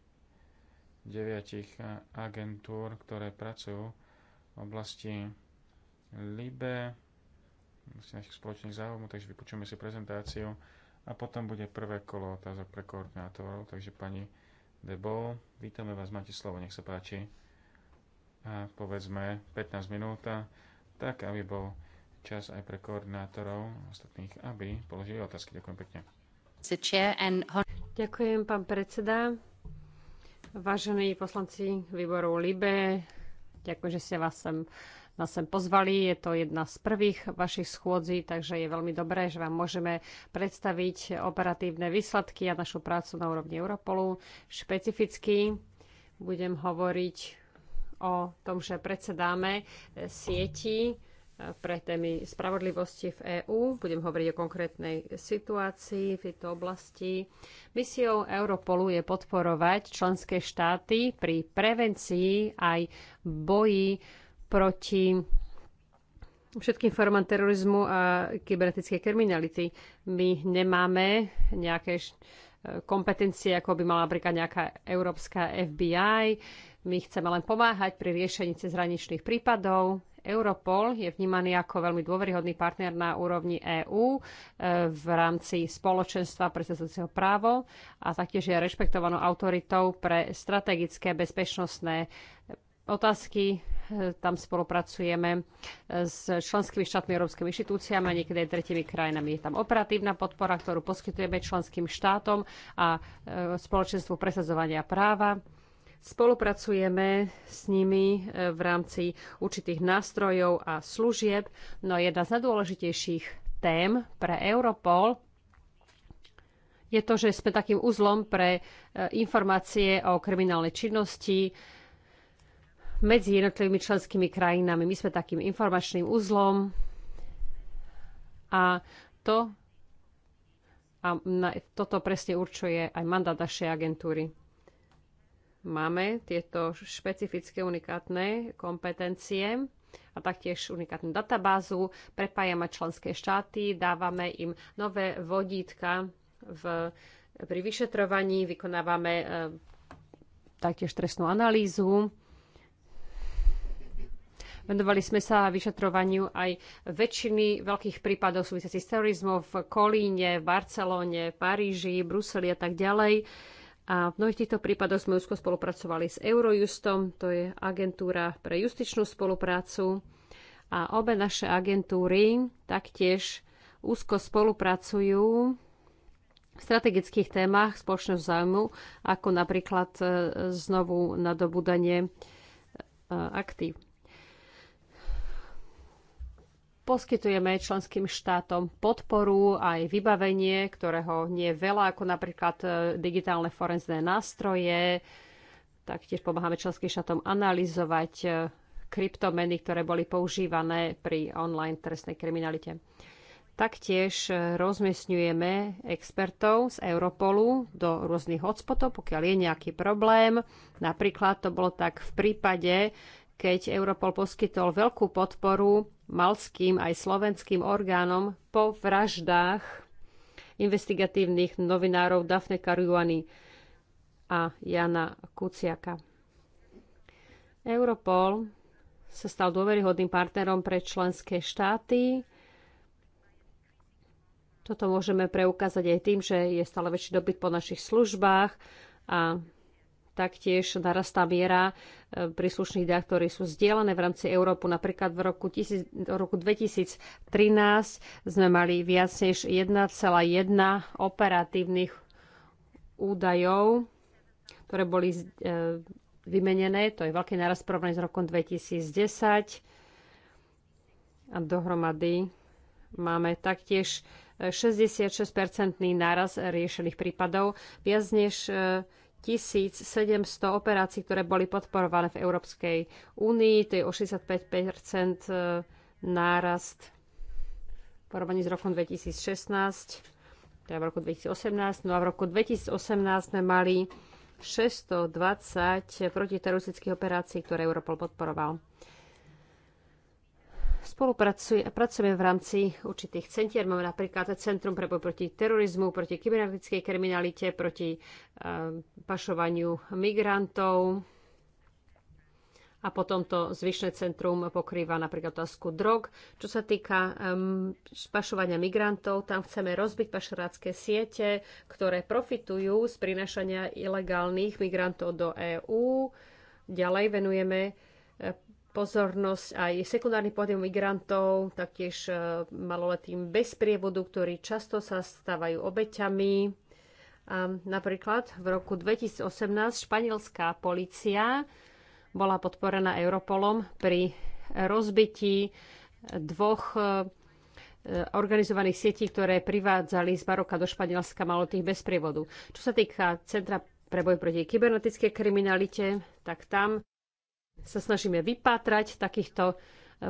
S2: deviatich agentúr, ktoré pracujú v oblasti LIBE, vlastne našich spoločných záujmov, takže vypočujeme si prezentáciu a potom bude prvé kolo otázok pre koordinátorov. Takže pani Debo, vítame vás, máte slovo, nech sa páči. A povedzme 15 minút, tak aby bol čas aj pre koordinátorov ostatných, aby položili otázky. Ďakujem pekne.
S1: Ďakujem, pán predseda. Vážení poslanci výboru LIBE, ďakujem, že ste vás sem, nás sem pozvali. Je to jedna z prvých vašich schôdzí, takže je veľmi dobré, že vám môžeme predstaviť operatívne výsledky a našu prácu na úrovni Europolu. Špecificky budem hovoriť o tom, že predsedáme sieti pre témy spravodlivosti v EÚ. Budem hovoriť o konkrétnej situácii v tejto oblasti. Misiou Europolu je podporovať členské štáty pri prevencii aj boji proti všetkým formám terorizmu a kybernetickej kriminality. My nemáme nejaké kompetencie, ako by mala napríklad nejaká európska FBI. My chceme len pomáhať pri riešení cezhraničných prípadov, Europol je vnímaný ako veľmi dôveryhodný partner na úrovni EÚ e, v rámci spoločenstva presadzujúceho právo a taktiež je rešpektovanou autoritou pre strategické bezpečnostné otázky. E, tam spolupracujeme e, s členskými štátmi, európskymi inštitúciami a niekedy aj tretimi krajinami. Je tam operatívna podpora, ktorú poskytujeme členským štátom a spoločenstvu presadzovania práva. Spolupracujeme s nimi e, v rámci určitých nástrojov a služieb, no jedna z najdôležitejších tém pre Europol je to, že sme takým uzlom pre e, informácie o kriminálnej činnosti medzi jednotlivými členskými krajinami. My sme takým informačným uzlom a to a toto presne určuje aj mandát našej agentúry. Máme tieto špecifické unikátne kompetencie a taktiež unikátnu databázu. Prepájame členské štáty, dávame im nové vodítka v, pri vyšetrovaní, vykonávame e, taktiež trestnú analýzu. Venovali sme sa vyšetrovaniu aj väčšiny veľkých prípadov súvisiacich s terorizmom v Kolíne, v Barcelóne, v Paríži, Bruseli a tak ďalej. E, a v mnohých týchto prípadoch sme úzko spolupracovali s Eurojustom, to je agentúra pre justičnú spoluprácu. A obe naše agentúry taktiež úzko spolupracujú v strategických témach spoločného zájmu, ako napríklad e, znovu nadobudanie e, aktív poskytujeme členským štátom podporu aj vybavenie, ktorého nie je veľa, ako napríklad e, digitálne forenzné nástroje. Taktiež pomáhame členským štátom analyzovať e, kryptomeny, ktoré boli používané pri online trestnej kriminalite. Taktiež e, rozmiestňujeme expertov z Europolu do rôznych hotspotov, pokiaľ je nejaký problém. Napríklad to bolo tak v prípade, keď Europol poskytol veľkú podporu malským aj slovenským orgánom po vraždách investigatívnych novinárov Dafne Karuany a Jana Kuciaka. Europol sa stal dôveryhodným partnerom pre členské štáty. Toto môžeme preukázať aj tým, že je stále väčší dobyt po našich službách a taktiež narastá miera e, príslušných dát, ktoré sú zdieľané v rámci Európu. Napríklad v roku, tisíc, roku 2013 sme mali viac než 1,1 operatívnych údajov, ktoré boli e, vymenené. To je veľký narast porovnaný s rokom 2010. A dohromady máme taktiež 66-percentný e, náraz riešených prípadov. Viac než 1700 operácií, ktoré boli podporované v Európskej únii. To je o 65 e, nárast v porovnaní s rokom 2016, teda v roku 2018. No a v roku 2018 sme mali 620 protiteroristických operácií, ktoré Europol podporoval. Pracujeme v rámci určitých centier. Máme napríklad Centrum pre boj proti terorizmu, proti kybernetickej kriminalite, proti e, pašovaniu migrantov. A potom to zvyšné centrum pokrýva napríklad otázku drog. Čo sa týka um, pašovania migrantov, tam chceme rozbiť pašerácké siete, ktoré profitujú z prinašania ilegálnych migrantov do EÚ. Ďalej venujeme eh, pozornosť aj sekundárny pohľad migrantov, taktiež e, maloletým bez prievodu, ktorí často sa stávajú obeťami. napríklad v roku 2018 španielská policia bola podporená Europolom pri rozbití dvoch e, organizovaných sietí, ktoré privádzali z baroka do Španielska malotých bez prievodu. Čo sa týka Centra pre boj proti kybernetickej kriminalite, tak tam sa snažíme vypátrať takýchto e,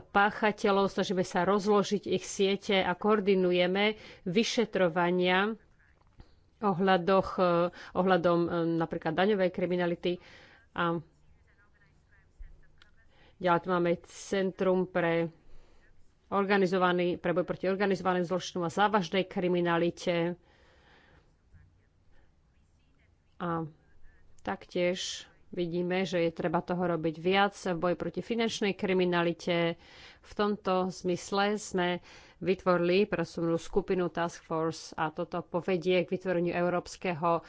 S1: páchateľov, snažíme sa rozložiť ich siete a koordinujeme vyšetrovania ohľadoch, e, ohľadom e, napríklad daňovej kriminality. A ďalej tu máme Centrum pre organizovaný, pre boj proti organizovaným zločinu a závažnej kriminalite. A taktiež Vidíme, že je treba toho robiť viac v boji proti finančnej kriminalite. V tomto zmysle sme vytvorili pracovnú skupinu Task Force a toto povedie k vytvoreniu Európskeho e,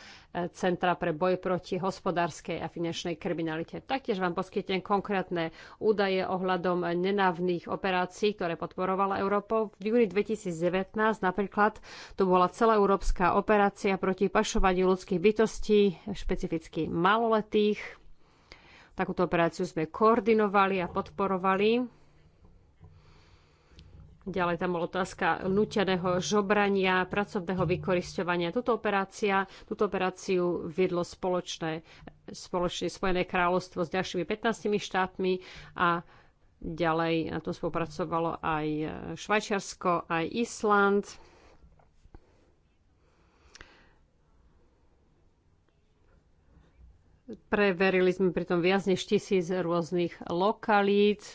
S1: centra pre boj proti hospodárskej a finančnej kriminalite. Taktiež vám poskytnem konkrétne údaje ohľadom nenávnych operácií, ktoré podporovala Európa. V júni 2019 napríklad to bola celá európska operácia proti pašovaniu ľudských bytostí, špecificky maloletých. Takúto operáciu sme koordinovali a podporovali Ďalej tam bola otázka nuteného žobrania, pracovného vykoristovania. Tuto, operácia, tuto operáciu viedlo spoločné, spoločne Spojené kráľovstvo s ďalšími 15 štátmi a ďalej na tom spolupracovalo aj Švajčiarsko, aj Island. Preverili sme pritom viac než tisíc rôznych lokalít.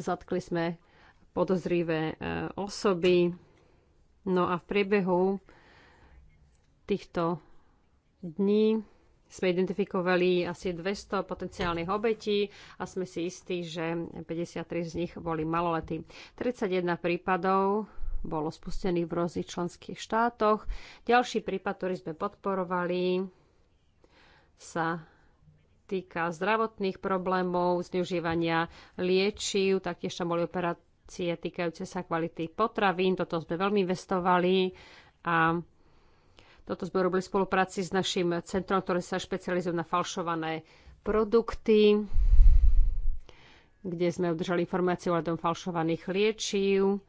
S1: Zatkli sme podozrivé e, osoby. No a v priebehu týchto dní sme identifikovali asi 200 potenciálnych obetí a sme si istí, že 53 z nich boli maloletí. 31 prípadov bolo spustených v rôznych členských štátoch. Ďalší prípad, ktorý sme podporovali, sa týka zdravotných problémov, zneužívania liečiv, taktiež tam boli operat- inovácie týkajúce sa kvality potravín. Toto sme veľmi investovali a toto sme robili v spolupráci s našim centrom, ktoré sa špecializuje na falšované produkty, kde sme udržali informáciu o tom falšovaných liečiv.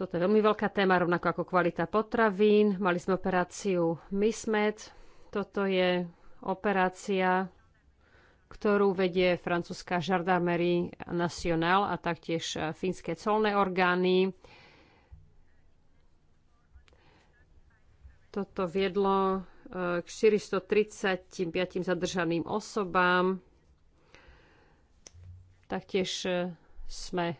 S1: Toto je veľmi veľká téma, rovnako ako kvalita potravín. Mali sme operáciu MISMED. Toto je operácia, ktorú vedie francúzska žardámery National a taktiež e, fínske colné orgány. Toto viedlo e, k 435 zadržaným osobám. Taktiež e, sme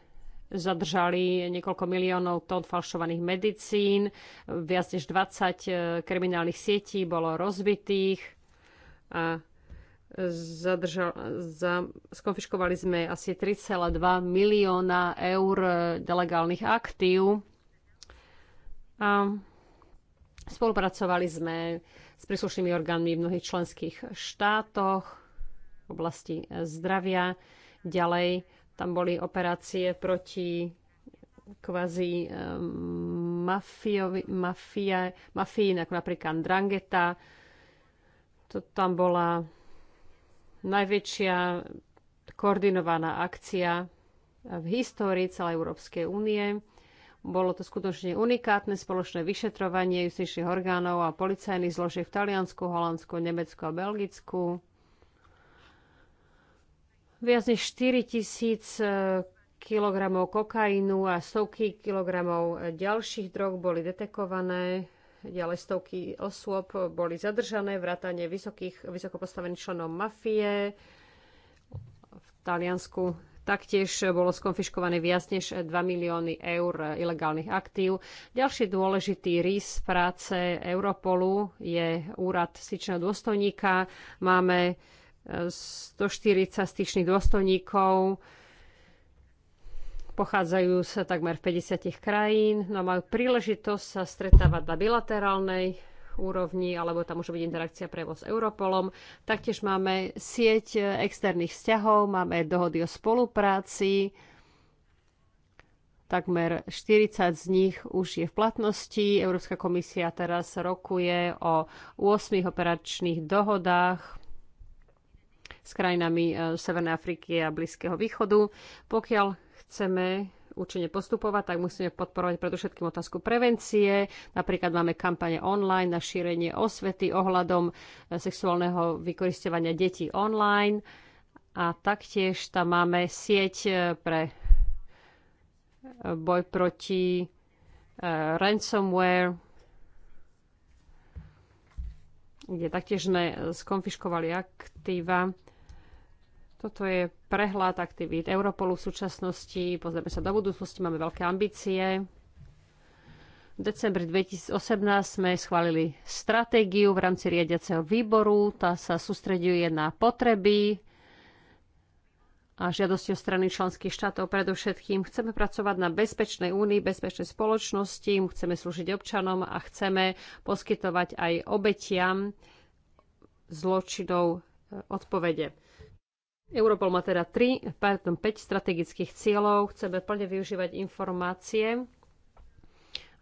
S1: zadržali niekoľko miliónov tón falšovaných medicín, viac než 20 kriminálnych sietí bolo rozbitých a zadržal, za, skonfiškovali sme asi 3,2 milióna eur delegálnych aktív a spolupracovali sme s príslušnými orgánmi v mnohých členských štátoch v oblasti zdravia. Ďalej tam boli operácie proti kvazi ehm, mafiovi, mafie, mafii, ako napríklad Drangeta. To tam bola najväčšia koordinovaná akcia v histórii celej Európskej únie. Bolo to skutočne unikátne spoločné vyšetrovanie justičných orgánov a policajných zložiek v Taliansku, Holandsku, Nemecku a Belgicku. Viac než 4 tisíc e, kilogramov kokainu a stovky kilogramov ďalších drog boli detekované ďalej stovky osôb boli zadržané, vrátane vysokých, vysokopostavených členov mafie. V Taliansku taktiež bolo skonfiškované viac než 2 milióny eur ilegálnych aktív. Ďalší dôležitý rys práce Europolu je úrad styčného dôstojníka. Máme 140 eh, styčných dôstojníkov, pochádzajú sa takmer v 50 krajín, no a majú príležitosť sa stretávať na bilaterálnej úrovni, alebo tam môže byť interakcia prevo s Europolom. Taktiež máme sieť externých vzťahov, máme dohody o spolupráci, takmer 40 z nich už je v platnosti. Európska komisia teraz rokuje o 8 operačných dohodách s krajinami eh, Severnej Afriky a Blízkeho východu. Pokiaľ chceme účinne postupovať, tak musíme podporovať predovšetkým otázku prevencie. Napríklad máme kampane online na šírenie osvety ohľadom e, sexuálneho vykoristovania detí online. A taktiež tam máme sieť e, pre e, boj proti ransomware, kde taktiež sme skonfiškovali aktíva toto je prehľad aktivít Europolu v súčasnosti. Pozrieme sa do budúcnosti, máme veľké ambície. V decembri 2018 sme schválili stratégiu v rámci riadiaceho výboru. Tá sa sústreďuje na potreby a žiadosti o strany členských štátov. Predovšetkým chceme pracovať na bezpečnej únii, bezpečnej spoločnosti, chceme slúžiť občanom a chceme poskytovať aj obetiam zločinov e, odpovede. Europol má teda 3, pardon, 5 strategických cieľov. Chceme plne využívať informácie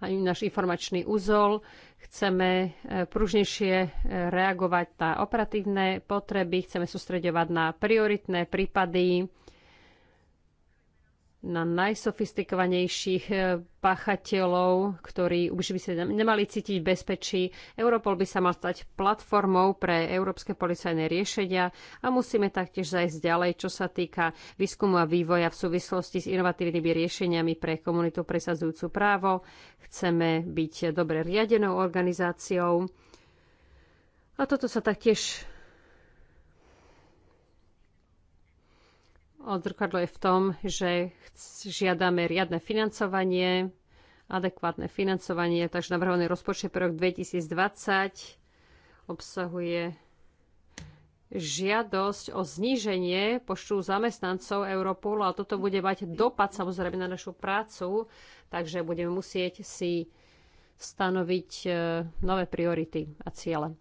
S1: a náš informačný úzol. Chceme e, pružnejšie e, reagovať na operatívne potreby, chceme sústredovať na prioritné prípady, na najsofistikovanejších eh, páchateľov, ktorí už by sa nemali cítiť bezpečí. Europol by sa mal stať platformou pre európske policajné riešenia a musíme taktiež zajsť ďalej, čo sa týka výskumu a vývoja v súvislosti s inovatívnymi riešeniami pre komunitu presadzujúcu právo. Chceme byť dobre riadenou organizáciou. A toto sa taktiež Odzrkadlo je v tom, že žiadame riadne financovanie, adekvátne financovanie, takže navrhovaný rozpočet pre rok 2020 obsahuje žiadosť o zníženie počtu zamestnancov Europolu a toto bude mať dopad samozrejme na našu prácu, takže budeme musieť si stanoviť e, nové priority a ciele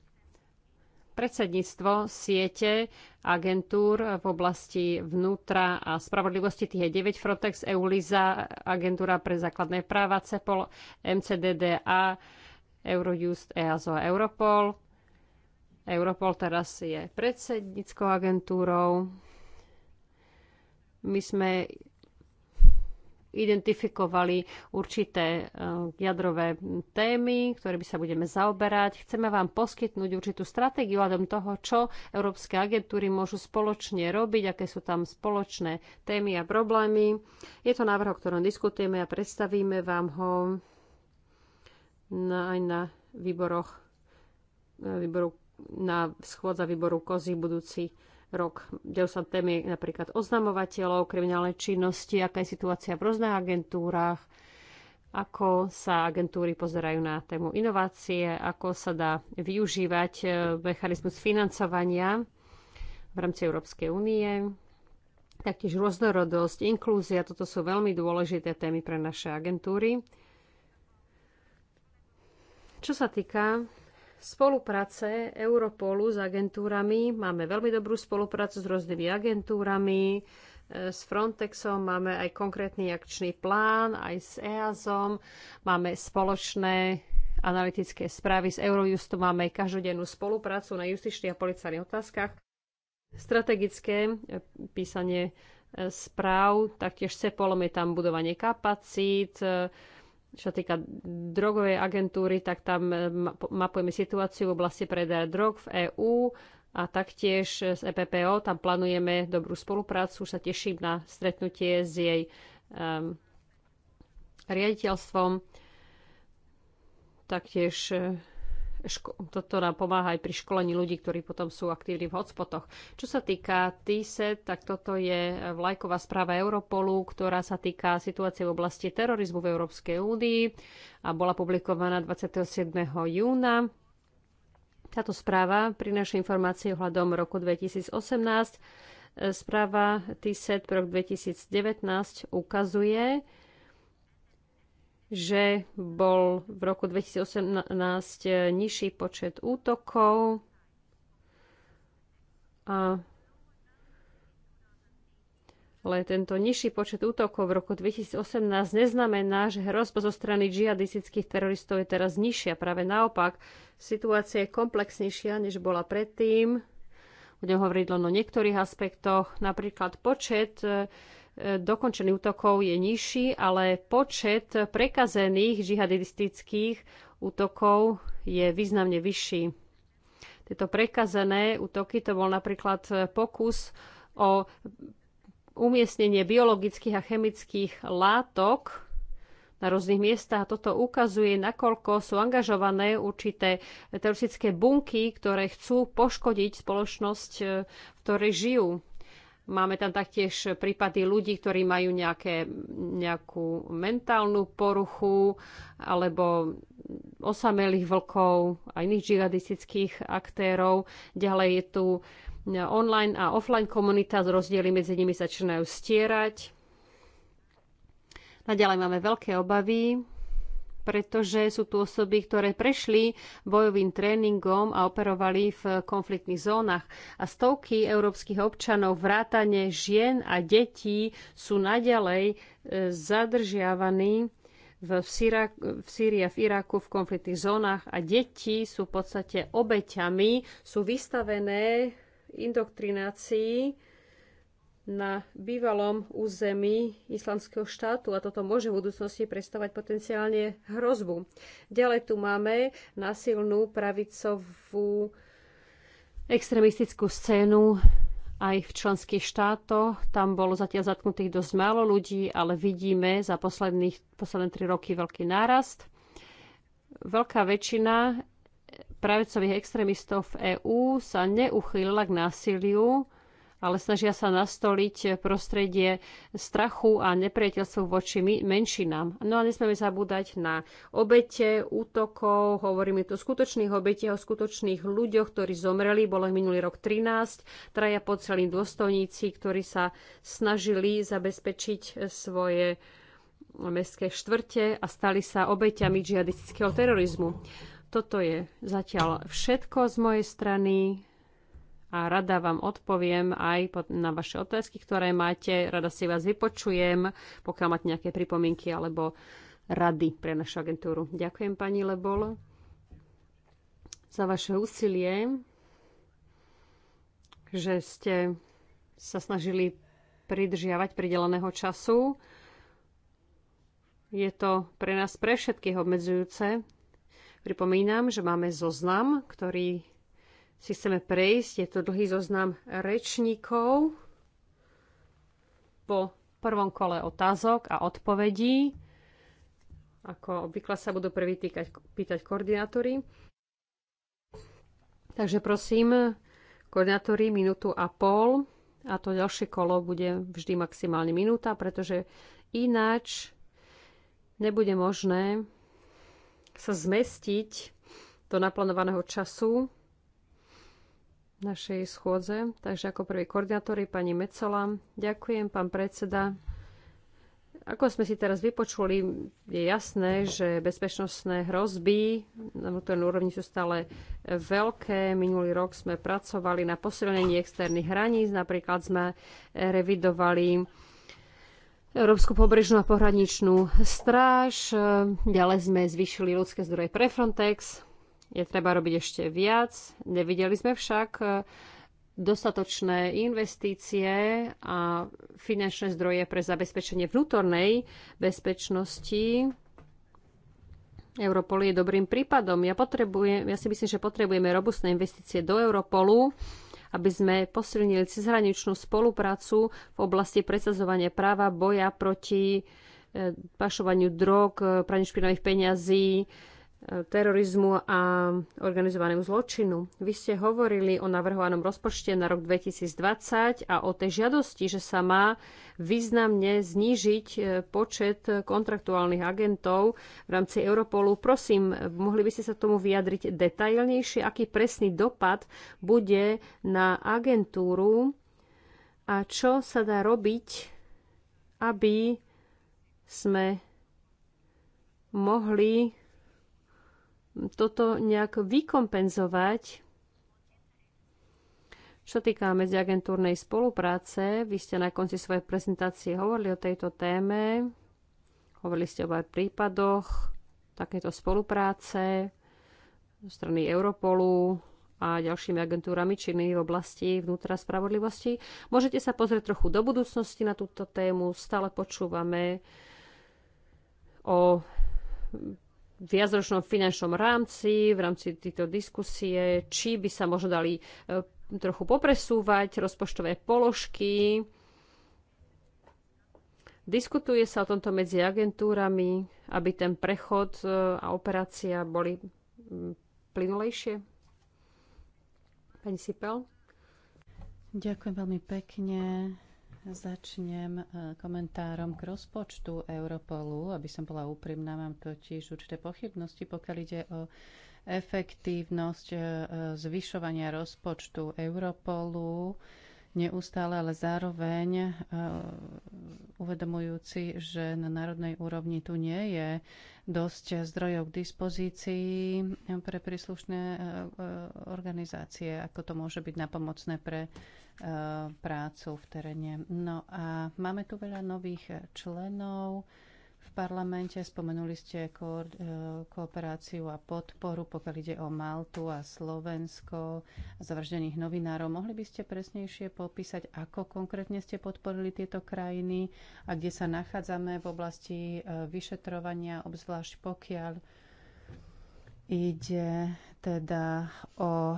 S1: predsedníctvo siete agentúr v oblasti vnútra a spravodlivosti. Tých je 9 Frontex, EULISA, agentúra pre základné práva, CEPOL, MCDDA, Eurojust, EASO a Europol. Europol teraz je predsedníckou agentúrou. My sme identifikovali určité e, jadrové témy, ktoré by sa budeme zaoberať. Chceme vám poskytnúť určitú stratégiu hľadom toho, čo európske agentúry môžu spoločne robiť, aké sú tam spoločné témy a problémy. Je to návrh, o ktorom diskutujeme a predstavíme vám ho na, aj na výboroch na výboru, na schôdza výboru kozy budúci rok. Dejú sa témy napríklad oznamovateľov, kriminálnej činnosti, aká je situácia v rôznych agentúrach, ako sa agentúry pozerajú na tému inovácie, ako sa dá využívať e, mechanizmus financovania v rámci Európskej únie, taktiež rôznorodosť, inklúzia, toto sú veľmi dôležité témy pre naše agentúry. Čo sa týka spolupráce Europolu s agentúrami. Máme veľmi dobrú spoluprácu s rôznymi agentúrami, e, s Frontexom, máme aj konkrétny akčný plán, aj s EASom, máme spoločné analytické správy s Eurojustu, máme každodennú spoluprácu na justičných a policajných otázkach, strategické e, písanie e, správ, taktiež CEPOLom je tam budovanie kapacít, čo týka drogovej agentúry, tak tam eh, mapujeme situáciu v oblasti predaja drog v EÚ a taktiež s EPPO. Tam plánujeme dobrú spoluprácu. Už sa teším na stretnutie s jej um, riaditeľstvom. Taktiež eh, toto nám pomáha aj pri školení ľudí, ktorí potom sú aktívni v hotspotoch. Čo sa týka TISE, tak toto je vlajková správa Europolu, ktorá sa týka situácie v oblasti terorizmu v Európskej únii a bola publikovaná 27. júna. Táto správa prináša informácie ohľadom roku 2018. Správa TISET pro rok 2019 ukazuje, že bol v roku 2018 nižší počet útokov a ale tento nižší počet útokov v roku 2018 neznamená, že hrozba zo strany džihadistických teroristov je teraz nižšia. Práve naopak, situácia je komplexnejšia, než bola predtým. Budem hovoriť len o niektorých aspektoch. Napríklad počet dokončených útokov je nižší, ale počet prekazených žihadistických útokov je významne vyšší. Tieto prekazené útoky to bol napríklad pokus o umiestnenie biologických a chemických látok na rôznych miestach. A toto ukazuje, nakoľko sú angažované určité teroristické bunky, ktoré chcú poškodiť spoločnosť, v ktorej žijú. Máme tam taktiež prípady ľudí, ktorí majú nejaké, nejakú mentálnu poruchu alebo osamelých vlkov a iných džihadistických aktérov. Ďalej je tu online a offline komunita, rozdiely medzi nimi začínajú stierať. Naďalej máme veľké obavy pretože sú tu osoby, ktoré prešli bojovým tréningom a operovali v konfliktných zónach. A stovky európskych občanov, vrátane žien a detí, sú naďalej e, zadržiavaní v, Syrak, v Sýrii a v Iraku v konfliktných zónach a deti sú v podstate obeťami, sú vystavené indoktrinácii na bývalom území islamského štátu a toto môže v budúcnosti predstavovať potenciálne hrozbu. Ďalej tu máme násilnú pravicovú extremistickú scénu aj v členských štátoch. Tam bolo zatiaľ zatknutých dosť málo ľudí, ale vidíme za posledných, posledné tri roky veľký nárast. Veľká väčšina pravicových extrémistov v EÚ sa neuchýlila k násiliu, ale snažia sa nastoliť prostredie strachu a nepriateľstvu voči menšinám. No a nesmieme zabúdať na obete útokov, hovoríme tu o skutočných obetiach, o skutočných ľuďoch, ktorí zomreli, bolo minulý rok 13, traja pocelí dôstojníci, ktorí sa snažili zabezpečiť svoje mestské štvrte a stali sa obeťami džihadistického terorizmu. Toto je zatiaľ všetko z mojej strany a rada vám odpoviem aj na vaše otázky, ktoré máte. Rada si vás vypočujem, pokiaľ máte nejaké pripomienky alebo rady pre našu agentúru. Ďakujem pani Lebol za vaše úsilie, že ste sa snažili pridržiavať prideleného času. Je to pre nás pre všetkých obmedzujúce. Pripomínam, že máme zoznam, ktorý si chceme prejsť. Je to dlhý zoznam rečníkov po prvom kole otázok a odpovedí. Ako obvykle sa budú prvý týkať, pýtať koordinátory. Takže prosím, koordinátory minútu a pol a to ďalšie kolo bude vždy maximálne minúta, pretože ináč nebude možné sa zmestiť do naplánovaného času našej schôdze. Takže ako prvý je pani Mecola. Ďakujem, pán predseda. Ako sme si teraz vypočuli, je jasné, že bezpečnostné hrozby na vnútornej úrovni sú stále veľké. Minulý rok sme pracovali na posilnení externých hraníc, napríklad sme revidovali Európsku pobrežnú a pohraničnú stráž. Ďalej sme zvýšili ľudské zdroje pre Frontex je treba robiť ešte viac. Nevideli sme však e, dostatočné investície a finančné zdroje pre zabezpečenie vnútornej bezpečnosti. Europol je dobrým prípadom. Ja, ja si myslím, že potrebujeme robustné investície do Europolu, aby sme posilnili cezhraničnú spoluprácu v oblasti presadzovania práva, boja proti e, pašovaniu drog, e, praní špinavých peňazí, terorizmu a organizovanému zločinu. Vy ste hovorili o navrhovanom rozpočte na rok 2020 a o tej žiadosti, že sa má významne znížiť e, počet kontraktuálnych agentov v rámci Europolu. Prosím, mohli by ste sa tomu vyjadriť detailnejšie, aký presný dopad bude na agentúru a čo sa dá robiť, aby sme mohli toto nejak vykompenzovať. Čo týka medziagentúrnej spolupráce, vy ste na konci svojej prezentácie hovorili o tejto téme, hovorili ste o aj prípadoch takéto spolupráce zo strany Europolu a ďalšími agentúrami či inými v oblasti vnútra spravodlivosti. Môžete sa pozrieť trochu do budúcnosti na túto tému. Stále počúvame o viacročnom finančnom rámci, v rámci tejto diskusie, či by sa možno dali e, trochu popresúvať rozpočtové položky. Diskutuje sa o tomto medzi agentúrami, aby ten prechod e, a operácia boli
S3: plynulejšie. Pani Sipel. Ďakujem veľmi pekne. Začnem e, komentárom k rozpočtu Europolu. Aby som bola úprimná, mám totiž určité pochybnosti, pokiaľ ide o efektívnosť e, e, zvyšovania rozpočtu Europolu neustále, ale zároveň e, uvedomujúci, že na národnej úrovni tu nie je dosť zdrojov k dispozícii pre príslušné e, e, organizácie, ako to môže byť napomocné pre prácu v teréne. No a máme tu veľa nových členov, parlamente. Spomenuli ste ko- e, kooperáciu a podporu, pokiaľ ide o Maltu a Slovensko, zavraždených novinárov. Mohli by ste presnejšie popísať, ako konkrétne ste podporili tieto krajiny a kde sa nachádzame v oblasti e, vyšetrovania, obzvlášť pokiaľ ide teda o e,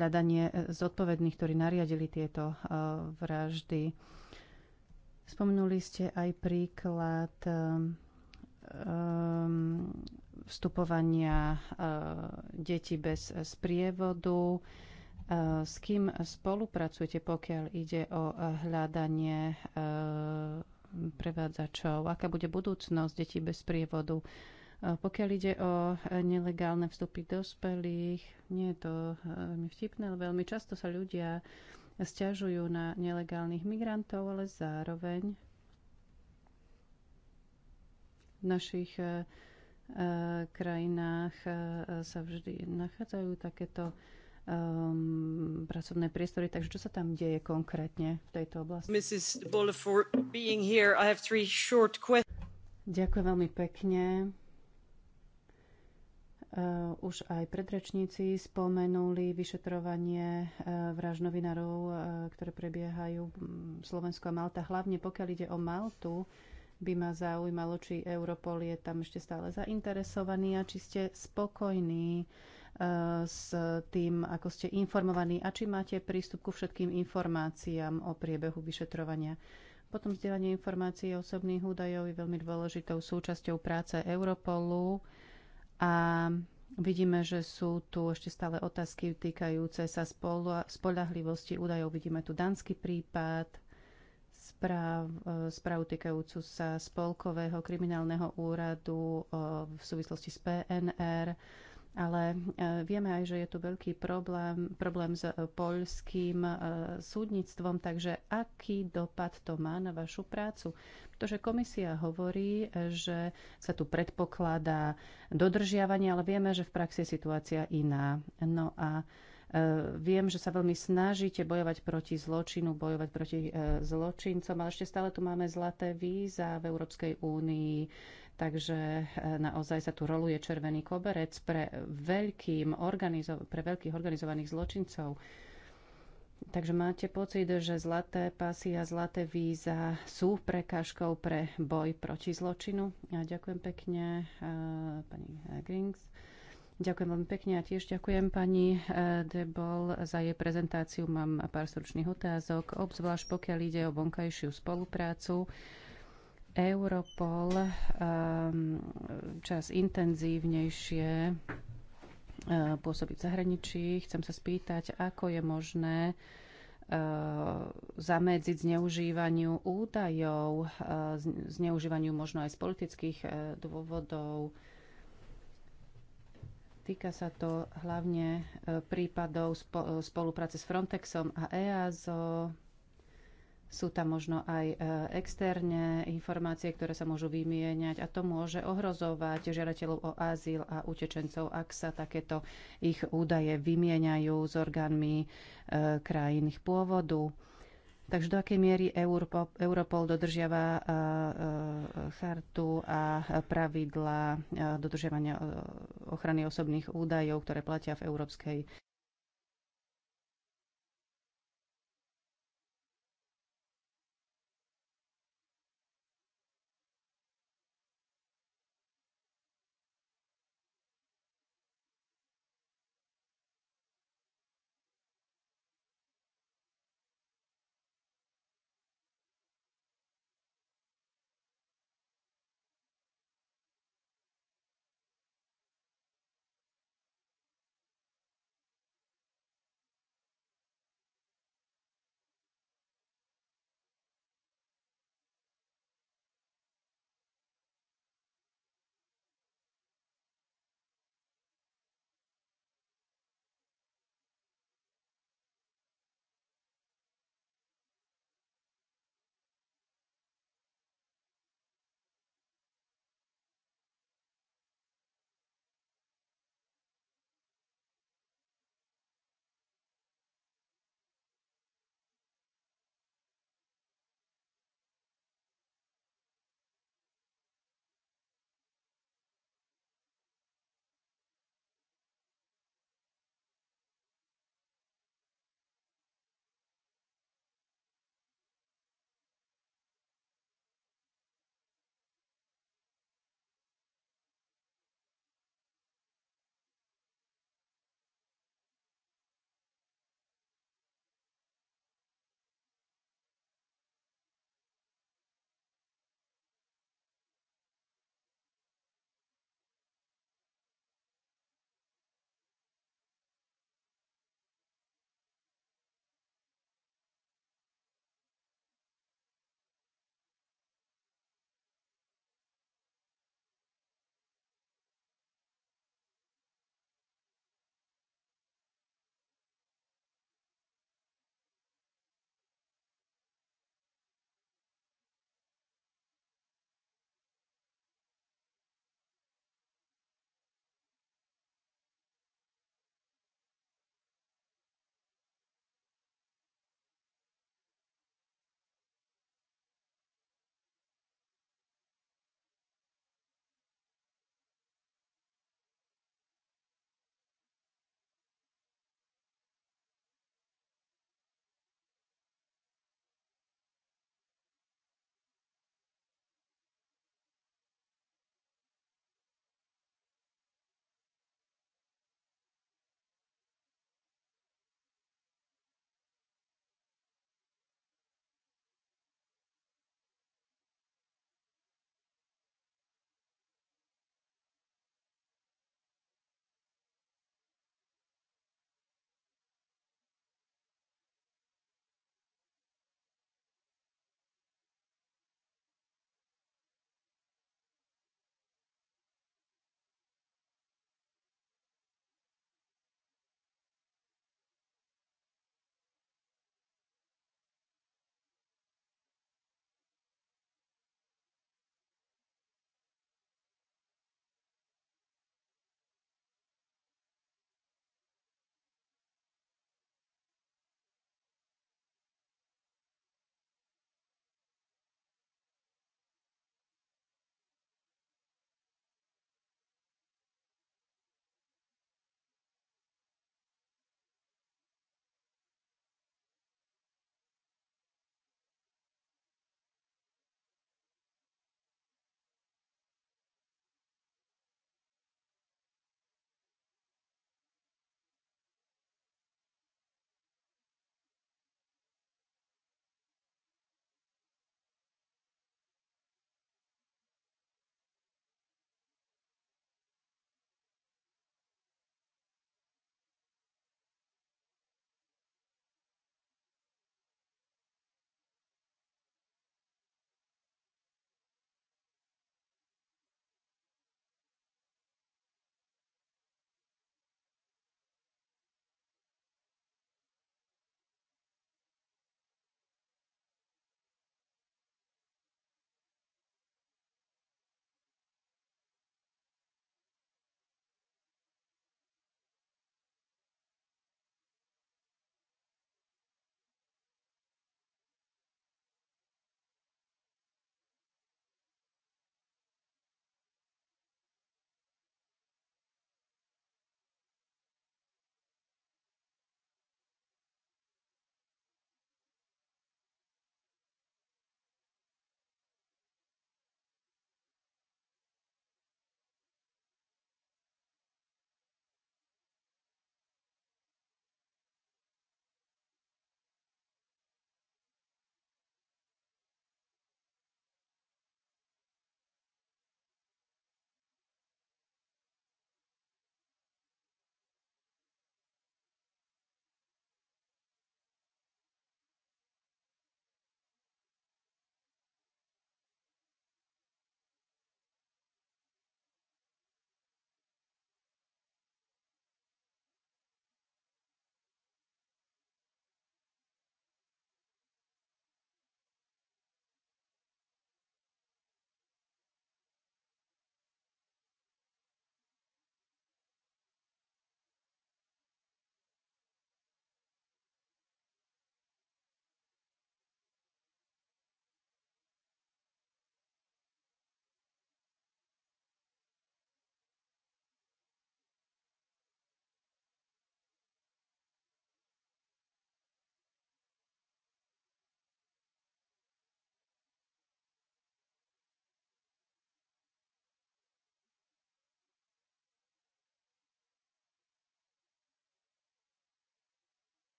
S3: hľadanie zodpovedných, ktorí nariadili tieto vraždy. Spomenuli ste aj príklad um, Ehm, vstupovania eh, detí bez sprievodu. Eh, s kým spolupracujete, pokiaľ ide o eh, hľadanie prevádzačov? Aká bude budúcnosť detí bez prievodu? Pokiaľ ide o nelegálne vstupy dospelých, nie je to veľmi vtipné, ale veľmi často sa ľudia stiažujú na nelegálnych migrantov, ale zároveň našich e, e, krajinách e, sa vždy nachádzajú takéto um, pracovné priestory. Takže čo sa tam deje konkrétne v tejto oblasti? Mrs. for being here. I have three short questions. Ďakujem veľmi pekne. Uh, už aj predrečníci spomenuli vyšetrovanie uh, vraž novinárov, uh, ktoré prebiehajú v Slovensku a Malta. Hlavne pokiaľ ide o Maltu, uh, by ma zaujímalo, či Europol je tam ešte stále zainteresovaný a či ste spokojní e, s tým, ako ste informovaní a či máte prístup ku všetkým informáciám o priebehu vyšetrovania. Potom vzdielanie informácií o osobných údajov je veľmi dôležitou súčasťou práce Europolu a vidíme, že sú tu ešte stále otázky týkajúce sa spolahlivosti údajov. Vidíme tu dánsky prípad, správ, e, správ týkajúcu sa Spolkového kriminálneho úradu e, v súvislosti s PNR, ale e, vieme aj, že je tu veľký problém, problém s poľským súdnictvom, takže aký dopad to má na vašu prácu? Pretože komisia hovorí, že sa tu predpokladá dodržiavanie, ale vieme, že v praxi je situácia iná. No a Viem, že sa veľmi snažíte bojovať proti zločinu, bojovať proti e, zločincom, ale ešte stále tu máme zlaté víza v Európskej únii, takže e, naozaj sa tu roluje červený koberec pre, veľkým organizo- pre veľkých organizovaných zločincov. Takže máte pocit, že zlaté pasy a zlaté víza sú prekážkou pre boj proti zločinu. Ja ďakujem pekne, e, pani Grings. Ďakujem veľmi pekne a tiež ďakujem pani eh, Debol za jej prezentáciu. Mám pár stručných otázok, obzvlášť pokiaľ ide o vonkajšiu spoluprácu. Europol ehm, čas intenzívnejšie eh, pôsobiť v zahraničí. Chcem sa spýtať, ako je možné eh, zamedziť zneužívaniu údajov, zneužívaniu možno aj z politických dôvodov, Týka sa to hlavne e, prípadov e, spolupráce s Frontexom a EASO. Sú tam možno aj e, externé informácie, ktoré sa môžu vymieňať a to môže ohrozovať žiadateľov o azyl a utečencov, ak sa takéto ich údaje vymieňajú s orgánmi krajín ich pôvodu. Takže do akej miery Europol, Europol dodržiava e, e, chartu a pravidla e, dodržiavania ochrany osobných údajov, ktoré platia v Európskej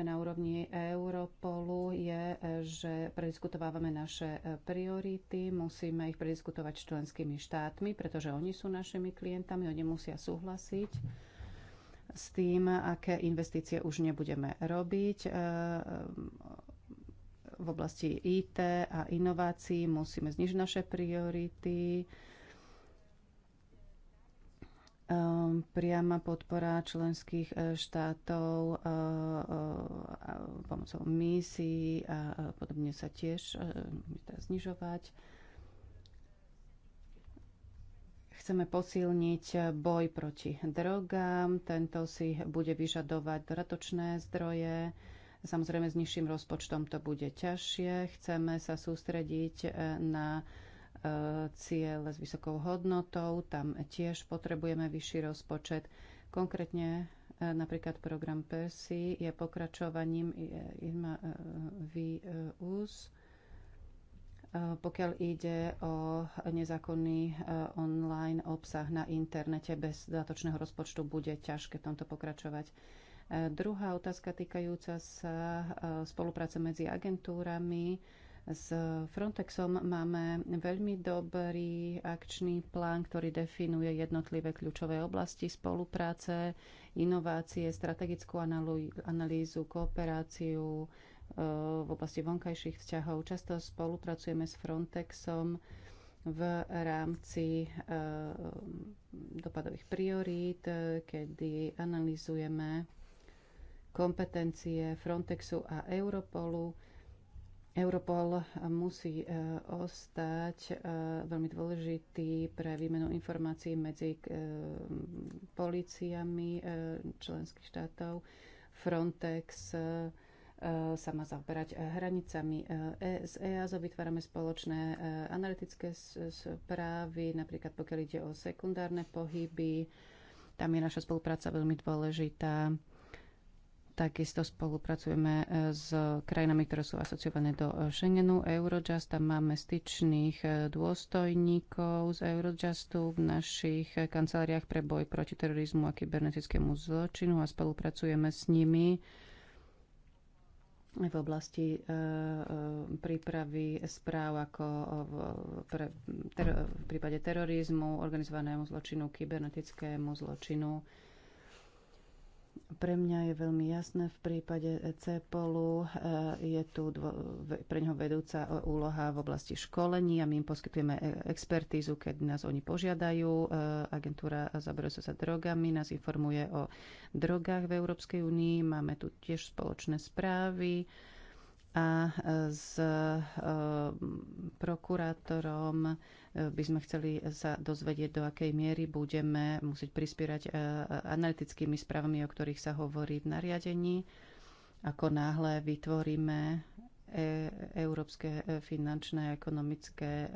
S3: robíme na úrovni Europolu, je, že prediskutovávame naše e, priority, musíme ich prediskutovať s členskými štátmi, pretože oni sú našimi klientami, oni musia súhlasiť s tým, aké investície už nebudeme robiť. E, v oblasti IT a inovácií musíme znižiť naše priority Ehm, priama podpora členských e, štátov e, e, pomocou misií a podobne sa tiež znižovať. Chceme posilniť boj proti drogám. Tento si bude vyžadovať dodatočné zdroje. Samozrejme, s nižším rozpočtom to bude ťažšie. Chceme sa sústrediť na ciele s vysokou hodnotou, tam tiež potrebujeme vyšší rozpočet. Konkrétne e, napríklad program Persi je pokračovaním e, IRMA e, VUS. Pokiaľ ide o nezákonný online obsah na internete bez dodatočného rozpočtu, bude ťažké v tomto pokračovať. Druhá otázka týkajúca sa spolupráce medzi agentúrami s Frontexom máme veľmi dobrý akčný plán, ktorý definuje jednotlivé kľúčové oblasti spolupráce, inovácie, strategickú analýzu, kooperáciu e, v oblasti vonkajších vzťahov. Často spolupracujeme s Frontexom v rámci e, dopadových priorít, e, kedy analýzujeme kompetencie Frontexu a Europolu Europol musí e, ostať e, veľmi dôležitý pre výmenu informácií medzi e, policiami členských štátov. Frontex sa má zaoberať hranicami z EASO. Vytvárame spoločné analytické správy, napríklad pokiaľ ide o sekundárne pohyby. Tam je naša spolupráca veľmi dôležitá Takisto spolupracujeme e, s krajinami, ktoré sú asociované do e, Schengenu, Eurojust. Tam máme styčných e, dôstojníkov z Eurojustu v našich kanceláriách pre boj proti terorizmu a kybernetickému zločinu a spolupracujeme s nimi v oblasti prípravy správ ako v, pre, ter, v prípade terorizmu, organizovanému zločinu, kybernetickému zločinu pre mňa je veľmi jasné, v prípade CEPOLu eh, je tu dvo, pre ňoho vedúca eh, úloha v oblasti školení a my im poskytujeme eh, expertízu, keď nás oni požiadajú. Agentúra zaberuje sa drogami, nás informuje o drogách v Európskej únii, máme tu tiež spoločné správy a e, s e, prokurátorom e, by sme chceli sa dozvedieť, do akej miery budeme musieť prispierať analytickými správami, o ktorých sa hovorí v nariadení. Ako náhle vytvoríme e Európske finančné a ekonomické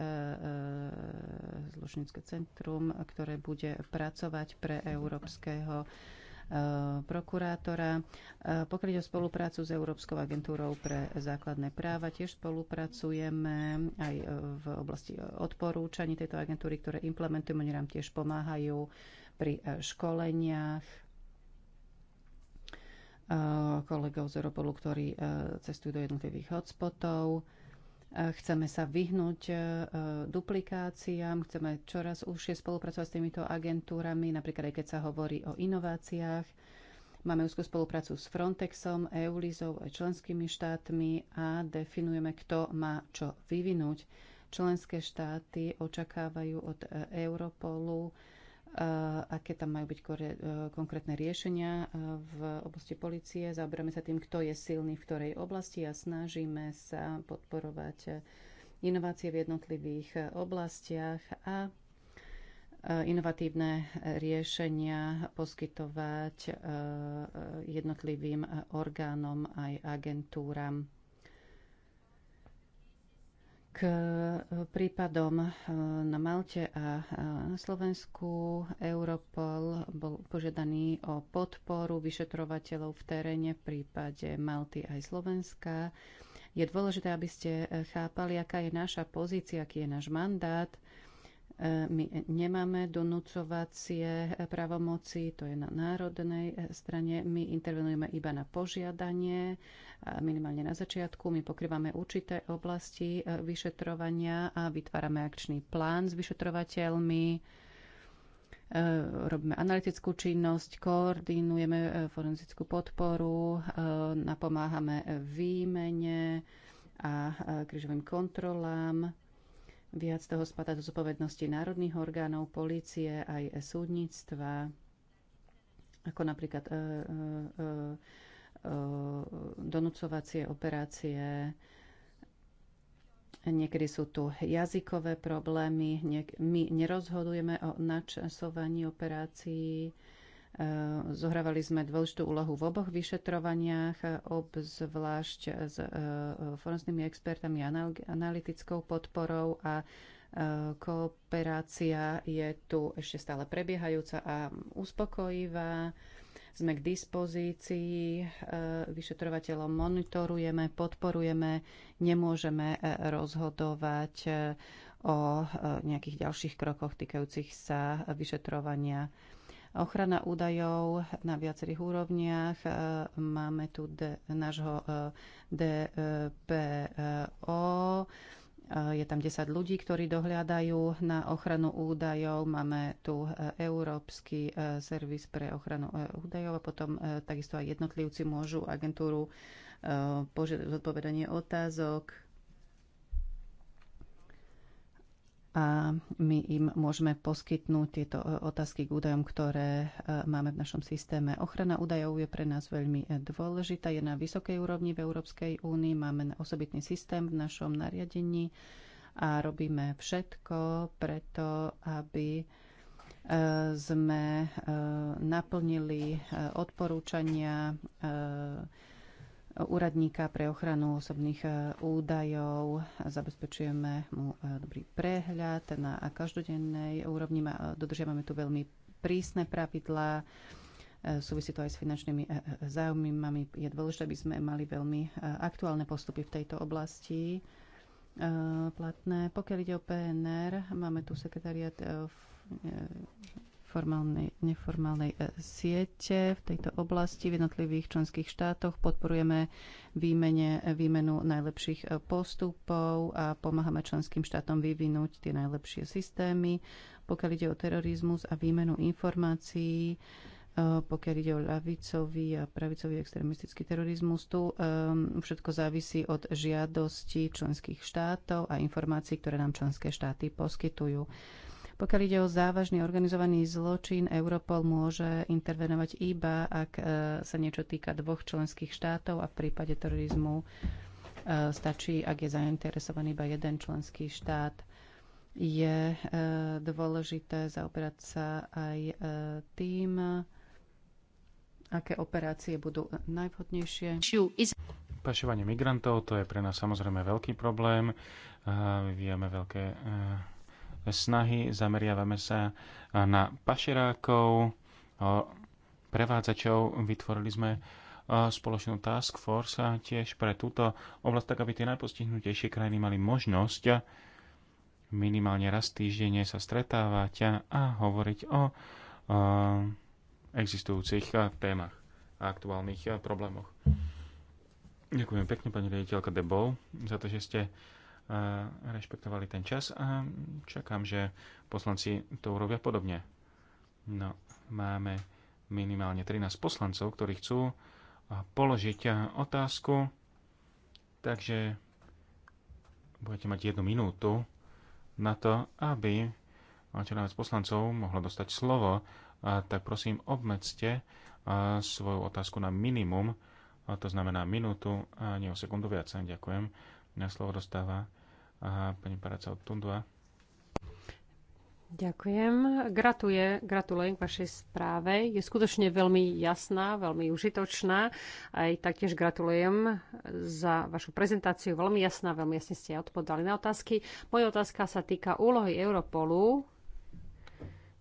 S3: zložnické centrum, ktoré bude pracovať pre európskeho Eh, prokurátora, eh, ide o spoluprácu s Európskou agentúrou pre základné práva. Tiež spolupracujeme aj eh, v oblasti odporúčaní tejto agentúry, ktoré implementujeme, oni nám tiež pomáhajú pri školeniach kolegov z Europolu, ktorí cestujú do jednotlivých hotspotov. Chceme sa vyhnúť e, e, duplikáciám, chceme čoraz užšie spolupracovať s týmito agentúrami, napríklad aj keď sa hovorí o inováciách. Máme úzkú spoluprácu s Frontexom, EULIZou, aj členskými štátmi a definujeme, kto má čo vyvinúť. Členské štáty očakávajú od e, Europolu aké tam majú byť e, konkrétne riešenia e, v oblasti policie. Zaoberáme sa tým, kto je silný v ktorej oblasti a snažíme sa podporovať inovácie v jednotlivých e, oblastiach a inovatívne riešenia poskytovať jednotlivým orgánom aj agentúram. K e, prípadom e, na Malte a e, na Slovensku Europol bol požiadaný o podporu vyšetrovateľov v teréne v prípade Malty aj Slovenska. Je dôležité, aby ste chápali, aká je naša pozícia, aký je náš mandát E, my nemáme donúcovacie e, pravomoci, to je na národnej e, strane. My intervenujeme iba na požiadanie, minimálne na začiatku. My pokrývame určité oblasti vyšetrovania a vytvárame akčný plán s vyšetrovateľmi. Robíme analytickú činnosť, koordinujeme forenzickú podporu, napomáhame výmene a krížovým kontrolám Viac toho spadá do zodpovednosti národných orgánov, polície, aj súdnictva, ako napríklad e, e, e, e donúcovacie operácie. Niekedy sú tu jazykové problémy, my nerozhodujeme o načasovaní operácií, Eh, zohrávali sme dôležitú úlohu v oboch vyšetrovaniach, obzvlášť s eh, forenznými expertami, a analytickou podporou a eh, kooperácia je tu ešte stále prebiehajúca a uspokojivá. Sme k dispozícii vyšetrovateľom, monitorujeme, podporujeme, nemôžeme rozhodovať o nejakých ďalších krokoch týkajúcich sa vyšetrovania Ochrana údajov na viacerých úrovniach. E, máme tu de, nášho e, DPO. E, je tam 10 ľudí, ktorí dohľadajú na ochranu údajov. Máme tu Európsky servis pre ochranu údajov a potom takisto aj jednotlivci môžu agentúru požiadať zodpovedanie otázok a my im môžeme poskytnúť tieto e, otázky k údajom, ktoré e, máme v našom systéme. Ochrana údajov je pre nás veľmi e, dôležitá, je na vysokej úrovni v Európskej únii, máme osobitný systém v našom nariadení a robíme všetko preto, aby sme naplnili odporúčania úradníka pre ochranu osobných e, údajov. Zabezpečujeme mu e, dobrý prehľad na každodennej úrovni. E, dodržiavame tu veľmi prísne pravidlá. Súvisí to aj s finančnými záujmami. Je dôležité, aby sme mali veľmi aktuálne postupy v tejto oblasti platné. Pokiaľ ide o PNR, máme tu sekretariat neformálnej, neformálnej e, siete v tejto oblasti v jednotlivých členských štátoch. Podporujeme výmene, e, výmenu najlepších e, postupov a pomáhame členským štátom vyvinúť tie najlepšie systémy. Pokiaľ ide o terorizmus a výmenu informácií, pokiaľ ide o ľavicový a pravicový extremistický terorizmus, tu všetko závisí od žiadosti členských štátov a informácií, ktoré nám členské štáty poskytujú. Pokiaľ ide o závažný organizovaný zločin, Europol môže intervenovať iba, ak e, sa niečo týka dvoch členských štátov a v prípade terorizmu e, stačí, ak je zainteresovaný iba jeden členský štát. Je e, dôležité zaoberať sa aj tým, aké operácie budú najvhodnejšie.
S2: Pašovanie migrantov, to je pre nás samozrejme veľký problém. Vyvíjame veľké snahy, zameriavame sa na pašerákov, prevádzačov, vytvorili sme spoločnú task force tiež pre túto oblasť, tak aby tie najpostihnutejšie krajiny mali možnosť minimálne raz týždenne sa stretávať a hovoriť o, o existujúcich témach a aktuálnych problémoch. Ďakujem pekne, pani riaditeľka Debov, za to, že ste rešpektovali ten čas a čakám, že poslanci to urobia podobne. No, máme minimálne 13 poslancov, ktorí chcú položiť otázku, takže budete mať jednu minútu na to, aby čo najviac poslancov mohlo dostať slovo, tak prosím obmedzte svoju otázku na minimum, a to znamená minútu a nie o sekundu viac. Ďakujem. Na slovo dostáva a pani Paraca od Tundua.
S1: Ďakujem. Gratuje, gratulujem k vašej správe. Je skutočne veľmi jasná, veľmi užitočná. Aj taktiež gratulujem za vašu prezentáciu. Veľmi jasná, veľmi jasne ste odpovedali na otázky. Moja otázka sa týka úlohy Europolu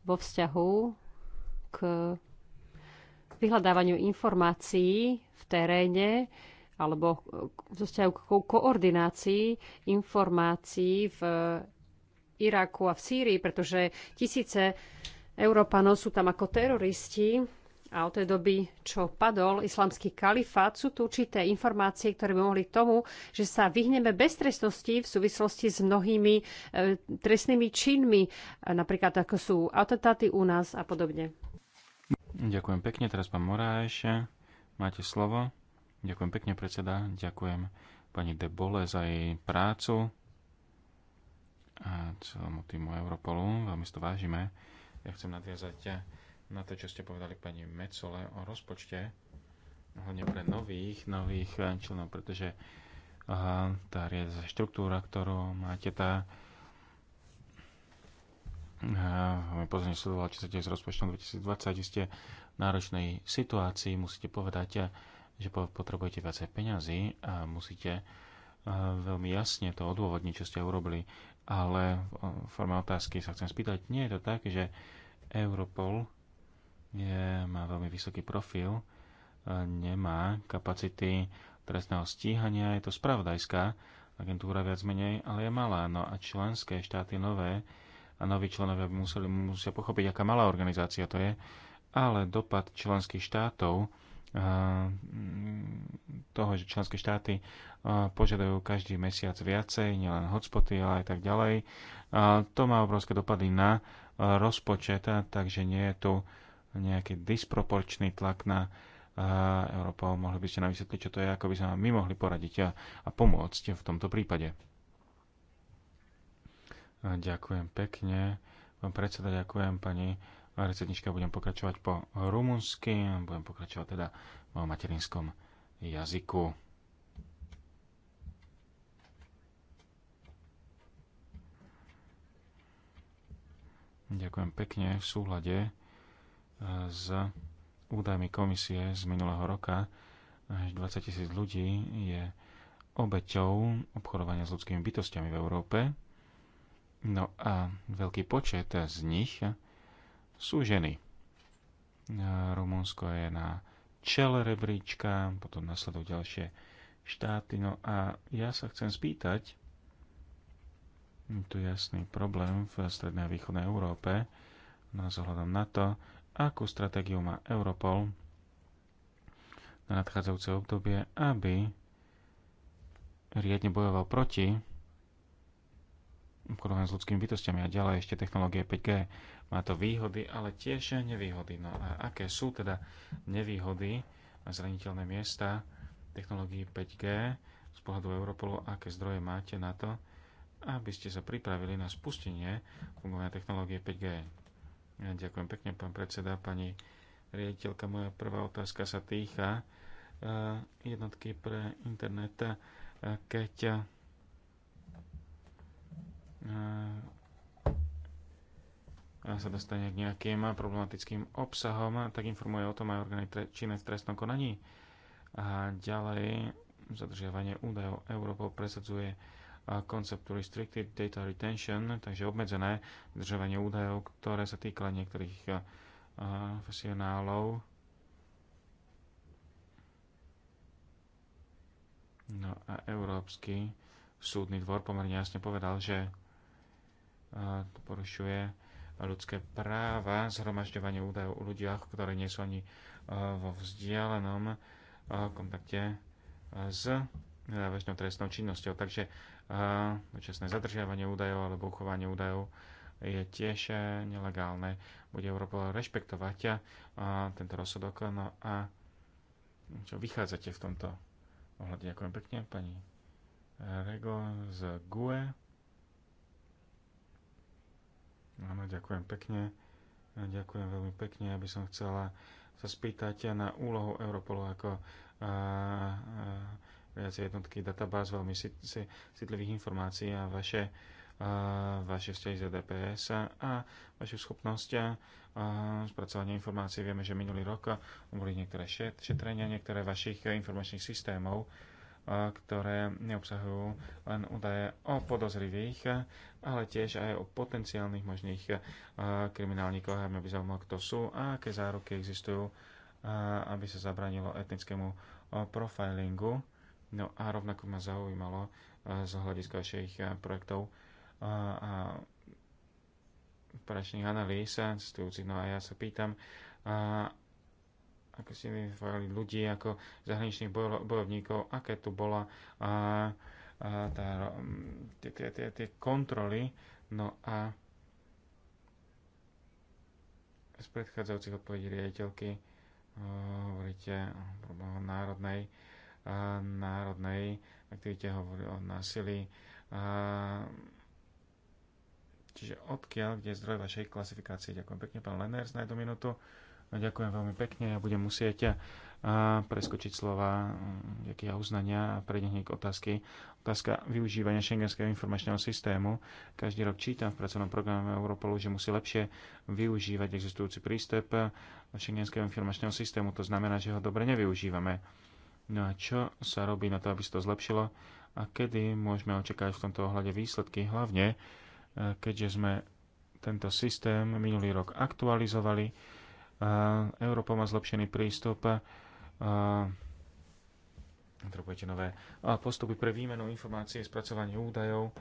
S1: vo vzťahu k vyhľadávaniu informácií v teréne alebo zo vzťahu k koordinácii informácií v Iraku a v Sýrii, pretože tisíce Európanov sú tam ako teroristi a od tej doby, čo padol islamský kalifát, sú tu určité informácie, ktoré by mohli tomu, že sa vyhneme bez trestnosti v súvislosti s mnohými e, trestnými činmi, e, napríklad ako sú atentáty u nás a podobne.
S2: Ďakujem pekne, teraz pán Moráš, máte slovo. Ďakujem pekne, predseda. Ďakujem pani De Bole za jej prácu a celému týmu Europolu. Veľmi si to vážime. Ja chcem nadviazať na to, čo ste povedali pani Mecole o rozpočte, hlavne pre nových, nových členov, pretože aha, tá riadiaca štruktúra, ktorú máte, tá pozorne sledovala, čo sa deje s rozpočtom 2020, ste v náročnej situácii, musíte povedať, že potrebujete viacej peňazí a musíte e, veľmi jasne to odôvodniť, čo ste urobili. Ale v e, forme otázky sa chcem spýtať, nie je to tak, že Europol je, má veľmi vysoký profil, e, nemá kapacity trestného stíhania, je to spravodajská agentúra viac menej, ale je malá. No a členské štáty nové a noví členovia by museli, musia pochopiť, aká malá organizácia to je, ale dopad členských štátov Mm, toho, že členské štáty požiadajú každý mesiac viacej, nielen hotspoty, ale aj tak ďalej. To má obrovské dopady na rozpočet, takže nie je tu nejaký disproporčný tlak na Európa. Mohli by ste nám vysvetliť, čo to je, ako by sme my mohli poradiť a, a pomôcť v tomto prípade. Ďakujem pekne. Pán predseda, ďakujem pani Recetnička budem pokračovať po rumunsky, budem pokračovať teda v materinskom jazyku. Ďakujem pekne v súhľade eh, s údajmi komisie z minulého roka až 20 tisíc ľudí je obeťou obchodovania s ľudskými bytostiami v Európe. No a veľký počet z nich sú ženy. Rumunsko je na čele rebríčka, potom nasledujú ďalšie štáty. No a ja sa chcem spýtať, je tu jasný problém v strednej a východnej Európe, no s ohľadom na to, akú stratégiu má Europol na nadchádzajúce obdobie, aby riadne bojoval proti obchodovaniu s ľudskými bytostiami a ďalej ešte technológie 5G. Má to výhody, ale tiež nevýhody. No a aké sú teda nevýhody a zraniteľné miesta technológií 5G z pohľadu Europolu, aké zdroje máte na to, aby ste sa pripravili na spustenie fungovania technológie 5G. Ja ďakujem pekne, pán predseda, pani riaditeľka. Moja prvá otázka sa týka eh, jednotky pre internet, eh, keď eh, sa dostane k nejakým problematickým obsahom, tak informuje o tom aj orgány činné v trestnom konaní. A ďalej zadržiavanie údajov Európol presadzuje koncept Restricted Data Retention, takže obmedzené zadržiavanie údajov, ktoré sa týka niektorých profesionálov. No a Európsky súdny dvor pomerne jasne povedal, že to porušuje ľudské práva, zhromažďovanie údajov o ľuďoch, ktorí nie sú ani e, vo vzdialenom e, kontakte e, s závažnou trestnou činnosťou. Takže dočasné zadržiavanie údajov alebo uchovanie údajov je tiež nelegálne. Bude Európa rešpektovať a tento rozsudok. No a čo vychádzate v tomto ohľade? Ďakujem pekne, pani Rego z GUE. Áno, ďakujem pekne. Ďakujem veľmi pekne. Ja by som chcela sa spýtať na úlohu Europolu ako viac jednotky databáz veľmi citlivých informácií a vaše, a, vaše vzťahy z e DPS a, a vašu schopnosť a, a spracovania informácií. Vieme, že minulý rok boli niektoré šetrenia, niektoré vašich informačných systémov ktoré neobsahujú len údaje o podozrivých, ale tiež aj o potenciálnych možných kriminálnikoch, aby by zaujímalo, kto sú a aké záruky existujú, aby sa zabranilo etnickému profilingu. No a rovnako ma zaujímalo z hľadiska vašich projektov a operačných analýz cestujúcich. No a ja sa pýtam, ako si vyvolali ľudí, ako zahraničných bojovníkov, aké tu bola a, a tá, tie, tie, tie, tie kontroly. No a z predchádzajúcich odpovedí riaditeľky hovoríte o národnej, a, národnej aktivite, hovorí o násilí. A, čiže odkiaľ, kde je zdroj vašej klasifikácie? Ďakujem pekne, pán Leners, na jednu minútu. Ďakujem veľmi pekne. Ja budem musieť eh, preskočiť slova mm, nejakého uznania a prejde hneď k otázky. Otázka využívania šengenského informačného systému. Každý rok čítam v pracovnom programe Europolu, že musí lepšie využívať existujúci prístup šengenského informačného systému. To znamená, že ho dobre nevyužívame. No a čo sa robí na to, aby sa to zlepšilo? A kedy môžeme očakávať v tomto ohľade výsledky? Hlavne, eh, keďže sme tento systém minulý rok aktualizovali, Európa má zlepšený prístup. Potrebujete nové postupy pre výmenu informácií, spracovanie údajov,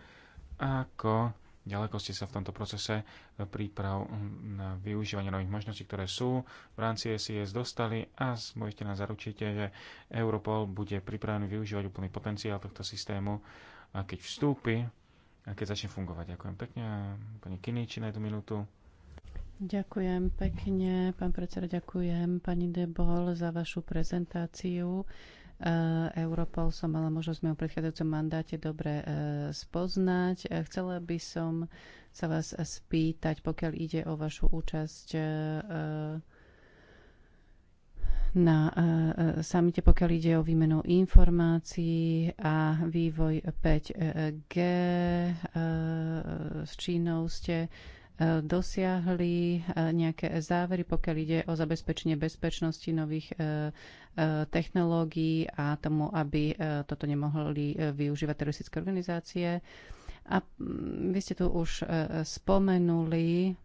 S2: ako ďaleko ste sa v tomto procese príprav na využívanie nových možností, ktoré sú v rámci SIS dostali a môžete nás zaručiť, že Europol bude pripravený využívať úplný potenciál tohto systému, a keď vstúpi a keď začne fungovať. Ďakujem pekne, pani Kiniči na jednu minútu.
S3: Ďakujem pekne, pán predseda, ďakujem pani Debol za vašu prezentáciu. Eh, Europol som mala možnosť v mojom predchádzajúcom mandáte dobre eh, spoznať. Eh, chcela by som sa vás spýtať, pokiaľ ide o vašu účasť na samite, pokiaľ ide o výmenu informácií a vývoj 5G s Čínou ste dosiahli eh, nejaké závery, pokiaľ ide o zabezpečenie bezpečnosti nových eh, eh, technológií a tomu, aby toto nemohli využívať teroristické organizácie. A mm, vy ste tu už spomenuli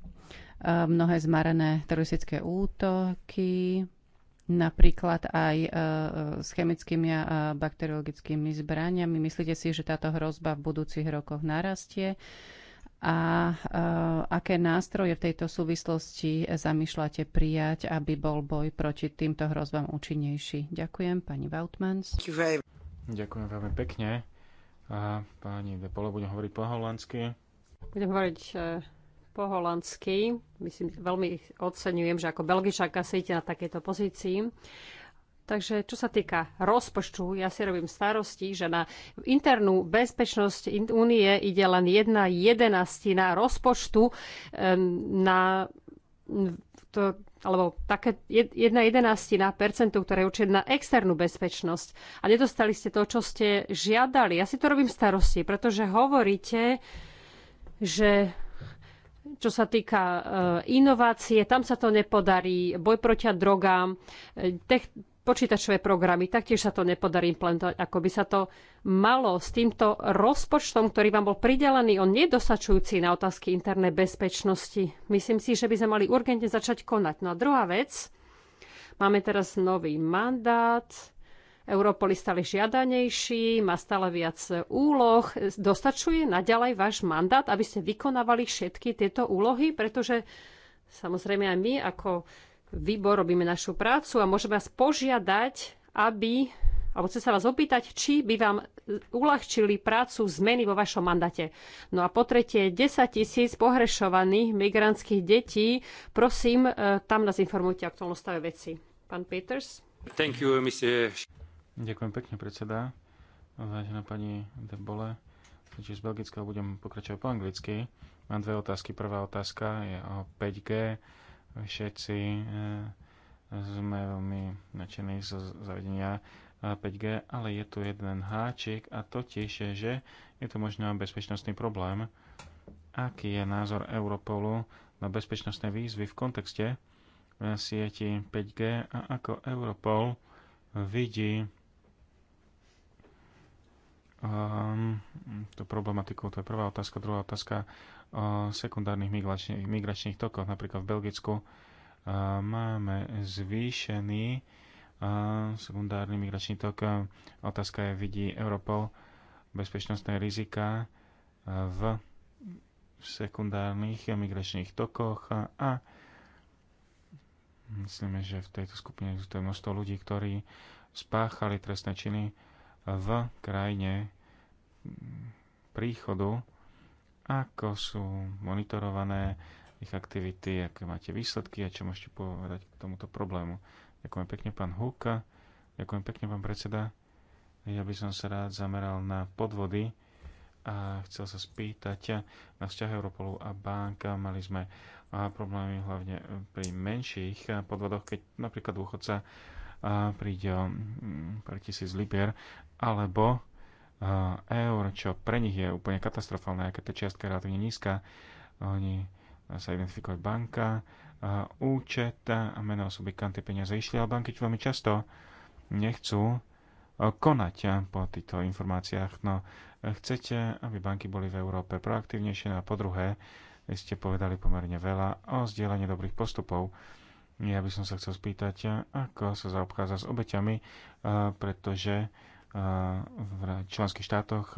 S3: mnohé zmarané teroristické útoky, napríklad aj s chemickými a bakteriologickými zbraniami. Myslíte si, že táto hrozba v budúcich rokoch narastie? a e, aké nástroje v tejto súvislosti zamýšľate prijať, aby bol boj proti týmto hrozbám účinnejší. Ďakujem, pani
S2: Vautmans. Ďakujem veľmi pekne. A pani Depolo, bude hovoriť po holandsky.
S1: Budem hovoriť e, po holandsky. Myslím, veľmi oceňujem, že ako Belgičák sedíte na takejto pozícii. Takže čo sa týka rozpočtu, ja si robím starosti, že na internú bezpečnosť únie ide len jedna jedenastina rozpočtu na to, alebo také jedna jedenastina percentu, ktoré je určite na externú bezpečnosť. A nedostali ste to, čo ste žiadali. Ja si to robím starosti, pretože hovoríte, že čo sa týka e, inovácie, tam sa to nepodarí, boj proti drogám, e, tech, počítačové programy. Taktiež sa to nepodarí implementovať, ako by sa to malo s týmto rozpočtom, ktorý vám bol pridelený, on nedosačujúci na otázky internej bezpečnosti. Myslím si, že by sme mali urgentne začať konať. No a druhá vec, máme teraz nový mandát, Europol stali žiadanejší, má stále viac úloh. Dostačuje naďalej váš mandát, aby ste vykonávali všetky tieto úlohy, pretože samozrejme aj my ako výbor, robíme našu prácu a môžeme vás požiadať, aby, alebo chcem sa vás opýtať, či by vám uľahčili prácu zmeny vo vašom mandate. No a po tretie, 10 tisíc pohrešovaných migrantských detí. Prosím, e, tam nás informujte o aktuálnom stave veci. Pán Peters.
S2: Thank you, Ďakujem pekne, predseda. Vážená pani Debole, Čiže z Belgického budem pokračovať po anglicky. Mám dve otázky. Prvá otázka je o 5G Všetci eh, sme veľmi nadšení zo zavedenia 5G, eh, ale je tu jeden háčik a totiž je, že je to možno bezpečnostný problém. Aký je názor Europolu na bezpečnostné výzvy v kontexte eh, sieti 5G a ako Europol vidí um, tú problematiku? To je prvá otázka. Druhá otázka, o sekundárnych migračných, migračných tokoch. Napríklad v Belgicku máme zvýšený sekundárny migračný tok. Otázka je, vidí Europol bezpečnostné rizika v sekundárnych migračných tokoch a myslíme, že v tejto skupine existuje množstvo ľudí, ktorí spáchali trestné činy v krajine príchodu ako sú monitorované ich aktivity, aké máte výsledky a čo môžete povedať k tomuto problému. Ďakujem pekne, pán Huka, Ďakujem pekne, pán predseda. Ja by som sa rád zameral na podvody a chcel sa spýtať na vzťah Europolu a banka. Mali sme problémy hlavne pri menších podvodoch, keď napríklad dôchodca príde o mm, pár tisíc libier, alebo eur, čo pre nich je úplne katastrofálne, aké tá čiastka je relatívne nízka. Oni sa identifikuje banka, účet a meno osoby, kam tie peniaze išli, ale banky veľmi často nechcú konať po týchto informáciách. No, chcete, aby banky boli v Európe proaktívnejšie, no a po druhé, ste povedali pomerne veľa o zdieľaní dobrých postupov. Ja by som sa chcel spýtať, ako sa zaobchádza s obeťami, pretože v členských štátoch.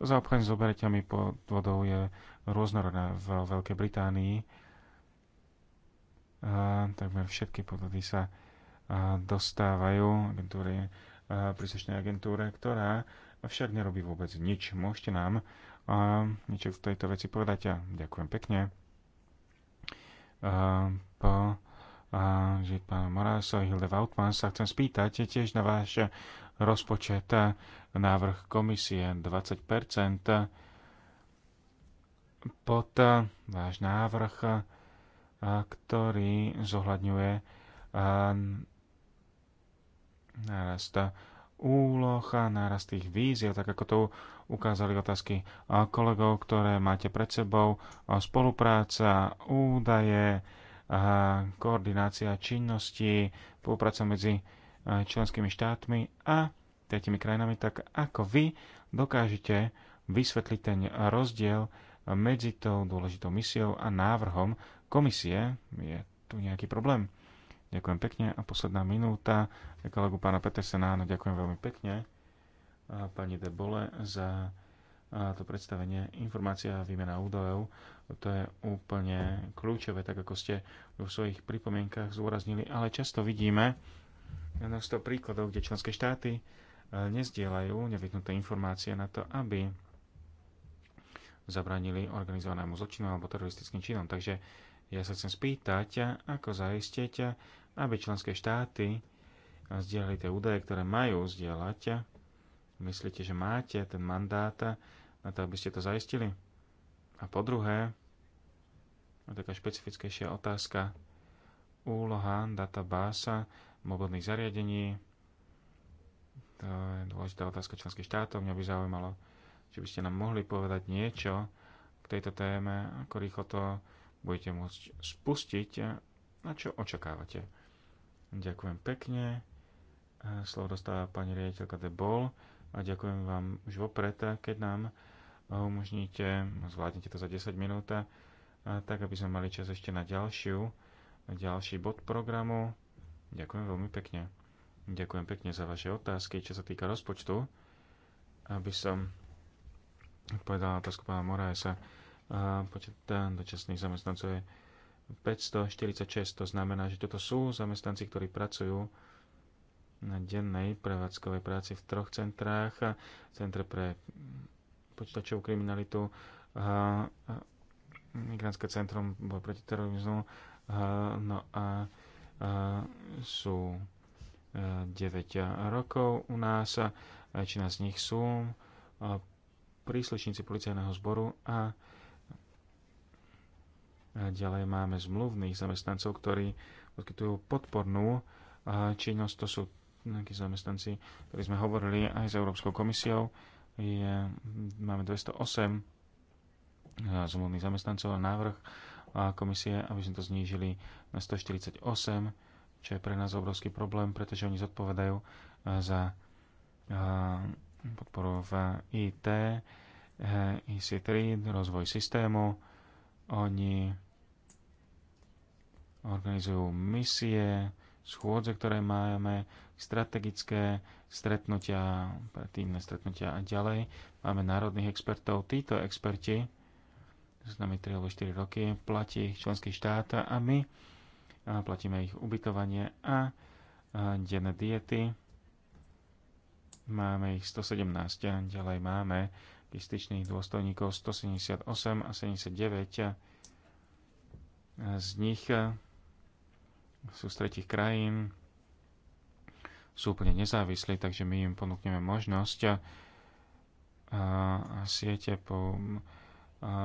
S2: To zaobchádzanie s oberateľmi podvodov je rôznorodné. V Veľkej Británii takmer všetky podvody sa dostávajú agentúry, príslušnej agentúre, ktorá však nerobí vôbec nič. Môžete nám niečo v tejto veci povedať a ďakujem pekne. Po že pán Morásov, Hilde Vautman sa chcem spýtať tiež na váš rozpočet, návrh komisie 20 pod eh, váš návrh, eh, ktorý zohľadňuje eh, nárast úloh a nárast tých víziev, tak ako to ukázali otázky kolegov, ktoré máte pred sebou, spolupráca, údaje, koordinácia činností, spolupráca medzi E, členskými štátmi a tretimi krajinami, tak ako vy dokážete vysvetliť ten rozdiel medzi tou dôležitou misiou a návrhom komisie. Je tu nejaký problém? Ďakujem pekne. A posledná minúta kolegu pána Petersena. Áno, ďakujem veľmi pekne a e, pani Debole za e, to predstavenie. Informácia a výmena údajov, to je úplne kľúčové, tak ako ste v svojich pripomienkach zúraznili, ale často vidíme, množstvo príkladov, kde členské štáty e, nezdielajú nevyhnuté informácie na to, aby zabranili organizovanému zločinu alebo teroristickým činom. Takže ja sa chcem spýtať, ako zaistiť, aby členské štáty zdieľali tie údaje, ktoré majú zdieľať. Myslíte, že máte ten mandát na to, aby ste to zaistili? A po druhé, taká špecifickejšia otázka, úloha databása mobilných zariadení. To je dôležitá otázka členských štátov. Mňa by zaujímalo, či by ste nám mohli povedať niečo k tejto téme, ako rýchlo to budete môcť spustiť a čo očakávate. Ďakujem pekne. Slovo dostáva pani riaditeľka De Bol a ďakujem vám už vopred, keď nám umožníte, zvládnete to za 10 minút, tak aby sme mali čas ešte na ďalšiu, ďalší bod programu. Ďakujem veľmi pekne. Ďakujem pekne za vaše otázky, čo sa týka rozpočtu. Aby som odpovedal na otázku pána Moraesa, počet e, dočasných zamestnancov je 546, to znamená, že toto sú zamestnanci, ktorí pracujú na dennej prevádzkovej práci v troch centrách, centre pre počítačovú kriminalitu, migrantské centrum boj proti terorizmu, no a sú 9 e, rokov u nás. Väčšina z nich sú e, príslušníci policajného zboru a ďalej máme zmluvných zamestnancov, ktorí poskytujú podpornú e, činnosť. To sú nejakí zamestnanci, ktorí sme hovorili aj s Európskou komisiou. Je, máme 208 zmluvných zamestnancov a návrh komisie, aby sme to znížili na 148, čo je pre nás obrovský problém, pretože oni zodpovedajú eh, za eh, podporu v IT, eh, IC3, rozvoj systému. Oni organizujú misie, schôdze, ktoré máme, strategické stretnutia, operatívne stretnutia a ďalej. Máme národných expertov. Títo experti zoznamy 3 alebo 4 roky, platí členský štát a my a platíme ich ubytovanie a, a denné diety. Máme ich 117 a ďalej máme styčných dôstojníkov 178 a 79. Z nich sú z tretich krajín, sú úplne nezávislí, takže my im ponúkneme možnosť a, a siete po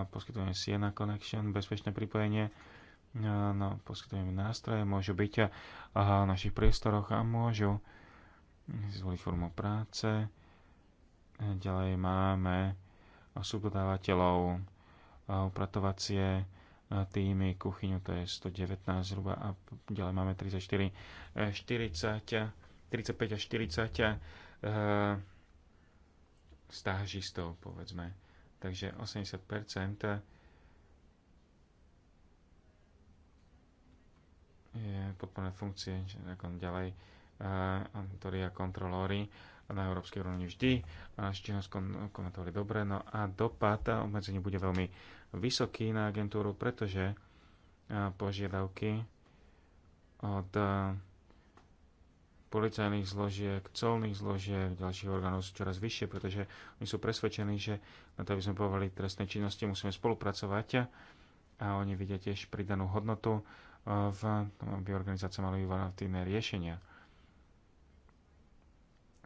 S2: poskytujeme Siena Connection, bezpečné pripojenie, no, poskytujeme nástroje, môžu byť v našich priestoroch a môžu zvoliť formu práce. Ďalej máme súdodávateľov, upratovacie týmy, kuchyňu, to je 119 zhruba a ďalej máme 34, 40, 35 a 40 e, stážistov, povedzme Takže 80 je podporné funkcie, ako ďalej, eh, autori a kontrolóri na európskej úrovni vždy, eh, s komentovali dobre, no a dopad a obmedzenie bude veľmi vysoký na agentúru, pretože eh, požiadavky od policajných zložiek, colných zložiek, ďalších orgánov sú čoraz vyššie, pretože oni sú presvedčení, že na to, aby sme povedali trestné činnosti, musíme spolupracovať a oni vidia tiež pridanú hodnotu e, v tom, aby organizácia mali inovatívne riešenia.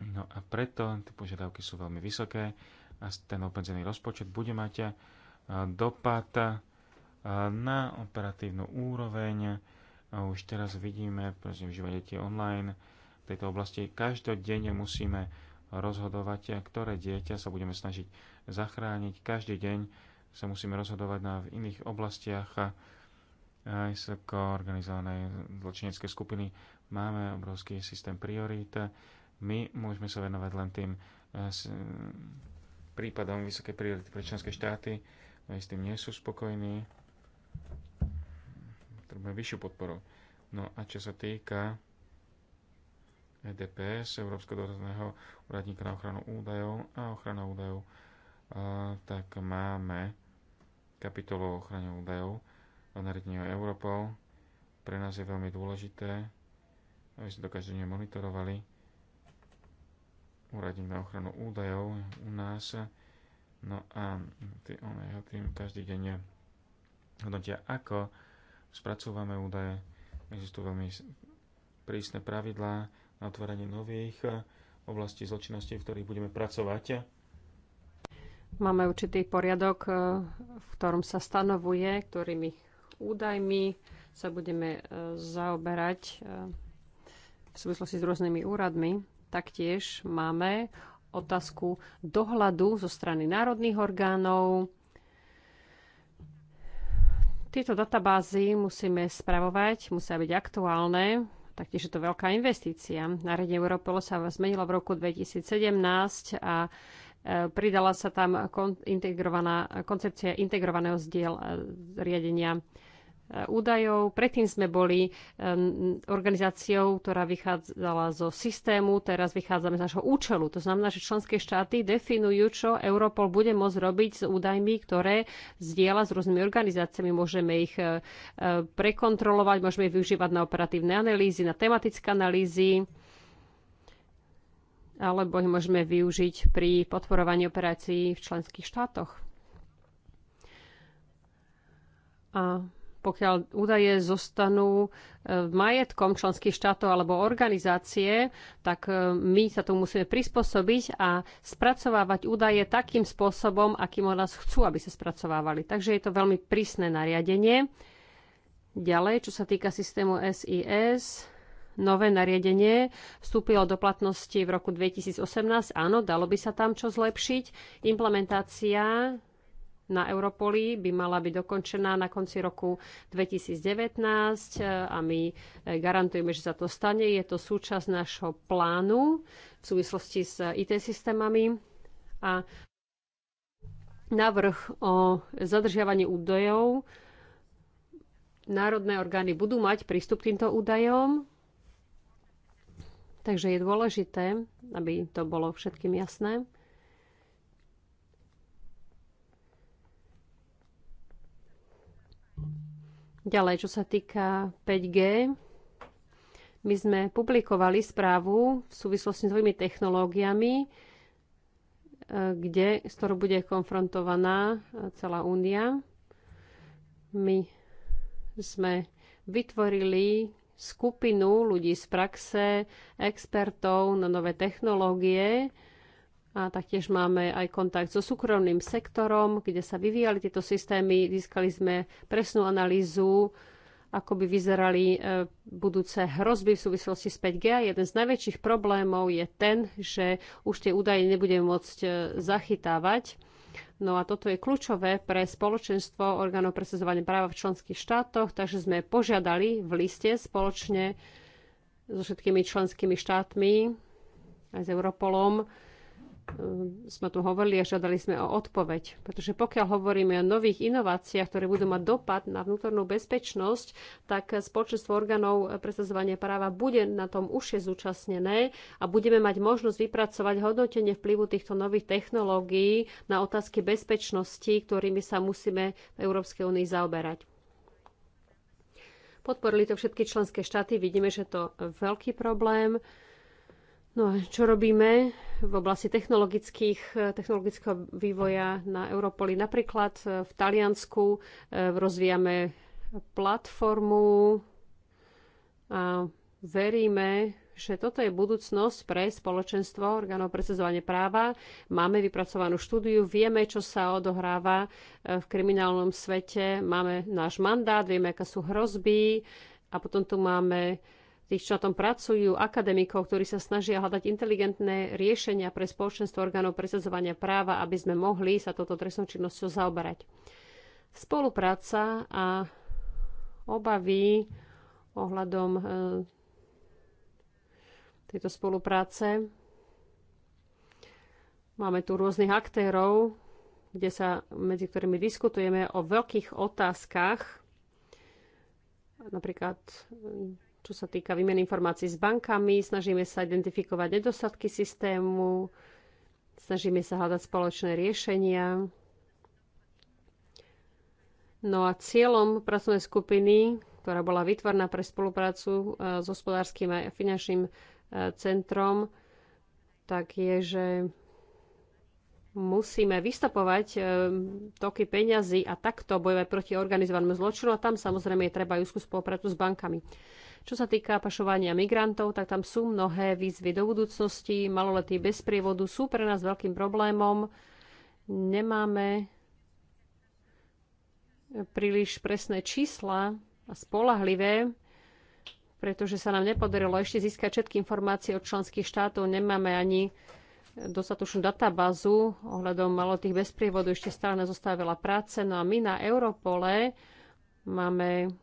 S2: No a preto tie požiadavky sú veľmi vysoké a ten obmedzený rozpočet bude mať e, dopad e, na operatívnu úroveň. Už teraz vidíme, prosím, že deti online, tejto oblasti. Každodenne musíme rozhodovať, ktoré dieťa sa budeme snažiť zachrániť. Každý deň sa musíme rozhodovať na v iných oblastiach aj z organizovanej zločinecké skupiny. Máme obrovský systém priorít. My môžeme sa venovať len tým eh, prípadom vysokej priority pre členské štáty. Aj s tým nie sú spokojní. Potrebujeme vyššiu podporu. No a čo sa týka EDPS, Európskeho dozorného úradníka na ochranu údajov a ochrana údajov, tak máme kapitolu o ochrane údajov a nariadení Europol. Pre nás je veľmi dôležité, aby sme to každodenne monitorovali. Úradník na ochranu údajov u nás. No a tý, on jeho tým každý deň hodnotia, ako spracúvame údaje. Existujú veľmi prísne pravidlá, na otvorenie nových eh, oblastí zločinnosti, v ktorých budeme pracovať.
S1: Máme určitý poriadok, eh, v ktorom sa stanovuje, ktorými údajmi sa budeme eh, zaoberať v súvislosti s rôznymi úradmi. Taktiež máme otázku dohľadu zo strany národných orgánov. Tieto databázy musíme spravovať, musia byť aktuálne, Taktiež je to veľká investícia. Nariadenie Europolu sa zmenilo v roku 2017 a e, pridala sa tam integrovaná, koncepcia integrovaného zdiel e, riadenia údajov. Predtým sme boli organizáciou, ktorá vychádzala zo systému, teraz vychádzame z našho účelu. To znamená, že členské štáty definujú, čo Europol bude môcť robiť s údajmi, ktoré zdieľa s rôznymi organizáciami. Môžeme ich e, e, prekontrolovať, môžeme ich využívať na operatívne analýzy, na tematické analýzy alebo ich môžeme využiť pri podporovaní operácií v členských štátoch. A pokiaľ údaje zostanú e, majetkom členských štátov alebo organizácie, tak e, my sa tu musíme prispôsobiť a spracovávať údaje takým spôsobom, akým od nás chcú, aby sa spracovávali. Takže je to veľmi prísne nariadenie. Ďalej, čo sa týka systému SIS, nové nariadenie vstúpilo do platnosti v roku 2018. Áno, dalo by sa tam čo zlepšiť. Implementácia na Europoli by mala byť dokončená na konci roku 2019 eh, a my eh, garantujeme, že sa to stane. Je to súčasť nášho plánu v súvislosti s eh, IT systémami a návrh o zadržiavaní údajov. Národné orgány budú mať prístup k týmto údajom, takže je dôležité, aby to bolo všetkým jasné. Ďalej, čo sa týka 5G, my sme publikovali správu v súvislosti s novými technológiami, e, kde, s ktorou bude konfrontovaná e, celá únia. My sme vytvorili skupinu ľudí z praxe, expertov na nové technológie, a taktiež máme aj kontakt so súkromným sektorom, kde sa vyvíjali tieto systémy. Získali sme presnú analýzu, ako by vyzerali e, budúce hrozby v súvislosti s 5G. A jeden z najväčších problémov je ten, že už tie údaje nebudeme môcť e, zachytávať. No a toto je kľúčové pre spoločenstvo orgánov presadzovania práva v členských štátoch, takže sme požiadali v liste spoločne so všetkými členskými štátmi aj s Europolom, Ehm, sme tu hovorili a žiadali sme o odpoveď. Pretože pokiaľ hovoríme o nových inováciách, ktoré budú mať dopad na vnútornú bezpečnosť, tak spoločenstvo orgánov presadzovania práva bude na tom už je zúčastnené a budeme mať možnosť vypracovať hodnotenie vplyvu týchto nových technológií na otázky bezpečnosti, ktorými sa musíme v Európskej únii zaoberať. Podporili to všetky členské štáty, vidíme, že to je veľký problém. No a čo robíme v oblasti technologických, technologického vývoja na Europoli? Napríklad e, v Taliansku e, rozvíjame platformu a veríme, že toto je budúcnosť pre spoločenstvo orgánov presadzovania práva. Máme vypracovanú štúdiu, vieme, čo sa odohráva e, v kriminálnom svete, máme náš mandát, vieme, aké sú hrozby a potom tu máme tých, čo na tom pracujú, akademikov, ktorí sa snažia hľadať inteligentné riešenia pre spoločenstvo orgánov presadzovania práva, aby sme mohli sa touto trestnou činnosťou zaoberať. Spolupráca a obavy ohľadom e, tejto spolupráce. Máme tu rôznych aktérov, kde sa, medzi ktorými diskutujeme o veľkých otázkach, napríklad čo sa týka výmeny informácií s bankami. Snažíme sa identifikovať nedostatky systému, snažíme sa hľadať spoločné riešenia. No a cieľom pracovnej skupiny, ktorá bola vytvorná pre spoluprácu e, s hospodárským a finančným e, centrom, tak je, že musíme vystopovať e, toky peňazí a takto bojovať proti organizovanému zločinu a tam samozrejme je treba úzkú spoluprácu s bankami. Čo sa týka pašovania migrantov, tak tam sú mnohé výzvy do budúcnosti. Maloletí bez prievodu sú pre nás veľkým problémom. Nemáme príliš presné čísla a spolahlivé, pretože sa nám nepodarilo ešte získať všetky informácie od členských štátov. Nemáme ani dostatočnú databázu ohľadom malotých bez prievodu. Ešte stále nezostávala práce. No a my na Europole máme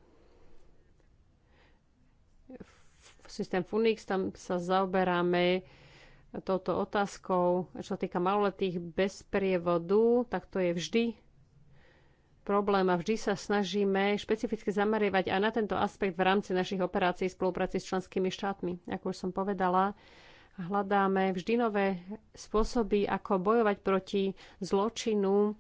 S1: systém Funix, tam sa zaoberáme touto otázkou. Čo sa týka maloletých bez prievodu, tak to je vždy problém a vždy sa snažíme špecificky zamerievať aj na tento aspekt v rámci našich operácií spolupráci s členskými štátmi. Ako už som povedala, hľadáme vždy nové spôsoby, ako bojovať proti zločinu,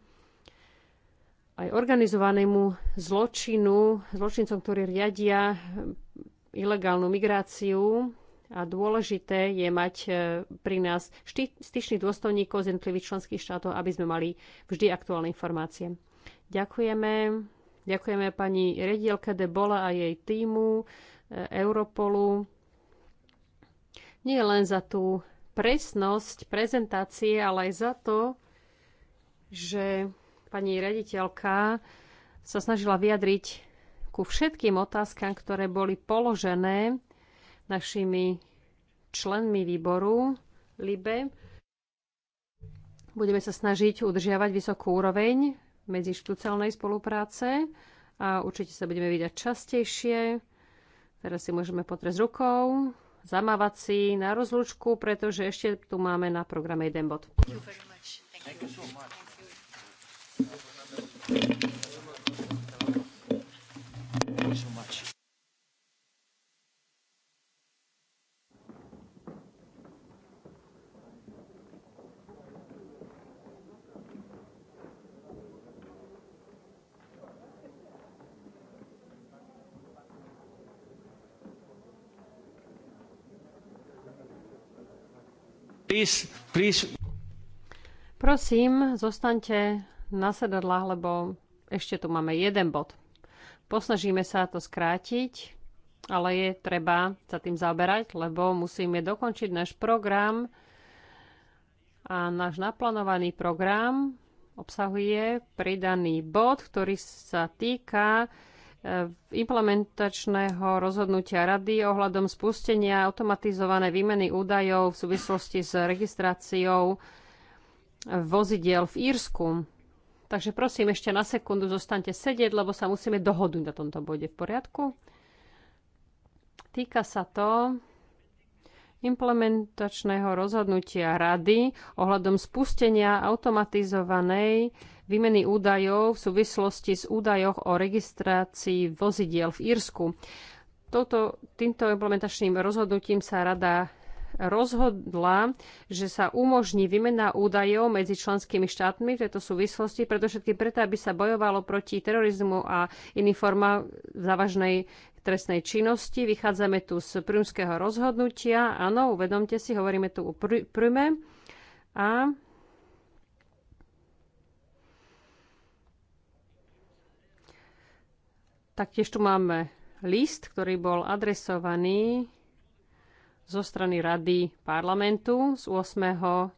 S1: aj organizovanému zločinu, zločincom, ktorí riadia ilegálnu migráciu a dôležité je mať e, pri nás styčných dôstojníkov z jednotlivých členských štátov, aby sme mali vždy aktuálne informácie. Ďakujeme. Ďakujeme pani Redielke de Bola a jej týmu e, Europolu. Nie len za tú presnosť prezentácie, ale aj za to, že pani rediteľka sa snažila vyjadriť ku všetkým otázkam, ktoré boli položené našimi členmi výboru LIBE. Budeme sa snažiť udržiavať vysokú úroveň medzištúcelnej spolupráce a určite sa budeme vidieť častejšie. Teraz si môžeme potrieť rukou, zamávať si na rozlúčku, pretože ešte tu máme na programe jeden bod. Thank you Thank you Thank you.
S2: Please, please.
S1: Prosím, zostaňte na sedadlách, lebo ešte tu máme jeden bod. Posnažíme sa to skrátiť, ale je treba sa tým zaoberať, lebo musíme dokončiť náš program. A náš naplánovaný program obsahuje pridaný bod, ktorý sa týka implementačného rozhodnutia rady ohľadom spustenia automatizovanej výmeny údajov v súvislosti s registráciou vozidiel v Írsku. Takže prosím, ešte na sekundu zostaňte sedieť, lebo sa musíme dohodnúť na tomto bode. V poriadku? Týka sa to implementačného rozhodnutia rady ohľadom spustenia automatizovanej výmeny údajov v súvislosti s údajoch o registrácii vozidiel v Írsku. Toto, týmto implementačným rozhodnutím sa rada rozhodla, že sa umožní výmena údajov medzi členskými štátmi v tejto súvislosti, predovšetkým preto, aby sa bojovalo proti terorizmu a iným formám závažnej trestnej činnosti. Vychádzame tu z prímského rozhodnutia. Áno, uvedomte si, hovoríme tu o príme. A Taktiež tu máme list, ktorý bol adresovaný zo strany Rady parlamentu z 8.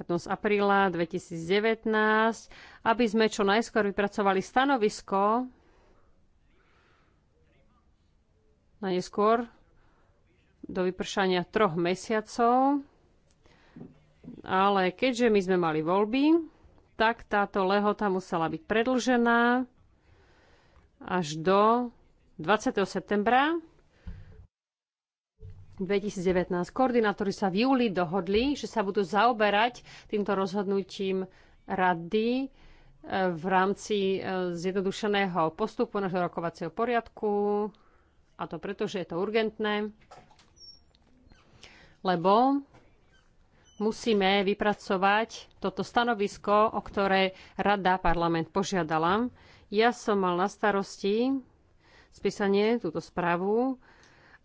S1: Pardon, z apríla 2019, aby sme čo najskôr vypracovali stanovisko na neskôr do vypršania troch mesiacov. Ale keďže my sme mali voľby, tak táto lehota musela byť predlžená až do 20. septembra 2019. Koordinátori sa v júli dohodli, že sa budú zaoberať týmto rozhodnutím rady e, v rámci e, zjednodušeného postupu nášho rokovacieho poriadku, a to preto, že je to urgentné, lebo musíme vypracovať toto stanovisko, o ktoré Rada parlament požiadala. Ja som mal na starosti spísanie túto správu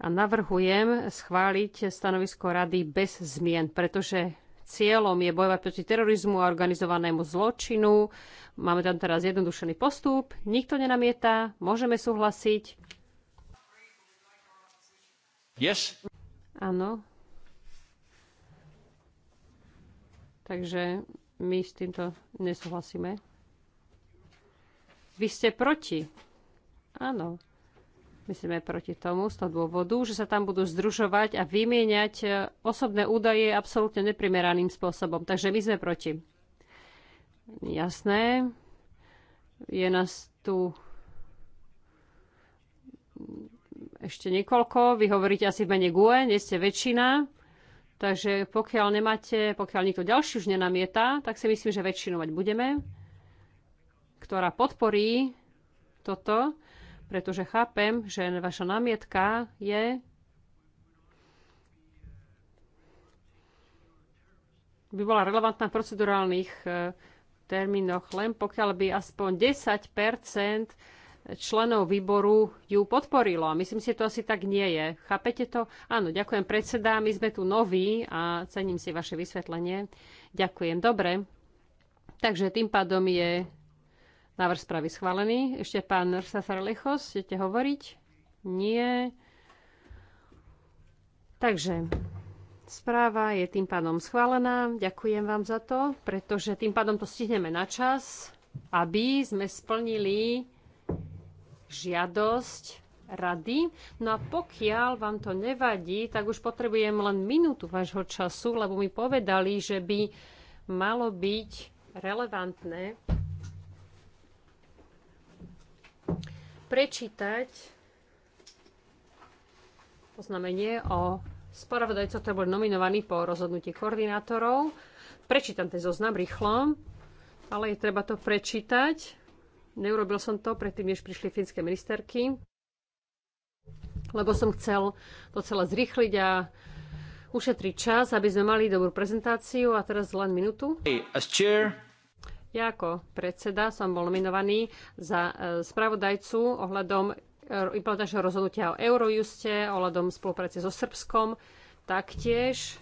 S1: a navrhujem schváliť stanovisko rady bez zmien, pretože cieľom je bojovať proti terorizmu a organizovanému zločinu. Máme tam teraz jednodušený postup, nikto nenamieta, môžeme súhlasiť. Yes. Áno. Takže my s týmto nesúhlasíme. Vy ste proti. Áno. My sme proti tomu z toho dôvodu, že sa tam budú združovať a vymieňať e, osobné údaje absolútne neprimeraným spôsobom. Takže my sme proti. Jasné. Je nás tu ešte niekoľko. Vy hovoríte asi v mene GUE, nie ste väčšina. Takže pokiaľ nemáte, pokiaľ nikto ďalší už nenamieta, tak si myslím, že väčšinovať budeme ktorá podporí toto, pretože chápem, že vaša námietka je, by bola relevantná v procedurálnych e, termínoch, len pokiaľ by aspoň 10 členov výboru ju podporilo. A myslím si, že to asi tak nie je. Chápete to? Áno, ďakujem predseda, my sme tu noví a cením si vaše vysvetlenie. Ďakujem, dobre. Takže tým pádom je Návrh správy schválený. Ešte pán Sasar Lechos, chcete hovoriť? Nie. Takže správa je tým pádom schválená. Ďakujem vám za to, pretože tým pádom to stihneme na čas, aby sme splnili žiadosť rady. No a pokiaľ vám to nevadí, tak už potrebujem len minútu vášho času, lebo mi povedali, že by malo byť relevantné prečítať poznamenie o spravodajcoch, ktorí boli nominovaní po rozhodnutí koordinátorov. Prečítam ten zoznam rýchlo, ale je treba to prečítať. Neurobil som to predtým, než prišli fínske ministerky, lebo som chcel to celé zrýchliť a ušetriť čas, aby sme mali dobrú prezentáciu a teraz len minútu.
S2: Hey, as chair,
S1: ja ako predseda som bol nominovaný za e, spravodajcu ohľadom e, implementačného rozhodnutia o Eurojuste, ohľadom spolupráce so Srbskom. Taktiež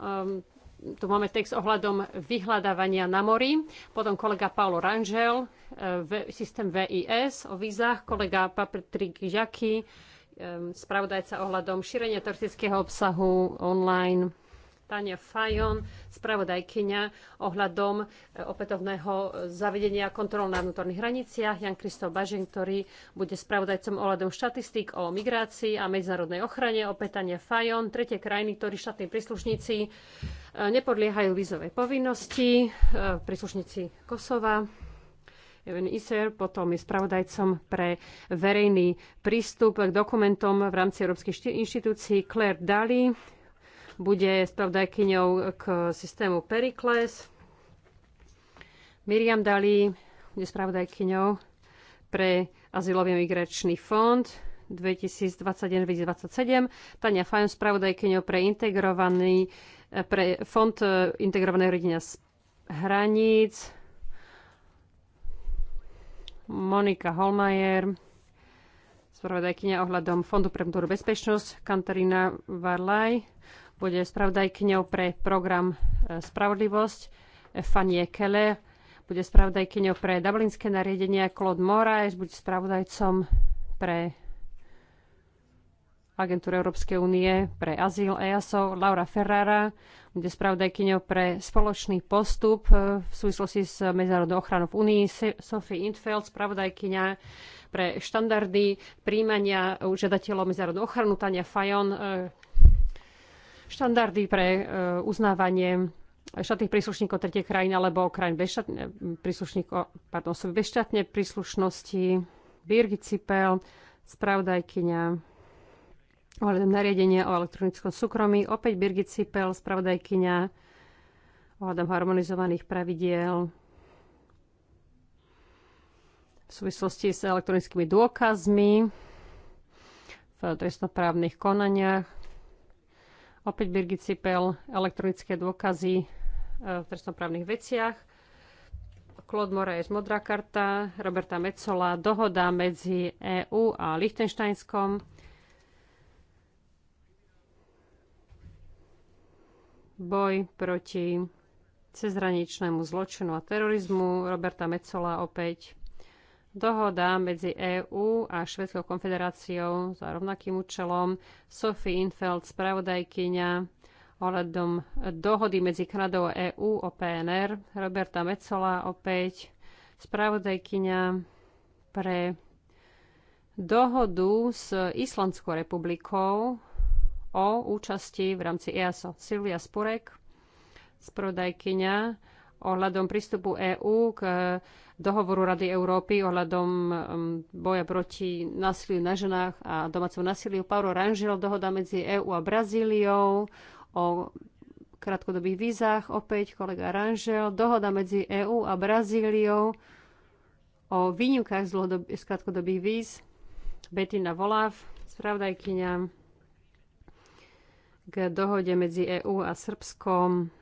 S1: um, tu máme text ohľadom vyhľadávania na mori. Potom kolega Paolo Rangel, e, v, systém VIS o vízach, kolega Papatrik Žaky, ehm, spravodajca ohľadom šírenia turistického obsahu online Tania Fajon, spravodajkyňa ohľadom e, opätovného e, zavedenia kontrol na vnútorných hraniciach, Jan Kristof Bažin, ktorý bude spravodajcom ohľadom štatistík o migrácii a medzinárodnej ochrane, opäť Tania Fajon, tretie krajiny, ktorí štátni príslušníci e, nepodliehajú vízovej povinnosti, príslušníci Kosova, Even Iser, potom je spravodajcom pre verejný prístup k dokumentom v rámci Európskej inštitúcii Claire Daly, bude spravodajkyňou k systému Perikles. Miriam Dali bude spravodajkyňou pre Azylový migračný fond 2021-2027. Tania Fajon spravodajkyňou pre integrovaný eh, pre fond eh, integrovaného rodenia z hraníc. Monika Holmajer, spravodajkyňa ohľadom Fondu pre vnútornú bezpečnosť, Katarína Varlaj, bude spravodajkyňou pre program e, Spravodlivosť. E, Fanie Keller bude spravodajkyňou pre Dublinské nariadenie. Claude Moraes bude spravodajcom pre agentúru Európskej únie pre azyl EASO. Laura Ferrara bude spravodajkyňou pre spoločný postup e, v súvislosti s medzinárodnou ochranou v únii. Sophie Intfeld, spravodajkyňa pre štandardy príjmania žiadateľov medzinárodnú ochranu. Tania Fajon, štandardy pre e, uznávanie štátnych príslušníkov tretie krajín alebo krajín bez štátne, príslušníkov, pardon, sú bez príslušnosti, Birgit Cipel, spravodajkyňa ohľadom nariadenia o elektronickom súkromí, opäť Birgit Cipel, spravodajkyňa ohľadom harmonizovaných pravidiel v súvislosti s elektronickými dôkazmi v trestnoprávnych konaniach, Opäť Birgit Cipel, elektronické dôkazy e, v trestnoprávnych veciach. Claude Moraes, modrá karta, Roberta Metzola, dohoda medzi EÚ a Liechtensteinskom. Boj proti cezhraničnému zločinu a terorizmu, Roberta Metzola opäť. Dohoda medzi EÚ a Švedskou konfederáciou za rovnakým účelom, Sophie Infeld, spravodajkyňa ohľadom dohody medzi Kanadou a EÚ o PNR, Roberta Mecola opäť, spravodajkyňa pre dohodu s Islandskou republikou o účasti v rámci EASO. Silvia Spurek, spravodajkyňa ohľadom prístupu EÚ k eh, dohovoru Rady Európy ohľadom mm, boja proti násiliu na ženách a domácom násiliu. Pauro Rangel, dohoda medzi EÚ a Brazíliou o krátkodobých vízach, opäť kolega Rangel, dohoda medzi EÚ a Brazíliou o výnimkách z, dlhodob- z krátkodobých víz. Bettina Voláv, spravdajkyňa k dohode medzi EÚ a Srbskom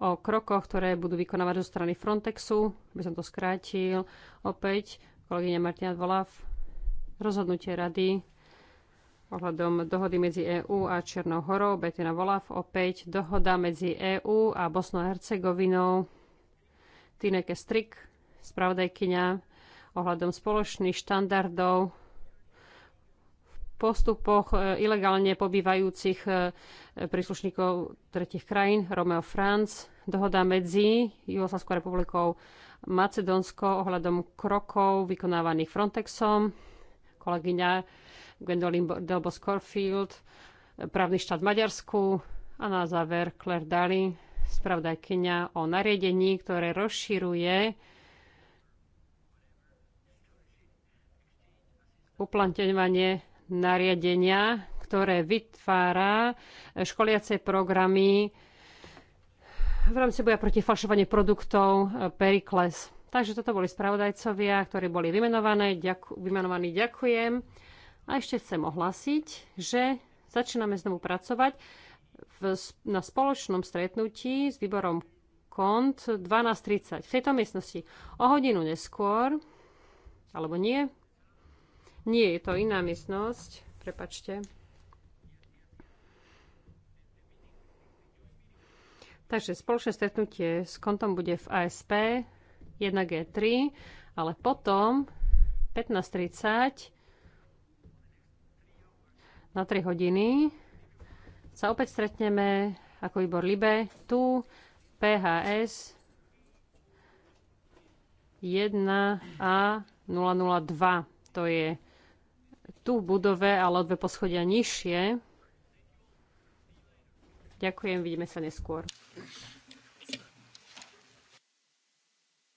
S1: o krokoch, ktoré budú vykonávať zo strany Frontexu, aby som to skrátil. Opäť kolegyňa Martina Dvolav, rozhodnutie rady ohľadom dohody medzi EÚ a Černou horou, Betina Volav, opäť dohoda medzi EÚ a Bosnou a Hercegovinou, Tineke Strik, spravodajkyňa, ohľadom spoločných štandardov postupoch e, ilegálne pobývajúcich e, príslušníkov tretich krajín, Romeo Franz, dohoda medzi Jugoslavskou republikou Macedónsko ohľadom krokov vykonávaných Frontexom, kolegyňa Gwendolyn Delbo Scorfield, právny štát v Maďarsku a na záver Claire Daly, spravdajkyňa o nariadení, ktoré rozširuje uplatňovanie nariadenia, ktoré vytvára eh, školiace programy eh, v rámci boja proti falšovaniu produktov eh, Perikles. Takže toto boli spravodajcovia, ktorí boli vymenované, ďaku, vymenovaní. Ďakujem. A ešte chcem ohlásiť, že začíname znovu pracovať v, na spoločnom stretnutí s výborom KONT 12.30 v tejto miestnosti. O hodinu neskôr, alebo nie, nie, je to iná miestnosť. Prepačte. Takže spoločné stretnutie s kontom bude v ASP 1G3, ale potom 15.30 na 3 hodiny sa opäť stretneme ako výbor Libe tu PHS 1A002. To je tu budove, ale o dve poschodia nižšie. Ďakujem, vidíme sa neskôr.